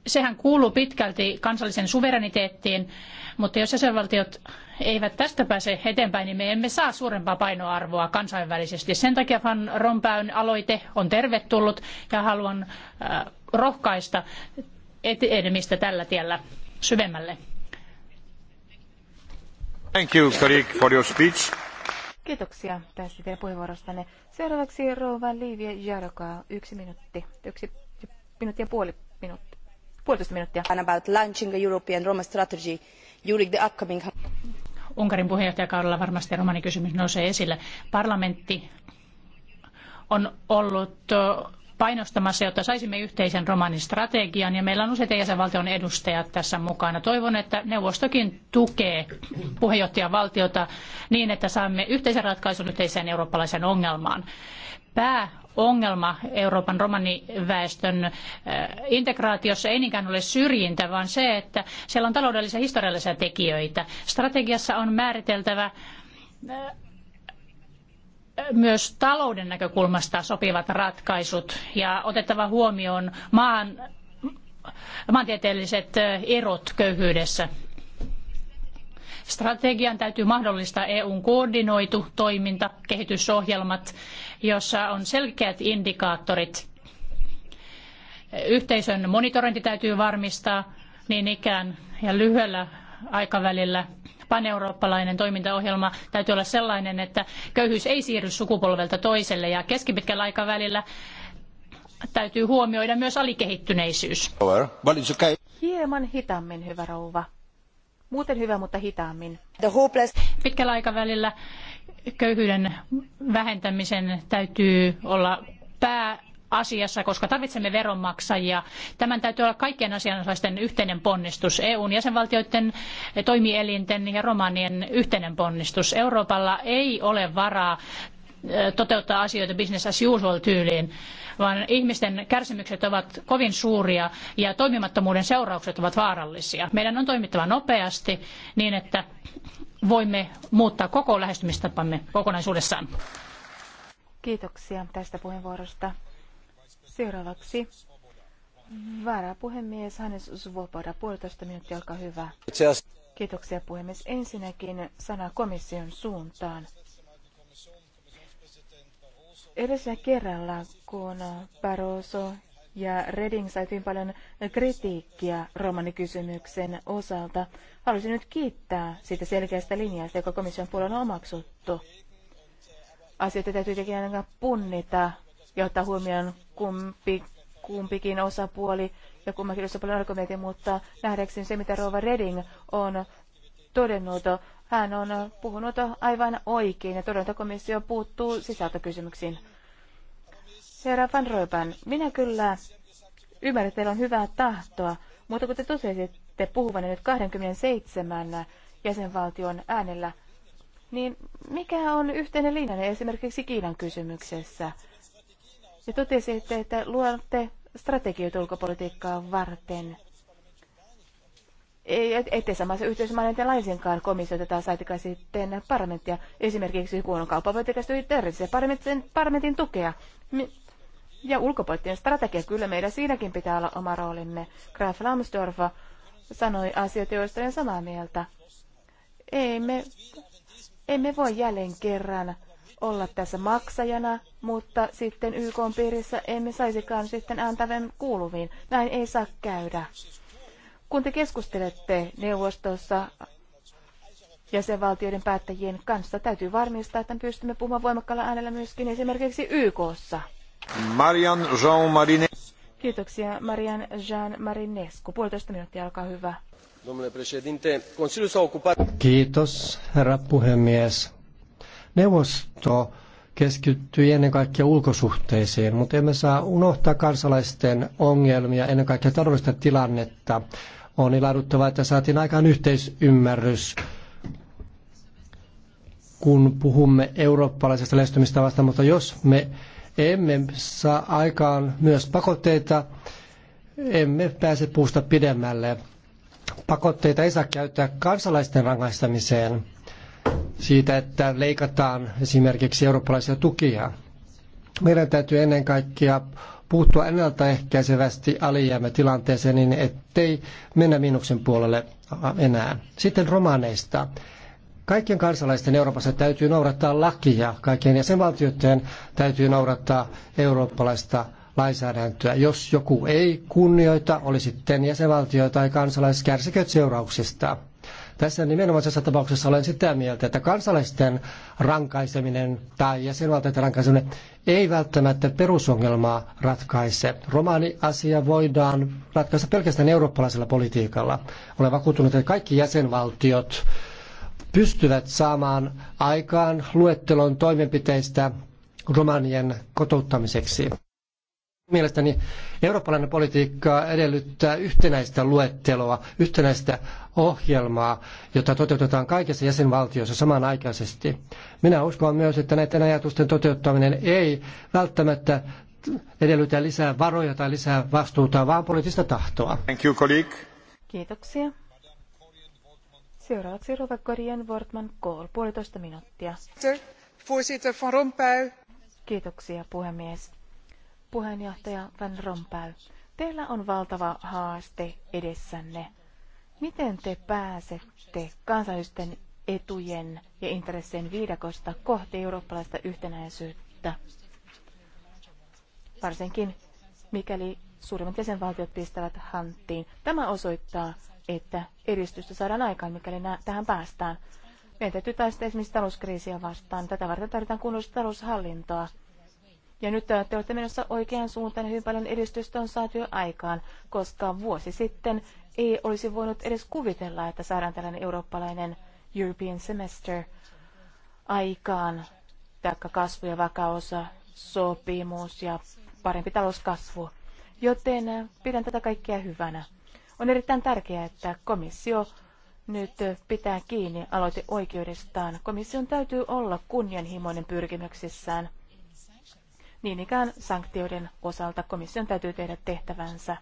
sehän kuuluu pitkälti kansallisen suvereniteettiin, mutta jos jäsenvaltiot eivät tästä pääse eteenpäin, niin me emme saa suurempaa painoarvoa kansainvälisesti. Sen takia Van Rompäyn aloite on tervetullut ja haluan äh, rohkaista etenemistä tällä tiellä syvemmälle. Thank you, colleague, for your speech. Kiitoksia tästä teidän puheenvuorostanne. Seuraavaksi Rouva Liivia Jarokaa, yksi minuutti, yksi minuutti ja puoli minuuttia. Unkarin puheenjohtajakaudella varmasti romanikysymys nousee esille. Parlamentti on ollut painostamassa, jotta saisimme yhteisen romanistrategian ja meillä on useita jäsenvaltion edustajat tässä mukana. Toivon, että neuvostokin tukee puheenjohtajavaltiota niin, että saamme yhteisen ratkaisun yhteiseen eurooppalaiseen ongelmaan. Pää ongelma Euroopan romaniväestön integraatiossa ei niinkään ole syrjintä, vaan se, että siellä on taloudellisia ja historiallisia tekijöitä. Strategiassa on määriteltävä myös talouden näkökulmasta sopivat ratkaisut ja otettava huomioon maan, maantieteelliset erot köyhyydessä. Strategian täytyy mahdollistaa EUn koordinoitu toiminta, kehitysohjelmat jossa on selkeät indikaattorit. Yhteisön monitorointi täytyy varmistaa niin ikään ja lyhyellä aikavälillä paneurooppalainen toimintaohjelma täytyy olla sellainen, että köyhyys ei siirry sukupolvelta toiselle ja keskipitkällä aikavälillä täytyy huomioida myös alikehittyneisyys. Hieman hitaammin, hyvä rouva. Muuten hyvä, mutta hitaammin. Pitkällä aikavälillä köyhyyden vähentämisen täytyy olla pääasiassa, koska tarvitsemme veronmaksajia. Tämän täytyy olla kaikkien asianosaisten yhteinen ponnistus, EUn jäsenvaltioiden, toimielinten ja romanien yhteinen ponnistus. Euroopalla ei ole varaa toteuttaa asioita business as usual tyyliin, vaan ihmisten kärsimykset ovat kovin suuria ja toimimattomuuden seuraukset ovat vaarallisia. Meidän on toimittava nopeasti niin, että voimme muuttaa koko lähestymistapamme kokonaisuudessaan. Kiitoksia tästä puheenvuorosta. Seuraavaksi varapuhemies Hannes Svoboda, puolitoista minuuttia, olkaa hyvä. Kiitoksia puhemies. Ensinnäkin sana komission suuntaan. Edellisellä kerralla, kun Barroso ja Reding sai hyvin paljon kritiikkiä romanikysymyksen osalta. Haluaisin nyt kiittää siitä selkeästä linjasta, joka komission puolella on omaksuttu. Asioita täytyy tietenkin punnita ja ottaa huomioon kumpi, kumpikin osapuoli ja kummakin osapuolen argumentti, mutta nähdäkseni se, mitä Rova Reding on todennut, hän on puhunut aivan oikein ja todennut komissio puuttuu sisältökysymyksiin. Herra Van Röben, minä kyllä ymmärrän, että teillä on hyvää tahtoa, mutta kun te totesitte puhuvan nyt 27 jäsenvaltion äänellä, niin mikä on yhteinen linja esimerkiksi Kiinan kysymyksessä? Ja totesitte, että luotte strategioita ulkopolitiikkaa varten. Ei, ettei samassa yhteydessä mainita laisinkaan komissiota tai saitika sitten parlamenttia. Esimerkiksi kun on kauppapolitiikasta yhteydessä parlamentin tukea ja ulkopoliittinen strategia. Kyllä meidän siinäkin pitää olla oma roolimme. Graf Lambsdorff sanoi asioita, joista olen samaa mieltä. Ei me, emme voi jälleen kerran olla tässä maksajana, mutta sitten YK piirissä emme saisikaan sitten ääntävän kuuluviin. Näin ei saa käydä. Kun te keskustelette neuvostossa jäsenvaltioiden päättäjien kanssa, täytyy varmistaa, että pystymme puhumaan voimakkaalla äänellä myöskin esimerkiksi YKssa. Marian Jean Marinescu. Kiitoksia Marian Jean Marinescu. Puolitoista minuuttia, alkaa hyvä. Kiitos, herra puhemies. Neuvosto keskittyi ennen kaikkea ulkosuhteisiin, mutta emme saa unohtaa kansalaisten ongelmia, ennen kaikkea taloudellista tilannetta. On ilahduttavaa, että saatiin aikaan yhteisymmärrys, kun puhumme eurooppalaisesta lähestymistavasta, mutta jos me emme saa aikaan myös pakotteita, emme pääse puusta pidemmälle. Pakotteita ei saa käyttää kansalaisten rangaistamiseen siitä, että leikataan esimerkiksi eurooppalaisia tukia. Meidän täytyy ennen kaikkea puuttua ennaltaehkäisevästi alijäämätilanteeseen niin, ettei mennä miinuksen puolelle enää. Sitten romaneista. Kaikkien kansalaisten Euroopassa täytyy noudattaa lakia, kaikkien jäsenvaltioiden täytyy noudattaa eurooppalaista lainsäädäntöä. Jos joku ei kunnioita, oli sitten jäsenvaltio tai kansalaiset kärsiköt seurauksista. Tässä nimenomaisessa tapauksessa olen sitä mieltä, että kansalaisten rankaiseminen tai jäsenvaltioiden rankaiseminen ei välttämättä perusongelmaa ratkaise. Romaani-asia voidaan ratkaista pelkästään eurooppalaisella politiikalla. Olen vakuuttunut, että kaikki jäsenvaltiot pystyvät saamaan aikaan luettelon toimenpiteistä romanien kotouttamiseksi. Mielestäni eurooppalainen politiikka edellyttää yhtenäistä luetteloa, yhtenäistä ohjelmaa, jota toteutetaan kaikissa jäsenvaltioissa samanaikaisesti. Minä uskon myös, että näiden ajatusten toteuttaminen ei välttämättä edellytä lisää varoja tai lisää vastuuta, vaan poliittista tahtoa. Thank you, colleague. Kiitoksia. Seuraavaksi Rova Korien Wortman Kool, puolitoista minuuttia. Voorzitter Van Rompuy. Kiitoksia puhemies. Puheenjohtaja Van Rompuy, teillä on valtava haaste edessänne. Miten te pääsette kansallisten etujen ja intressien viidakosta kohti eurooppalaista yhtenäisyyttä? Varsinkin mikäli suurimmat jäsenvaltiot pistävät hanttiin. Tämä osoittaa, että edistystä saadaan aikaan, mikäli nä- tähän päästään. Meidän täytyy taistella esimerkiksi talouskriisiä vastaan. Tätä varten tarvitaan kunnollista taloushallintoa. Ja nyt äh, te olette menossa oikeaan suuntaan ja hyvin paljon edistystä on saatu jo aikaan, koska vuosi sitten ei olisi voinut edes kuvitella, että saadaan tällainen eurooppalainen European Semester aikaan, taikka kasvu- ja vakaus sopimus ja parempi talouskasvu. Joten äh, pidän tätä kaikkea hyvänä. On erittäin tärkeää, että komissio nyt pitää kiinni aloiteoikeudestaan. Komission täytyy olla kunnianhimoinen pyrkimyksissään. Niin ikään sanktioiden osalta komission täytyy tehdä tehtävänsä,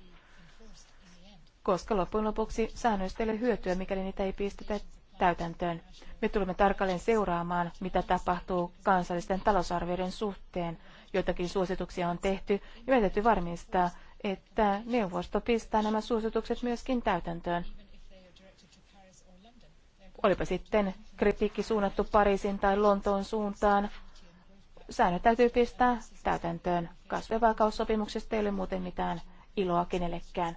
koska loppujen lopuksi säännöistä ei ole hyötyä, mikäli niitä ei pistetä täytäntöön. Me tulemme tarkalleen seuraamaan, mitä tapahtuu kansallisten talousarvioiden suhteen. Joitakin suosituksia on tehty ja meidän täytyy varmistaa, että neuvosto pistää nämä suositukset myöskin täytäntöön. Olipa sitten kritiikki suunnattu Pariisin tai Lontoon suuntaan, säännöt täytyy pistää täytäntöön. Kasvu- ja vakaussopimuksesta ei ole muuten mitään iloa kenellekään.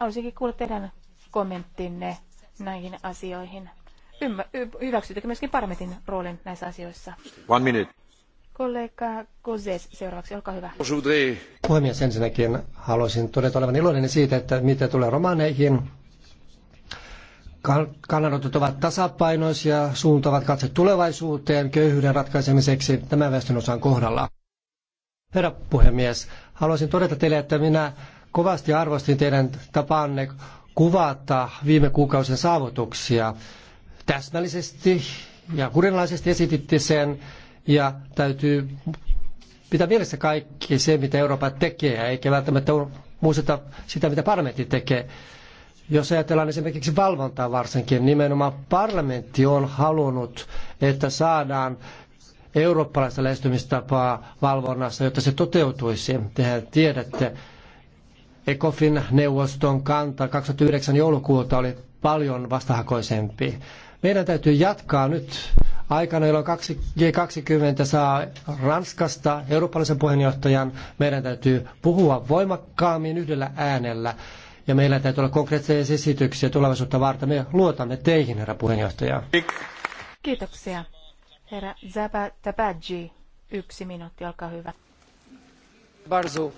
Haluaisinkin kuulla teidän kommenttinne näihin asioihin. Ymmär- hyväksyttekö myöskin parlamentin roolin näissä asioissa? One minute. Kollega Kuzes seuraavaksi, olkaa hyvä. Puhemies, ensinnäkin haluaisin todeta olevan iloinen siitä, että mitä tulee romaneihin. Kannanotot ovat tasapainoisia, suuntavat katse tulevaisuuteen köyhyyden ratkaisemiseksi tämän väestönosan kohdalla. Herra puhemies, haluaisin todeta teille, että minä kovasti arvostin teidän tapaanne kuvata viime kuukausien saavutuksia. Täsmällisesti ja kurinalaisesti esititte sen ja täytyy pitää mielessä kaikki se, mitä Eurooppa tekee, eikä välttämättä muisteta sitä, mitä parlamentti tekee. Jos ajatellaan esimerkiksi valvontaa varsinkin, nimenomaan parlamentti on halunnut, että saadaan eurooppalaista lähestymistapaa valvonnassa, jotta se toteutuisi. Tehän tiedätte, ECOFIN neuvoston kanta 2009 joulukuuta oli paljon vastahakoisempi. Meidän täytyy jatkaa nyt aikana, jolloin G20 saa Ranskasta eurooppalaisen puheenjohtajan, meidän täytyy puhua voimakkaammin yhdellä äänellä. Ja meillä täytyy olla konkreettisia esityksiä tulevaisuutta varten. Me luotamme teihin, herra puheenjohtaja. Kiitoksia. Herra Zabatabaji, yksi minuutti, olkaa hyvä. Barzo.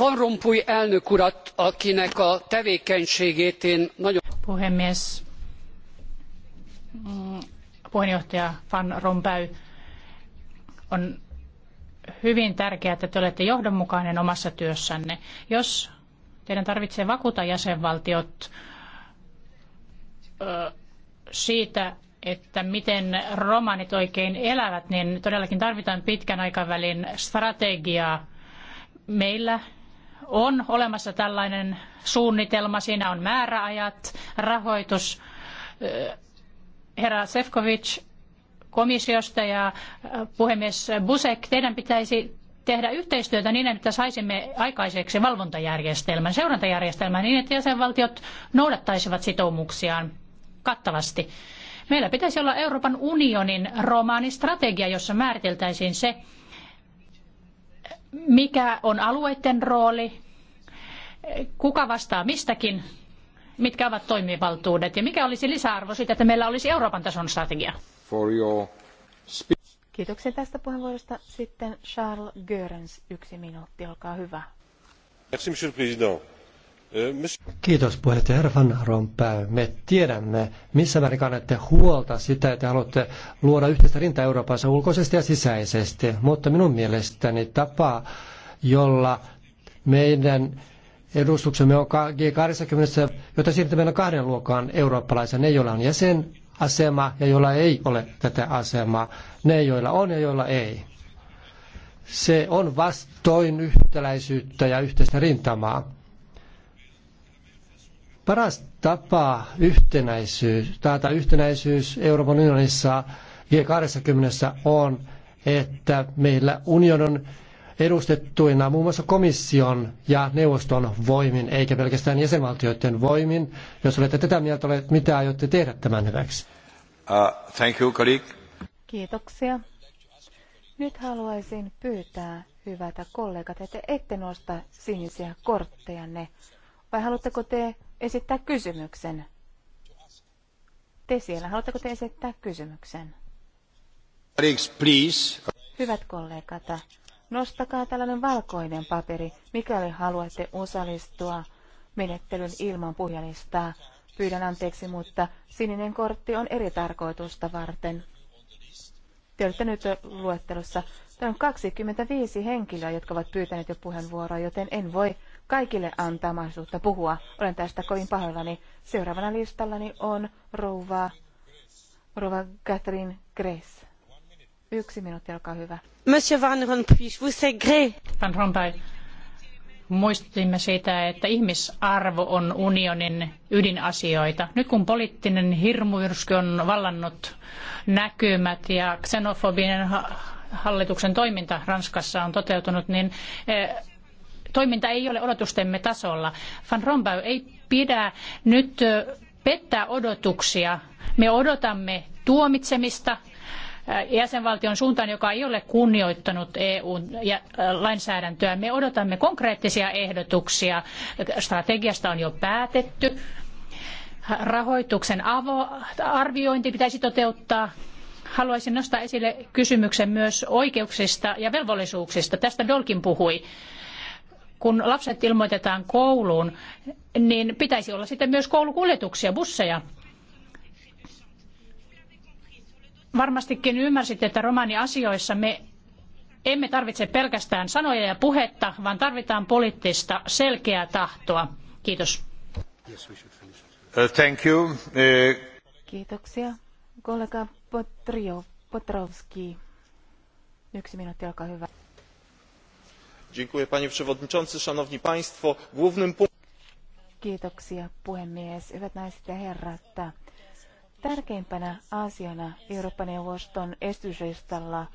Van Rompuy elnök urat, akinek a tevékenységét én nagyon... Puhemies, puheenjohtaja Van Rompuy. On hyvin tärkeää, että te olette johdonmukainen omassa työssänne. Jos teidän tarvitsee vakuuta jäsenvaltiot siitä, että miten romanit oikein elävät, niin todellakin tarvitaan pitkän aikavälin strategiaa. Meillä on olemassa tällainen suunnitelma, siinä on määräajat, rahoitus, herra Sefcovic komissiosta ja äh, puhemies Busek, teidän pitäisi tehdä yhteistyötä niin, että saisimme aikaiseksi valvontajärjestelmän, seurantajärjestelmän niin, että jäsenvaltiot noudattaisivat sitoumuksiaan kattavasti. Meillä pitäisi olla Euroopan unionin romaanistrategia, jossa määriteltäisiin se, mikä on alueiden rooli, kuka vastaa mistäkin mitkä ovat toimivaltuudet ja mikä olisi lisäarvo siitä, että meillä olisi Euroopan tason strategia? For your Kiitoksia tästä puheenvuorosta. Sitten Charles Görens, yksi minuutti, olkaa hyvä. Euh, Kiitos puheenjohtaja Herra Van Rompuy. Me tiedämme, missä määrin kannatte huolta sitä, että haluatte luoda yhteistä rintaa Euroopassa ulkoisesti ja sisäisesti. Mutta minun mielestäni tapa, jolla meidän edustuksemme on G20, jota siirtämme on kahden luokan eurooppalaisia, ne joilla on jäsenasema ja joilla ei ole tätä asemaa, ne joilla on ja joilla ei. Se on vastoin yhtäläisyyttä ja yhteistä rintamaa. Paras tapa yhtenäisyys, taata yhtenäisyys Euroopan unionissa G20 on, että meillä unionin edustettuina muun muassa komission ja neuvoston voimin, eikä pelkästään jäsenvaltioiden voimin. Jos olette tätä mieltä, mitä aiotte tehdä tämän hyväksi? Uh, thank you, colleague. Kiitoksia. Nyt haluaisin pyytää, hyvät kollegat, että ette nosta sinisiä korttejanne. Vai haluatteko te esittää kysymyksen? Te siellä, haluatteko te esittää kysymyksen? Please. Hyvät kollegat, Nostakaa tällainen valkoinen paperi, mikäli haluatte osallistua menettelyn ilman puhjalistaa. Pyydän anteeksi, mutta sininen kortti on eri tarkoitusta varten. Te olette nyt luettelossa. Täällä on 25 henkilöä, jotka ovat pyytäneet jo puheenvuoroa, joten en voi kaikille antaa mahdollisuutta puhua. Olen tästä kovin pahoillani. Seuraavana listallani on rouva, rouva Catherine Grace. Yksi minuutti, olkaa hyvä. Monsieur Van Rompuy, je vous Van Rompuy, muistimme siitä, että ihmisarvo on unionin ydinasioita. Nyt kun poliittinen hirmuyrsky on vallannut näkymät ja xenofobinen hallituksen toiminta Ranskassa on toteutunut, niin eh, toiminta ei ole odotustemme tasolla. Van Rompuy ei pidä nyt eh, pettää odotuksia. Me odotamme tuomitsemista jäsenvaltion suuntaan, joka ei ole kunnioittanut EU-lainsäädäntöä. Me odotamme konkreettisia ehdotuksia. Strategiasta on jo päätetty. Rahoituksen arviointi pitäisi toteuttaa haluaisin nostaa esille kysymyksen myös oikeuksista ja velvollisuuksista. Tästä Dolkin puhui. Kun lapset ilmoitetaan kouluun, niin pitäisi olla sitten myös koulukuljetuksia, busseja. varmastikin ymmärsitte, että romaniasioissa me emme tarvitse pelkästään sanoja ja puhetta, vaan tarvitaan poliittista selkeää tahtoa. Kiitos. Uh, thank you. Uh, Kiitoksia. Kollega Potrio, Potrovski. Yksi minuutti, olkaa hyvä. Dziękuję panie przewodniczący, szanowni państwo. Głównym Kiitoksia puhemies, hyvät naiset ja herrat. Tärkeimpänä asiana Eurooppa-neuvoston esityslistalla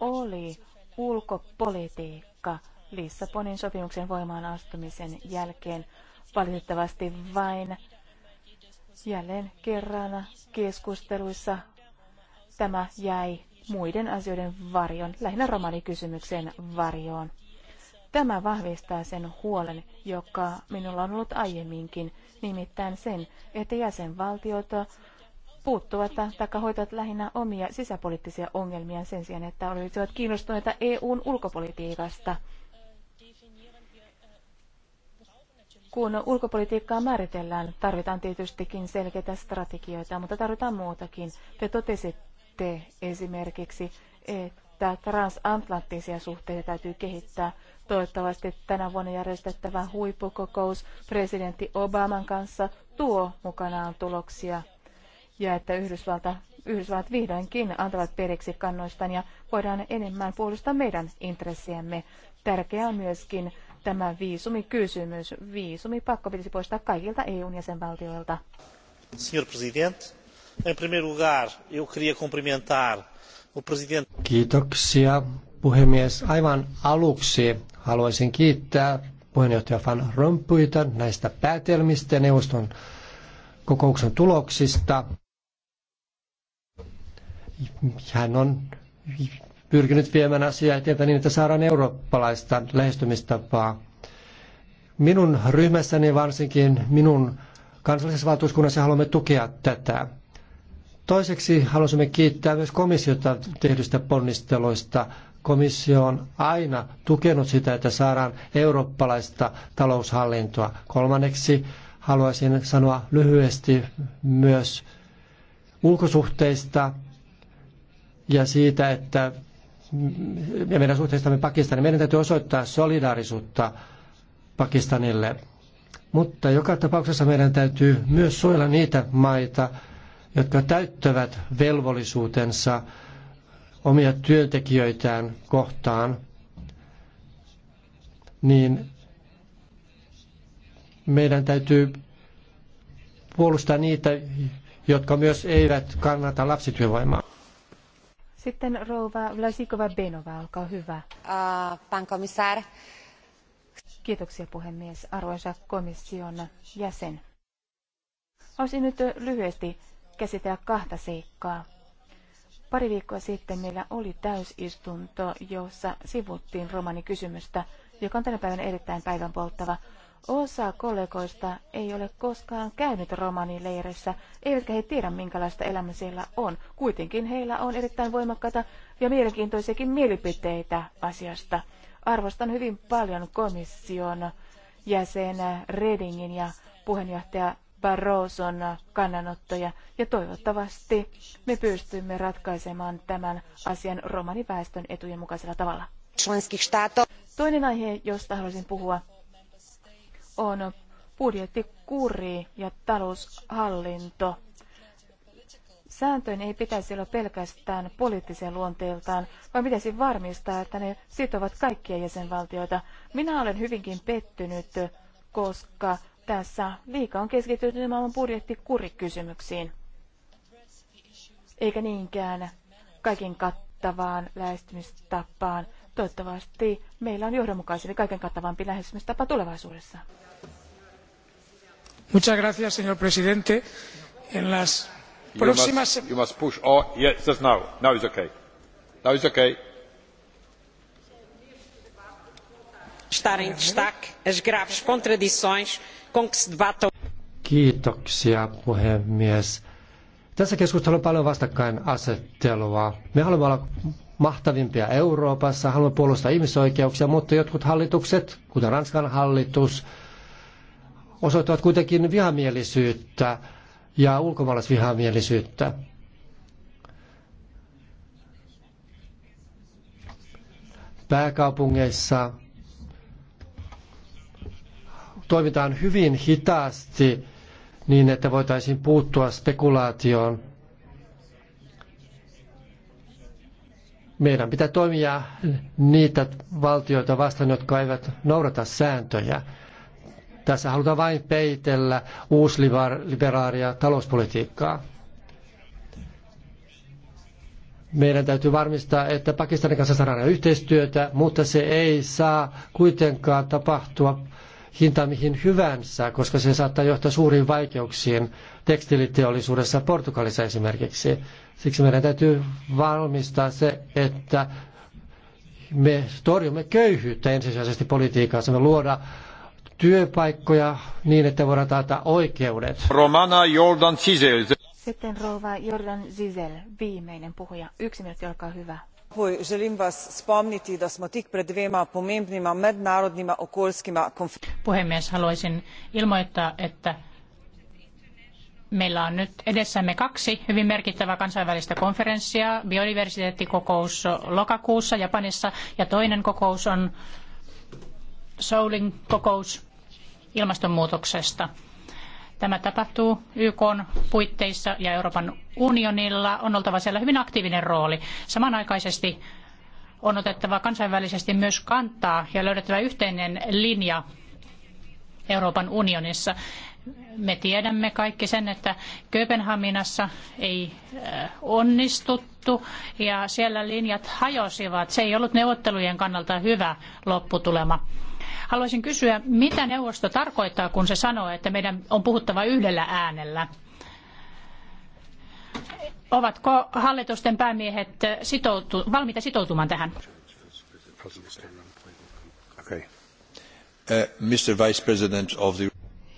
oli ulkopolitiikka Lissabonin sopimuksen voimaan astumisen jälkeen. Valitettavasti vain jälleen kerran keskusteluissa tämä jäi muiden asioiden varjon, lähinnä romanikysymyksen varjoon. Tämä vahvistaa sen huolen, joka minulla on ollut aiemminkin, nimittäin sen, että jäsenvaltiota puuttuvat tai hoitavat lähinnä omia sisäpoliittisia ongelmia sen sijaan, että olisivat kiinnostuneita EUn ulkopolitiikasta. Kun ulkopolitiikkaa määritellään, tarvitaan tietystikin selkeitä strategioita, mutta tarvitaan muutakin. Te totesitte esimerkiksi, että transatlanttisia suhteita täytyy kehittää. Toivottavasti tänä vuonna järjestettävä huippukokous presidentti Obaman kanssa tuo mukanaan tuloksia ja että Yhdysvalta, Yhdysvallat vihdoinkin antavat periksi kannoistaan ja voidaan enemmän puolustaa meidän intressiämme. Tärkeää on myöskin tämä viisumikysymys. Viisumipakko pitäisi poistaa kaikilta EUn jäsenvaltioilta. Senhor Presidente, em primer lugar, eu queria cumprimentar o President... Kiitoksia, puhemies. Aivan aluksi haluaisin kiittää puheenjohtaja Van Rompuyta näistä päätelmistä ja neuvoston kokouksen tuloksista. Hän on pyrkinyt viemään asiaa eteenpäin niin, että saadaan eurooppalaista lähestymistapaa. Minun ryhmässäni varsinkin minun kansallisessa valtuuskunnassa haluamme tukea tätä. Toiseksi haluaisimme kiittää myös komissiota tehdyistä ponnisteluista. Komissio on aina tukenut sitä, että saadaan eurooppalaista taloushallintoa. Kolmanneksi haluaisin sanoa lyhyesti myös ulkosuhteista ja siitä, että ja meidän suhteestamme Pakistaniin. Meidän täytyy osoittaa solidaarisuutta Pakistanille. Mutta joka tapauksessa meidän täytyy myös suojella niitä maita, jotka täyttävät velvollisuutensa omia työntekijöitään kohtaan, niin meidän täytyy puolustaa niitä, jotka myös eivät kannata lapsityövoimaa. Sitten rouva Vlasikova Benova, olkaa hyvä. Uh, pan Kiitoksia puhemies, arvoisa komission jäsen. Olisin nyt lyhyesti käsitellä kahta seikkaa. Pari viikkoa sitten meillä oli täysistunto, jossa sivuttiin romanikysymystä, joka on tänä päivänä erittäin päivän polttava Osa kollegoista ei ole koskaan käynyt romani-leirissä, eivätkä he tiedä minkälaista elämä siellä on. Kuitenkin heillä on erittäin voimakkaita ja mielenkiintoisiakin mielipiteitä asiasta. Arvostan hyvin paljon komission jäsen Redingin ja puheenjohtaja Barroson kannanottoja ja toivottavasti me pystymme ratkaisemaan tämän asian romaniväestön etujen mukaisella tavalla. Toinen aihe, josta haluaisin puhua, on budjettikuri ja taloushallinto. Sääntöjen ei pitäisi olla pelkästään poliittisen luonteeltaan, vaan pitäisi varmistaa, että ne sitovat kaikkia jäsenvaltioita. Minä olen hyvinkin pettynyt, koska tässä liika on keskittynyt nimenomaan budjettikurikysymyksiin, eikä niinkään kaiken kattavaan lähestymistapaan, Toivottavasti meillä on johdonmukaisempi kaiken kattavampi lähestymistapa tulevaisuudessa. Muchas gracias, señor presidente. En las próximas... You must, you must push all... Yes, just now. Now it's okay. Now it's okay. Estar em destaque as graves contradições com que se debatam... Kiitoksia, puhemies. Tässä keskustelu on paljon vastakkainasettelua. Me haluamme olla mahtavimpia Euroopassa, haluamme puolustaa ihmisoikeuksia, mutta jotkut hallitukset, kuten Ranskan hallitus, osoittavat kuitenkin vihamielisyyttä ja ulkomaalaisvihamielisyyttä. Pääkaupungeissa toimitaan hyvin hitaasti niin, että voitaisiin puuttua spekulaatioon Meidän pitää toimia niitä valtioita vastaan, jotka eivät noudata sääntöjä. Tässä halutaan vain peitellä uusliberaalia talouspolitiikkaa. Meidän täytyy varmistaa, että Pakistanin kanssa saadaan yhteistyötä, mutta se ei saa kuitenkaan tapahtua hinta mihin hyvänsä, koska se saattaa johtaa suuriin vaikeuksiin tekstiiliteollisuudessa Portugalissa esimerkiksi. Siksi meidän täytyy valmistaa se, että me torjumme köyhyyttä ensisijaisesti politiikassa. Me luoda työpaikkoja niin, että voidaan taata oikeudet. Romana Jordan Zizel. Sitten rouva Jordan Zizel, viimeinen puhuja. Yksi minuutti, olkaa hyvä želim vas spomniti da smo tik pred dvema pomembnima mednarodnima okolskima konfliktima. puhemies haluaisin ilmoittaa että Meillä on nyt edessämme kaksi hyvin merkittävää kansainvälistä konferenssia. Biodiversiteettikokous lokakuussa Japanissa ja toinen kokous on Soulin kokous ilmastonmuutoksesta. Tämä tapahtuu YK puitteissa ja Euroopan unionilla on oltava siellä hyvin aktiivinen rooli. Samanaikaisesti on otettava kansainvälisesti myös kantaa ja löydettävä yhteinen linja Euroopan unionissa. Me tiedämme kaikki sen, että Kööpenhaminassa ei äh, onnistuttu ja siellä linjat hajosivat. Se ei ollut neuvottelujen kannalta hyvä lopputulema. Haluaisin kysyä, mitä neuvosto tarkoittaa, kun se sanoo, että meidän on puhuttava yhdellä äänellä? Ovatko hallitusten päämiehet sitoutu, valmiita sitoutumaan tähän? Okay. Uh, Mr. Vice President of the...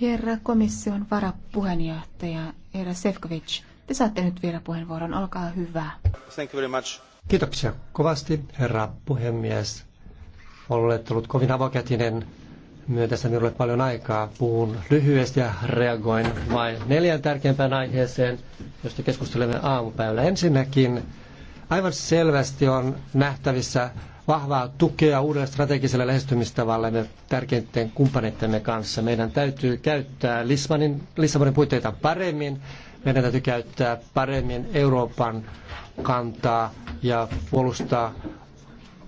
Herra komission varapuheenjohtaja Herra Sefcovic, te saatte nyt vielä puheenvuoron. Olkaa hyvä. Thank you very much. Kiitoksia kovasti, herra puhemies. Olet ollut kovin avokätinen. Myöntässä minulle paljon aikaa. Puhun lyhyesti ja reagoin vain neljän tärkeimpään aiheeseen, josta keskustelemme aamupäivällä. Ensinnäkin aivan selvästi on nähtävissä vahvaa tukea uudelle strategiselle lähestymistavalle tärkeinten kumppaneittemme kanssa. Meidän täytyy käyttää Lissabonin, Lissabonin puitteita paremmin, meidän täytyy käyttää paremmin Euroopan kantaa ja puolustaa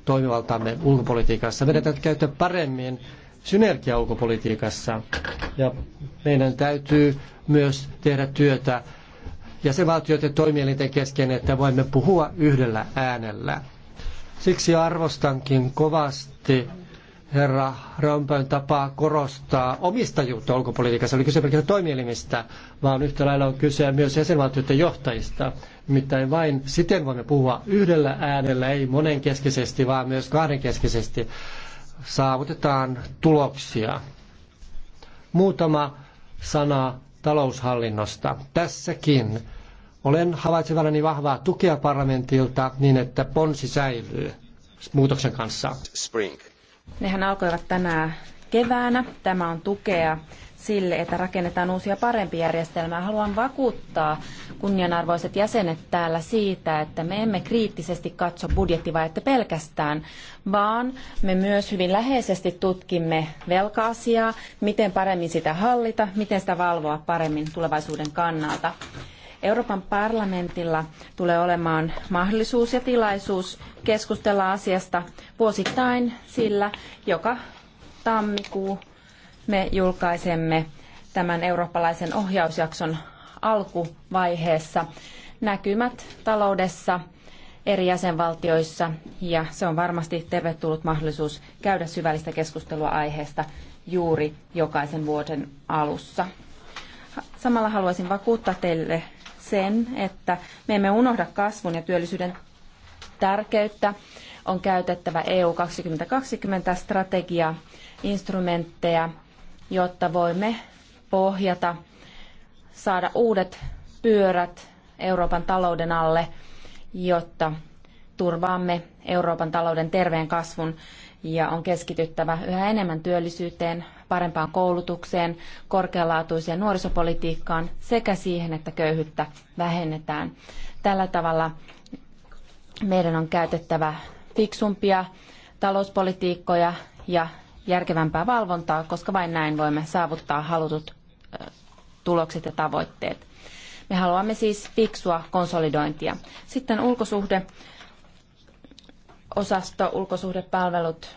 toimivaltaamme ulkopolitiikassa. Meidän täytyy käyttää paremmin synergia ulkopolitiikassa ja meidän täytyy myös tehdä työtä jäsenvaltioiden toimielinten kesken, että voimme puhua yhdellä äänellä. Siksi arvostankin kovasti herra Rompäyn tapaa korostaa omistajuutta ulkopolitiikassa. Oli kyse pelkästään toimielimistä, vaan yhtä lailla on kyse myös jäsenvaltioiden johtajista. Nimittäin vain siten voimme puhua yhdellä äänellä, ei monenkeskisesti, vaan myös kahdenkeskisesti saavutetaan tuloksia. Muutama sana taloushallinnosta. Tässäkin olen havaitsevani vahvaa tukea parlamentilta niin, että ponsi säilyy muutoksen kanssa. Spring. Nehän alkoivat tänä keväänä. Tämä on tukea sille, että rakennetaan uusia parempi järjestelmä. Haluan vakuuttaa kunnianarvoiset jäsenet täällä siitä, että me emme kriittisesti katso budjettivajetta pelkästään, vaan me myös hyvin läheisesti tutkimme velka-asiaa, miten paremmin sitä hallita, miten sitä valvoa paremmin tulevaisuuden kannalta. Euroopan parlamentilla tulee olemaan mahdollisuus ja tilaisuus keskustella asiasta vuosittain, sillä joka tammikuu me julkaisemme tämän eurooppalaisen ohjausjakson alkuvaiheessa näkymät taloudessa eri jäsenvaltioissa ja se on varmasti tervetullut mahdollisuus käydä syvällistä keskustelua aiheesta juuri jokaisen vuoden alussa. Samalla haluaisin vakuuttaa teille sen, että me emme unohda kasvun ja työllisyyden tärkeyttä. On käytettävä EU 2020 strategia instrumentteja, jotta voimme pohjata, saada uudet pyörät Euroopan talouden alle, jotta turvaamme Euroopan talouden terveen kasvun ja on keskityttävä yhä enemmän työllisyyteen, parempaan koulutukseen, korkealaatuiseen nuorisopolitiikkaan sekä siihen, että köyhyyttä vähennetään. Tällä tavalla meidän on käytettävä fiksumpia talouspolitiikkoja ja järkevämpää valvontaa, koska vain näin voimme saavuttaa halutut tulokset ja tavoitteet. Me haluamme siis fiksua konsolidointia. Sitten ulkosuhde osasto ulkosuhdepalvelut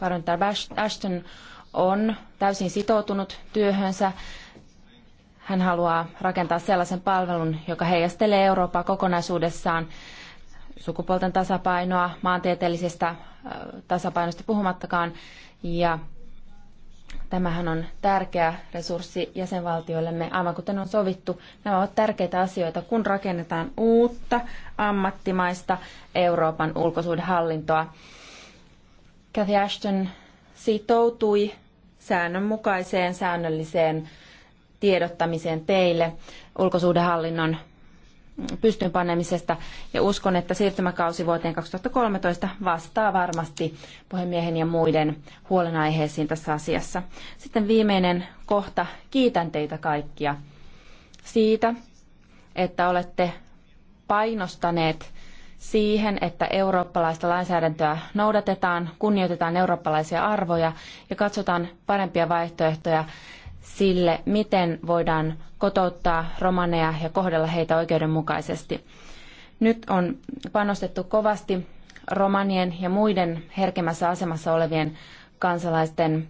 Parentar Ashton on täysin sitoutunut työhönsä. Hän haluaa rakentaa sellaisen palvelun, joka heijastelee Eurooppaa kokonaisuudessaan sukupuolten tasapainoa, maantieteellisestä äh, tasapainosta puhumattakaan, ja Tämähän on tärkeä resurssi jäsenvaltioillemme, aivan kuten on sovittu. Nämä ovat tärkeitä asioita, kun rakennetaan uutta ammattimaista Euroopan ulkosuudenhallintoa. Cathy Ashton sitoutui säännönmukaiseen, säännölliseen tiedottamiseen teille ulkosuudenhallinnon panemisesta ja uskon, että siirtymäkausi vuoteen 2013 vastaa varmasti puhemiehen ja muiden huolenaiheisiin tässä asiassa. Sitten viimeinen kohta. Kiitän teitä kaikkia siitä, että olette painostaneet siihen, että eurooppalaista lainsäädäntöä noudatetaan, kunnioitetaan eurooppalaisia arvoja ja katsotaan parempia vaihtoehtoja sille, miten voidaan kotouttaa romaneja ja kohdella heitä oikeudenmukaisesti. Nyt on panostettu kovasti romanien ja muiden herkemmässä asemassa olevien kansalaisten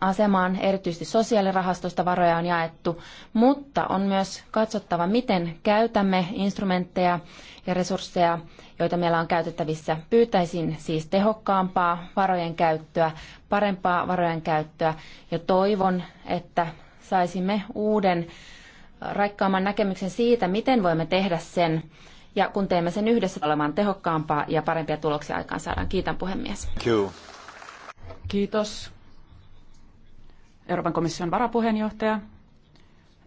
asemaan. Erityisesti sosiaalirahastosta varoja on jaettu, mutta on myös katsottava, miten käytämme instrumentteja ja resursseja, joita meillä on käytettävissä. Pyytäisin siis tehokkaampaa varojen käyttöä, parempaa varojen käyttöä ja toivon, että saisimme uuden raikkaamman näkemyksen siitä, miten voimme tehdä sen ja kun teemme sen yhdessä olemaan tehokkaampaa ja parempia tuloksia aikaan saadaan. Kiitän puhemies. Kiitos. Euroopan komission varapuheenjohtaja,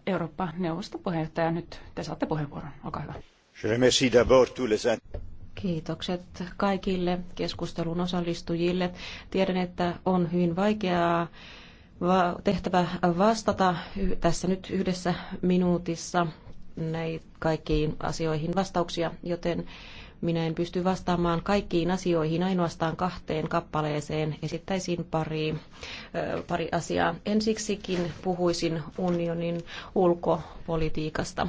Eurooppa-neuvoston puheenjohtaja. Nyt te saatte puheenvuoron. Olkaa hyvä. Kiitokset kaikille keskustelun osallistujille. Tiedän, että on hyvin vaikeaa tehtävä vastata tässä nyt yhdessä minuutissa näihin kaikkiin asioihin vastauksia, joten minä en pysty vastaamaan kaikkiin asioihin, ainoastaan kahteen kappaleeseen. Esittäisin pari, pari asiaa. Ensiksikin puhuisin unionin ulkopolitiikasta.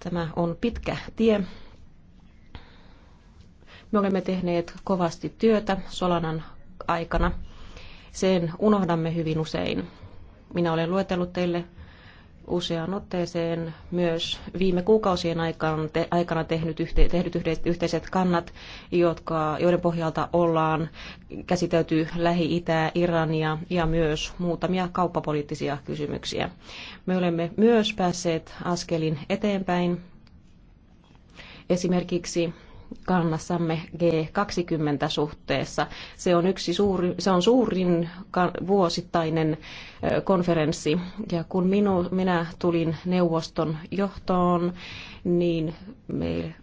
Tämä on pitkä tie. Me olemme tehneet kovasti työtä Solanan aikana. Sen unohdamme hyvin usein. Minä olen luetellut teille useaan otteeseen myös viime kuukausien aikana tehnyt yhte, tehdyt yhteiset kannat, jotka, joiden pohjalta ollaan käsitelty Lähi-Itää, Irania ja myös muutamia kauppapoliittisia kysymyksiä. Me olemme myös päässeet askelin eteenpäin. Esimerkiksi kannassamme G20 suhteessa. Se on, yksi suuri, se on suurin vuosittainen konferenssi. Ja kun minu, minä tulin neuvoston johtoon, niin me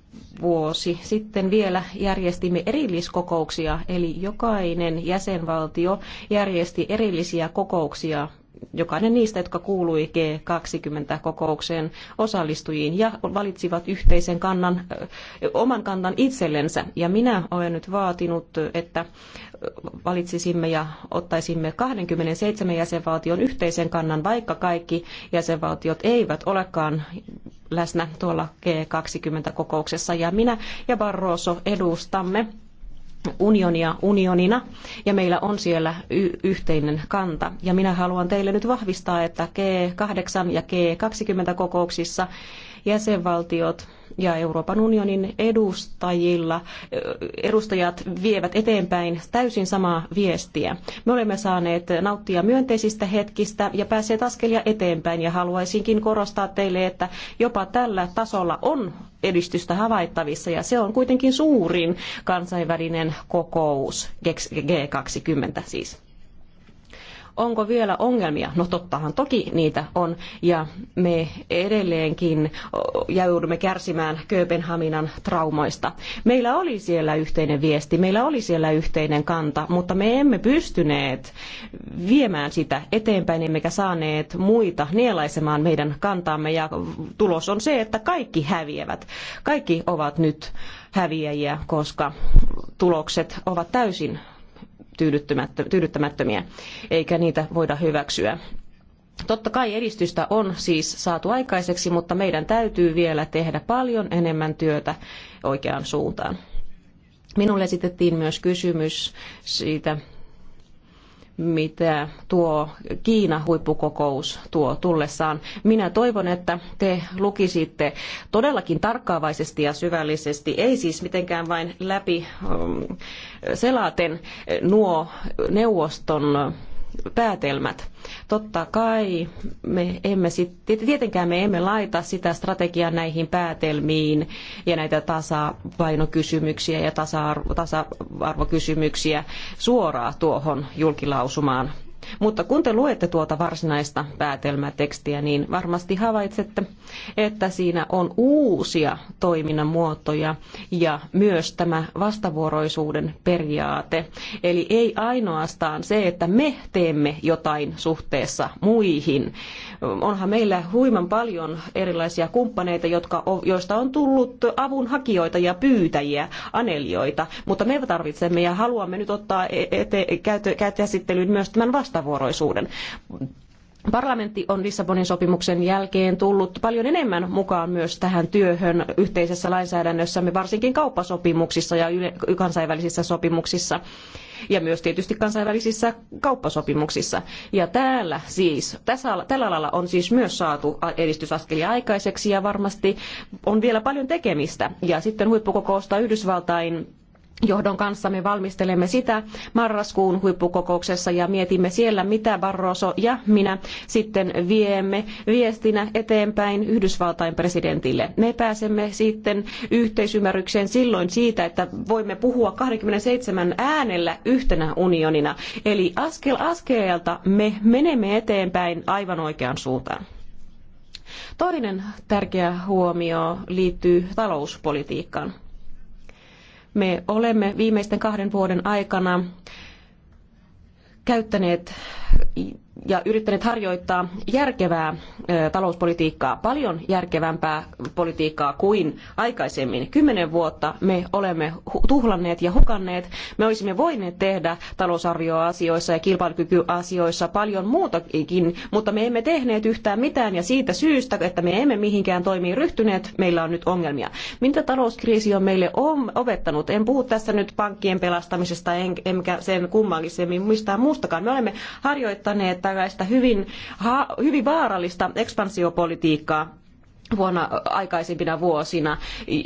vuosi sitten vielä järjestimme erilliskokouksia, eli jokainen jäsenvaltio järjesti erillisiä kokouksia jokainen niistä, jotka kuului G20-kokoukseen osallistujiin ja valitsivat yhteisen kannan, oman kannan itsellensä. Ja minä olen nyt vaatinut, että valitsisimme ja ottaisimme 27 jäsenvaltion yhteisen kannan, vaikka kaikki jäsenvaltiot eivät olekaan läsnä tuolla G20-kokouksessa. Ja minä ja Barroso edustamme unionia unionina ja meillä on siellä yhteinen kanta. Ja minä haluan teille nyt vahvistaa, että G8 ja G20 kokouksissa jäsenvaltiot ja Euroopan unionin edustajilla, edustajat vievät eteenpäin täysin samaa viestiä. Me olemme saaneet nauttia myönteisistä hetkistä ja päässeet askelia eteenpäin ja haluaisinkin korostaa teille, että jopa tällä tasolla on edistystä havaittavissa ja se on kuitenkin suurin kansainvälinen kokous, G20 siis. Onko vielä ongelmia? No tottahan toki niitä on ja me edelleenkin joudumme kärsimään Kööpenhaminan traumoista. Meillä oli siellä yhteinen viesti, meillä oli siellä yhteinen kanta, mutta me emme pystyneet viemään sitä eteenpäin emmekä saaneet muita nielaisemaan meidän kantaamme ja tulos on se, että kaikki häviävät. Kaikki ovat nyt häviäjiä, koska tulokset ovat täysin tyydyttämättömiä, eikä niitä voida hyväksyä. Totta kai edistystä on siis saatu aikaiseksi, mutta meidän täytyy vielä tehdä paljon enemmän työtä oikeaan suuntaan. Minulle esitettiin myös kysymys siitä, mitä tuo Kiina-huippukokous tuo tullessaan. Minä toivon, että te lukisitte todellakin tarkkaavaisesti ja syvällisesti, ei siis mitenkään vain läpi um, selaten nuo neuvoston päätelmät. Totta kai me emme sit, tietenkään me emme laita sitä strategiaa näihin päätelmiin ja näitä tasapainokysymyksiä ja tasa-arvokysymyksiä suoraan tuohon julkilausumaan mutta kun te luette tuota varsinaista päätelmätekstiä, niin varmasti havaitsette, että siinä on uusia toiminnan muotoja ja myös tämä vastavuoroisuuden periaate. Eli ei ainoastaan se, että me teemme jotain suhteessa muihin, onhan meillä huiman paljon erilaisia kumppaneita, jotka, joista on tullut avunhakijoita ja pyytäjiä, anelijoita, mutta me tarvitsemme ja haluamme nyt ottaa e- ete, käytö, myös tämän vastavuoroisuuden. Parlamentti on Lissabonin sopimuksen jälkeen tullut paljon enemmän mukaan myös tähän työhön yhteisessä lainsäädännössämme, varsinkin kauppasopimuksissa ja kansainvälisissä sopimuksissa ja myös tietysti kansainvälisissä kauppasopimuksissa. Ja täällä siis, tässä, tällä alalla on siis myös saatu edistysaskelia aikaiseksi ja varmasti on vielä paljon tekemistä. Ja sitten huippukokousta Yhdysvaltain johdon kanssa me valmistelemme sitä marraskuun huippukokouksessa ja mietimme siellä, mitä Barroso ja minä sitten viemme viestinä eteenpäin Yhdysvaltain presidentille. Me pääsemme sitten yhteisymmärrykseen silloin siitä, että voimme puhua 27 äänellä yhtenä unionina. Eli askel askeleelta me menemme eteenpäin aivan oikeaan suuntaan. Toinen tärkeä huomio liittyy talouspolitiikkaan. Me olemme viimeisten kahden vuoden aikana käyttäneet ja yrittäneet harjoittaa järkevää talouspolitiikkaa, paljon järkevämpää politiikkaa kuin aikaisemmin. Kymmenen vuotta me olemme tuhlanneet ja hukanneet. Me olisimme voineet tehdä talousarvioasioissa ja kilpailukykyasioissa paljon muutakin, mutta me emme tehneet yhtään mitään ja siitä syystä, että me emme mihinkään toimiin ryhtyneet, meillä on nyt ongelmia. Mitä talouskriisi on meille opettanut? En puhu tässä nyt pankkien pelastamisesta enkä sen kummallisemmin mistään muustakaan. Me olemme harjoittaneet tällaista hyvin, ha, hyvin vaarallista ekspansiopolitiikkaa vuonna aikaisimpina vuosina.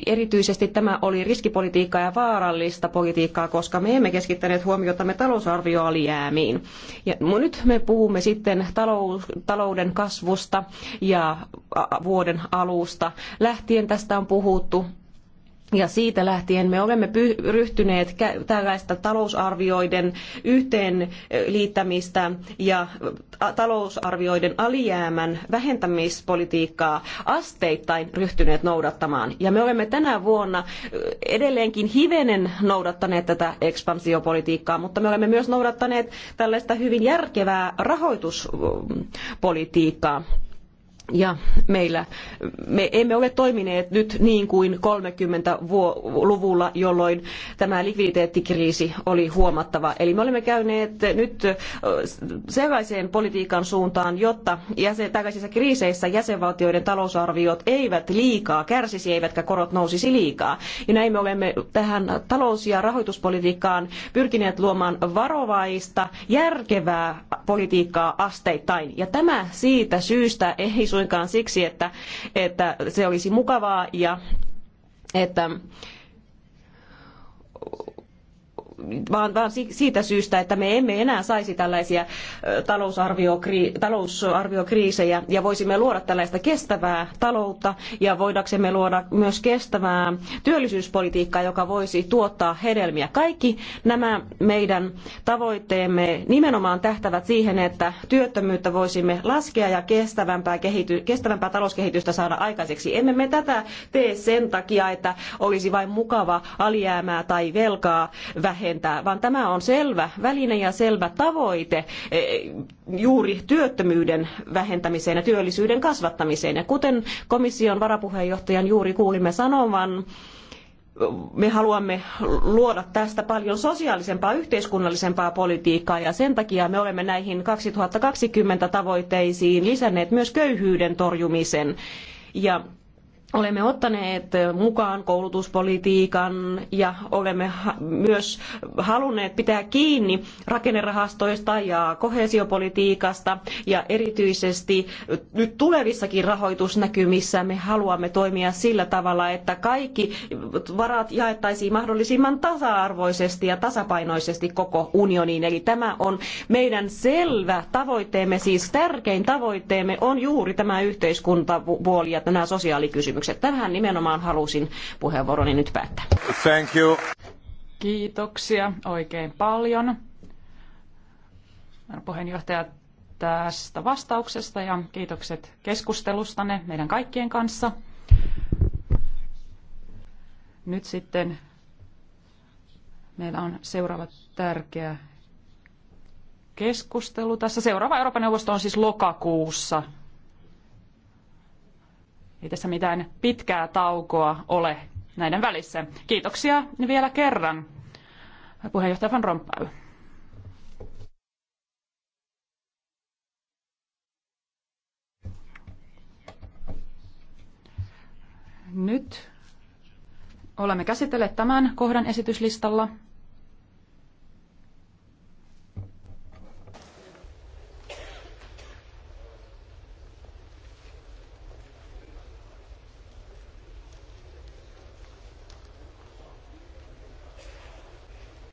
Erityisesti tämä oli riskipolitiikkaa ja vaarallista politiikkaa, koska me emme keskittäneet huomiotamme talousarvioalijäämiin. Ja nyt me puhumme sitten talous, talouden kasvusta ja vuoden alusta. Lähtien tästä on puhuttu ja siitä lähtien me olemme ryhtyneet tällaista talousarvioiden yhteenliittämistä ja talousarvioiden alijäämän vähentämispolitiikkaa asteittain ryhtyneet noudattamaan. Ja me olemme tänä vuonna edelleenkin hivenen noudattaneet tätä ekspansiopolitiikkaa, mutta me olemme myös noudattaneet tällaista hyvin järkevää rahoituspolitiikkaa ja meillä, me emme ole toimineet nyt niin kuin 30-luvulla, jolloin tämä likviditeettikriisi oli huomattava. Eli me olemme käyneet nyt sellaiseen politiikan suuntaan, jotta jäsen, tällaisissa kriiseissä jäsenvaltioiden talousarviot eivät liikaa kärsisi, eivätkä korot nousisi liikaa. Ja näin me olemme tähän talous- ja rahoituspolitiikkaan pyrkineet luomaan varovaista, järkevää politiikkaa asteittain. Ja tämä siitä syystä ei suinkaan siksi, että, että se olisi mukavaa ja että vaan, vaan siitä syystä, että me emme enää saisi tällaisia talousarviokri, talousarviokriisejä ja voisimme luoda tällaista kestävää taloutta ja voidaksemme luoda myös kestävää työllisyyspolitiikkaa, joka voisi tuottaa hedelmiä. Kaikki nämä meidän tavoitteemme nimenomaan tähtävät siihen, että työttömyyttä voisimme laskea ja kestävämpää, kehity, kestävämpää talouskehitystä saada aikaiseksi. Emme me tätä tee sen takia, että olisi vain mukava alijäämää tai velkaa vähentää vähentää, vaan tämä on selvä väline ja selvä tavoite eh, juuri työttömyyden vähentämiseen ja työllisyyden kasvattamiseen. Ja kuten komission varapuheenjohtajan juuri kuulimme sanovan, me haluamme luoda tästä paljon sosiaalisempaa, yhteiskunnallisempaa politiikkaa ja sen takia me olemme näihin 2020 tavoitteisiin lisänneet myös köyhyyden torjumisen. Ja Olemme ottaneet mukaan koulutuspolitiikan ja olemme myös halunneet pitää kiinni rakennerahastoista ja koheesiopolitiikasta ja erityisesti nyt tulevissakin rahoitusnäkymissä me haluamme toimia sillä tavalla, että kaikki varat jaettaisiin mahdollisimman tasa-arvoisesti ja tasapainoisesti koko unioniin. Eli tämä on meidän selvä tavoitteemme, siis tärkein tavoitteemme on juuri tämä yhteiskuntapuoli ja nämä sosiaalikysymykset kysymykset. Tähän nimenomaan halusin puheenvuoroni nyt päättää. Thank you. Kiitoksia oikein paljon puheenjohtaja tästä vastauksesta ja kiitokset keskustelustanne meidän kaikkien kanssa. Nyt sitten meillä on seuraava tärkeä keskustelu tässä. Seuraava Euroopan neuvosto on siis lokakuussa ei tässä mitään pitkää taukoa ole näiden välissä. Kiitoksia vielä kerran, puheenjohtaja Van Rompuy. Nyt olemme käsitelleet tämän kohdan esityslistalla.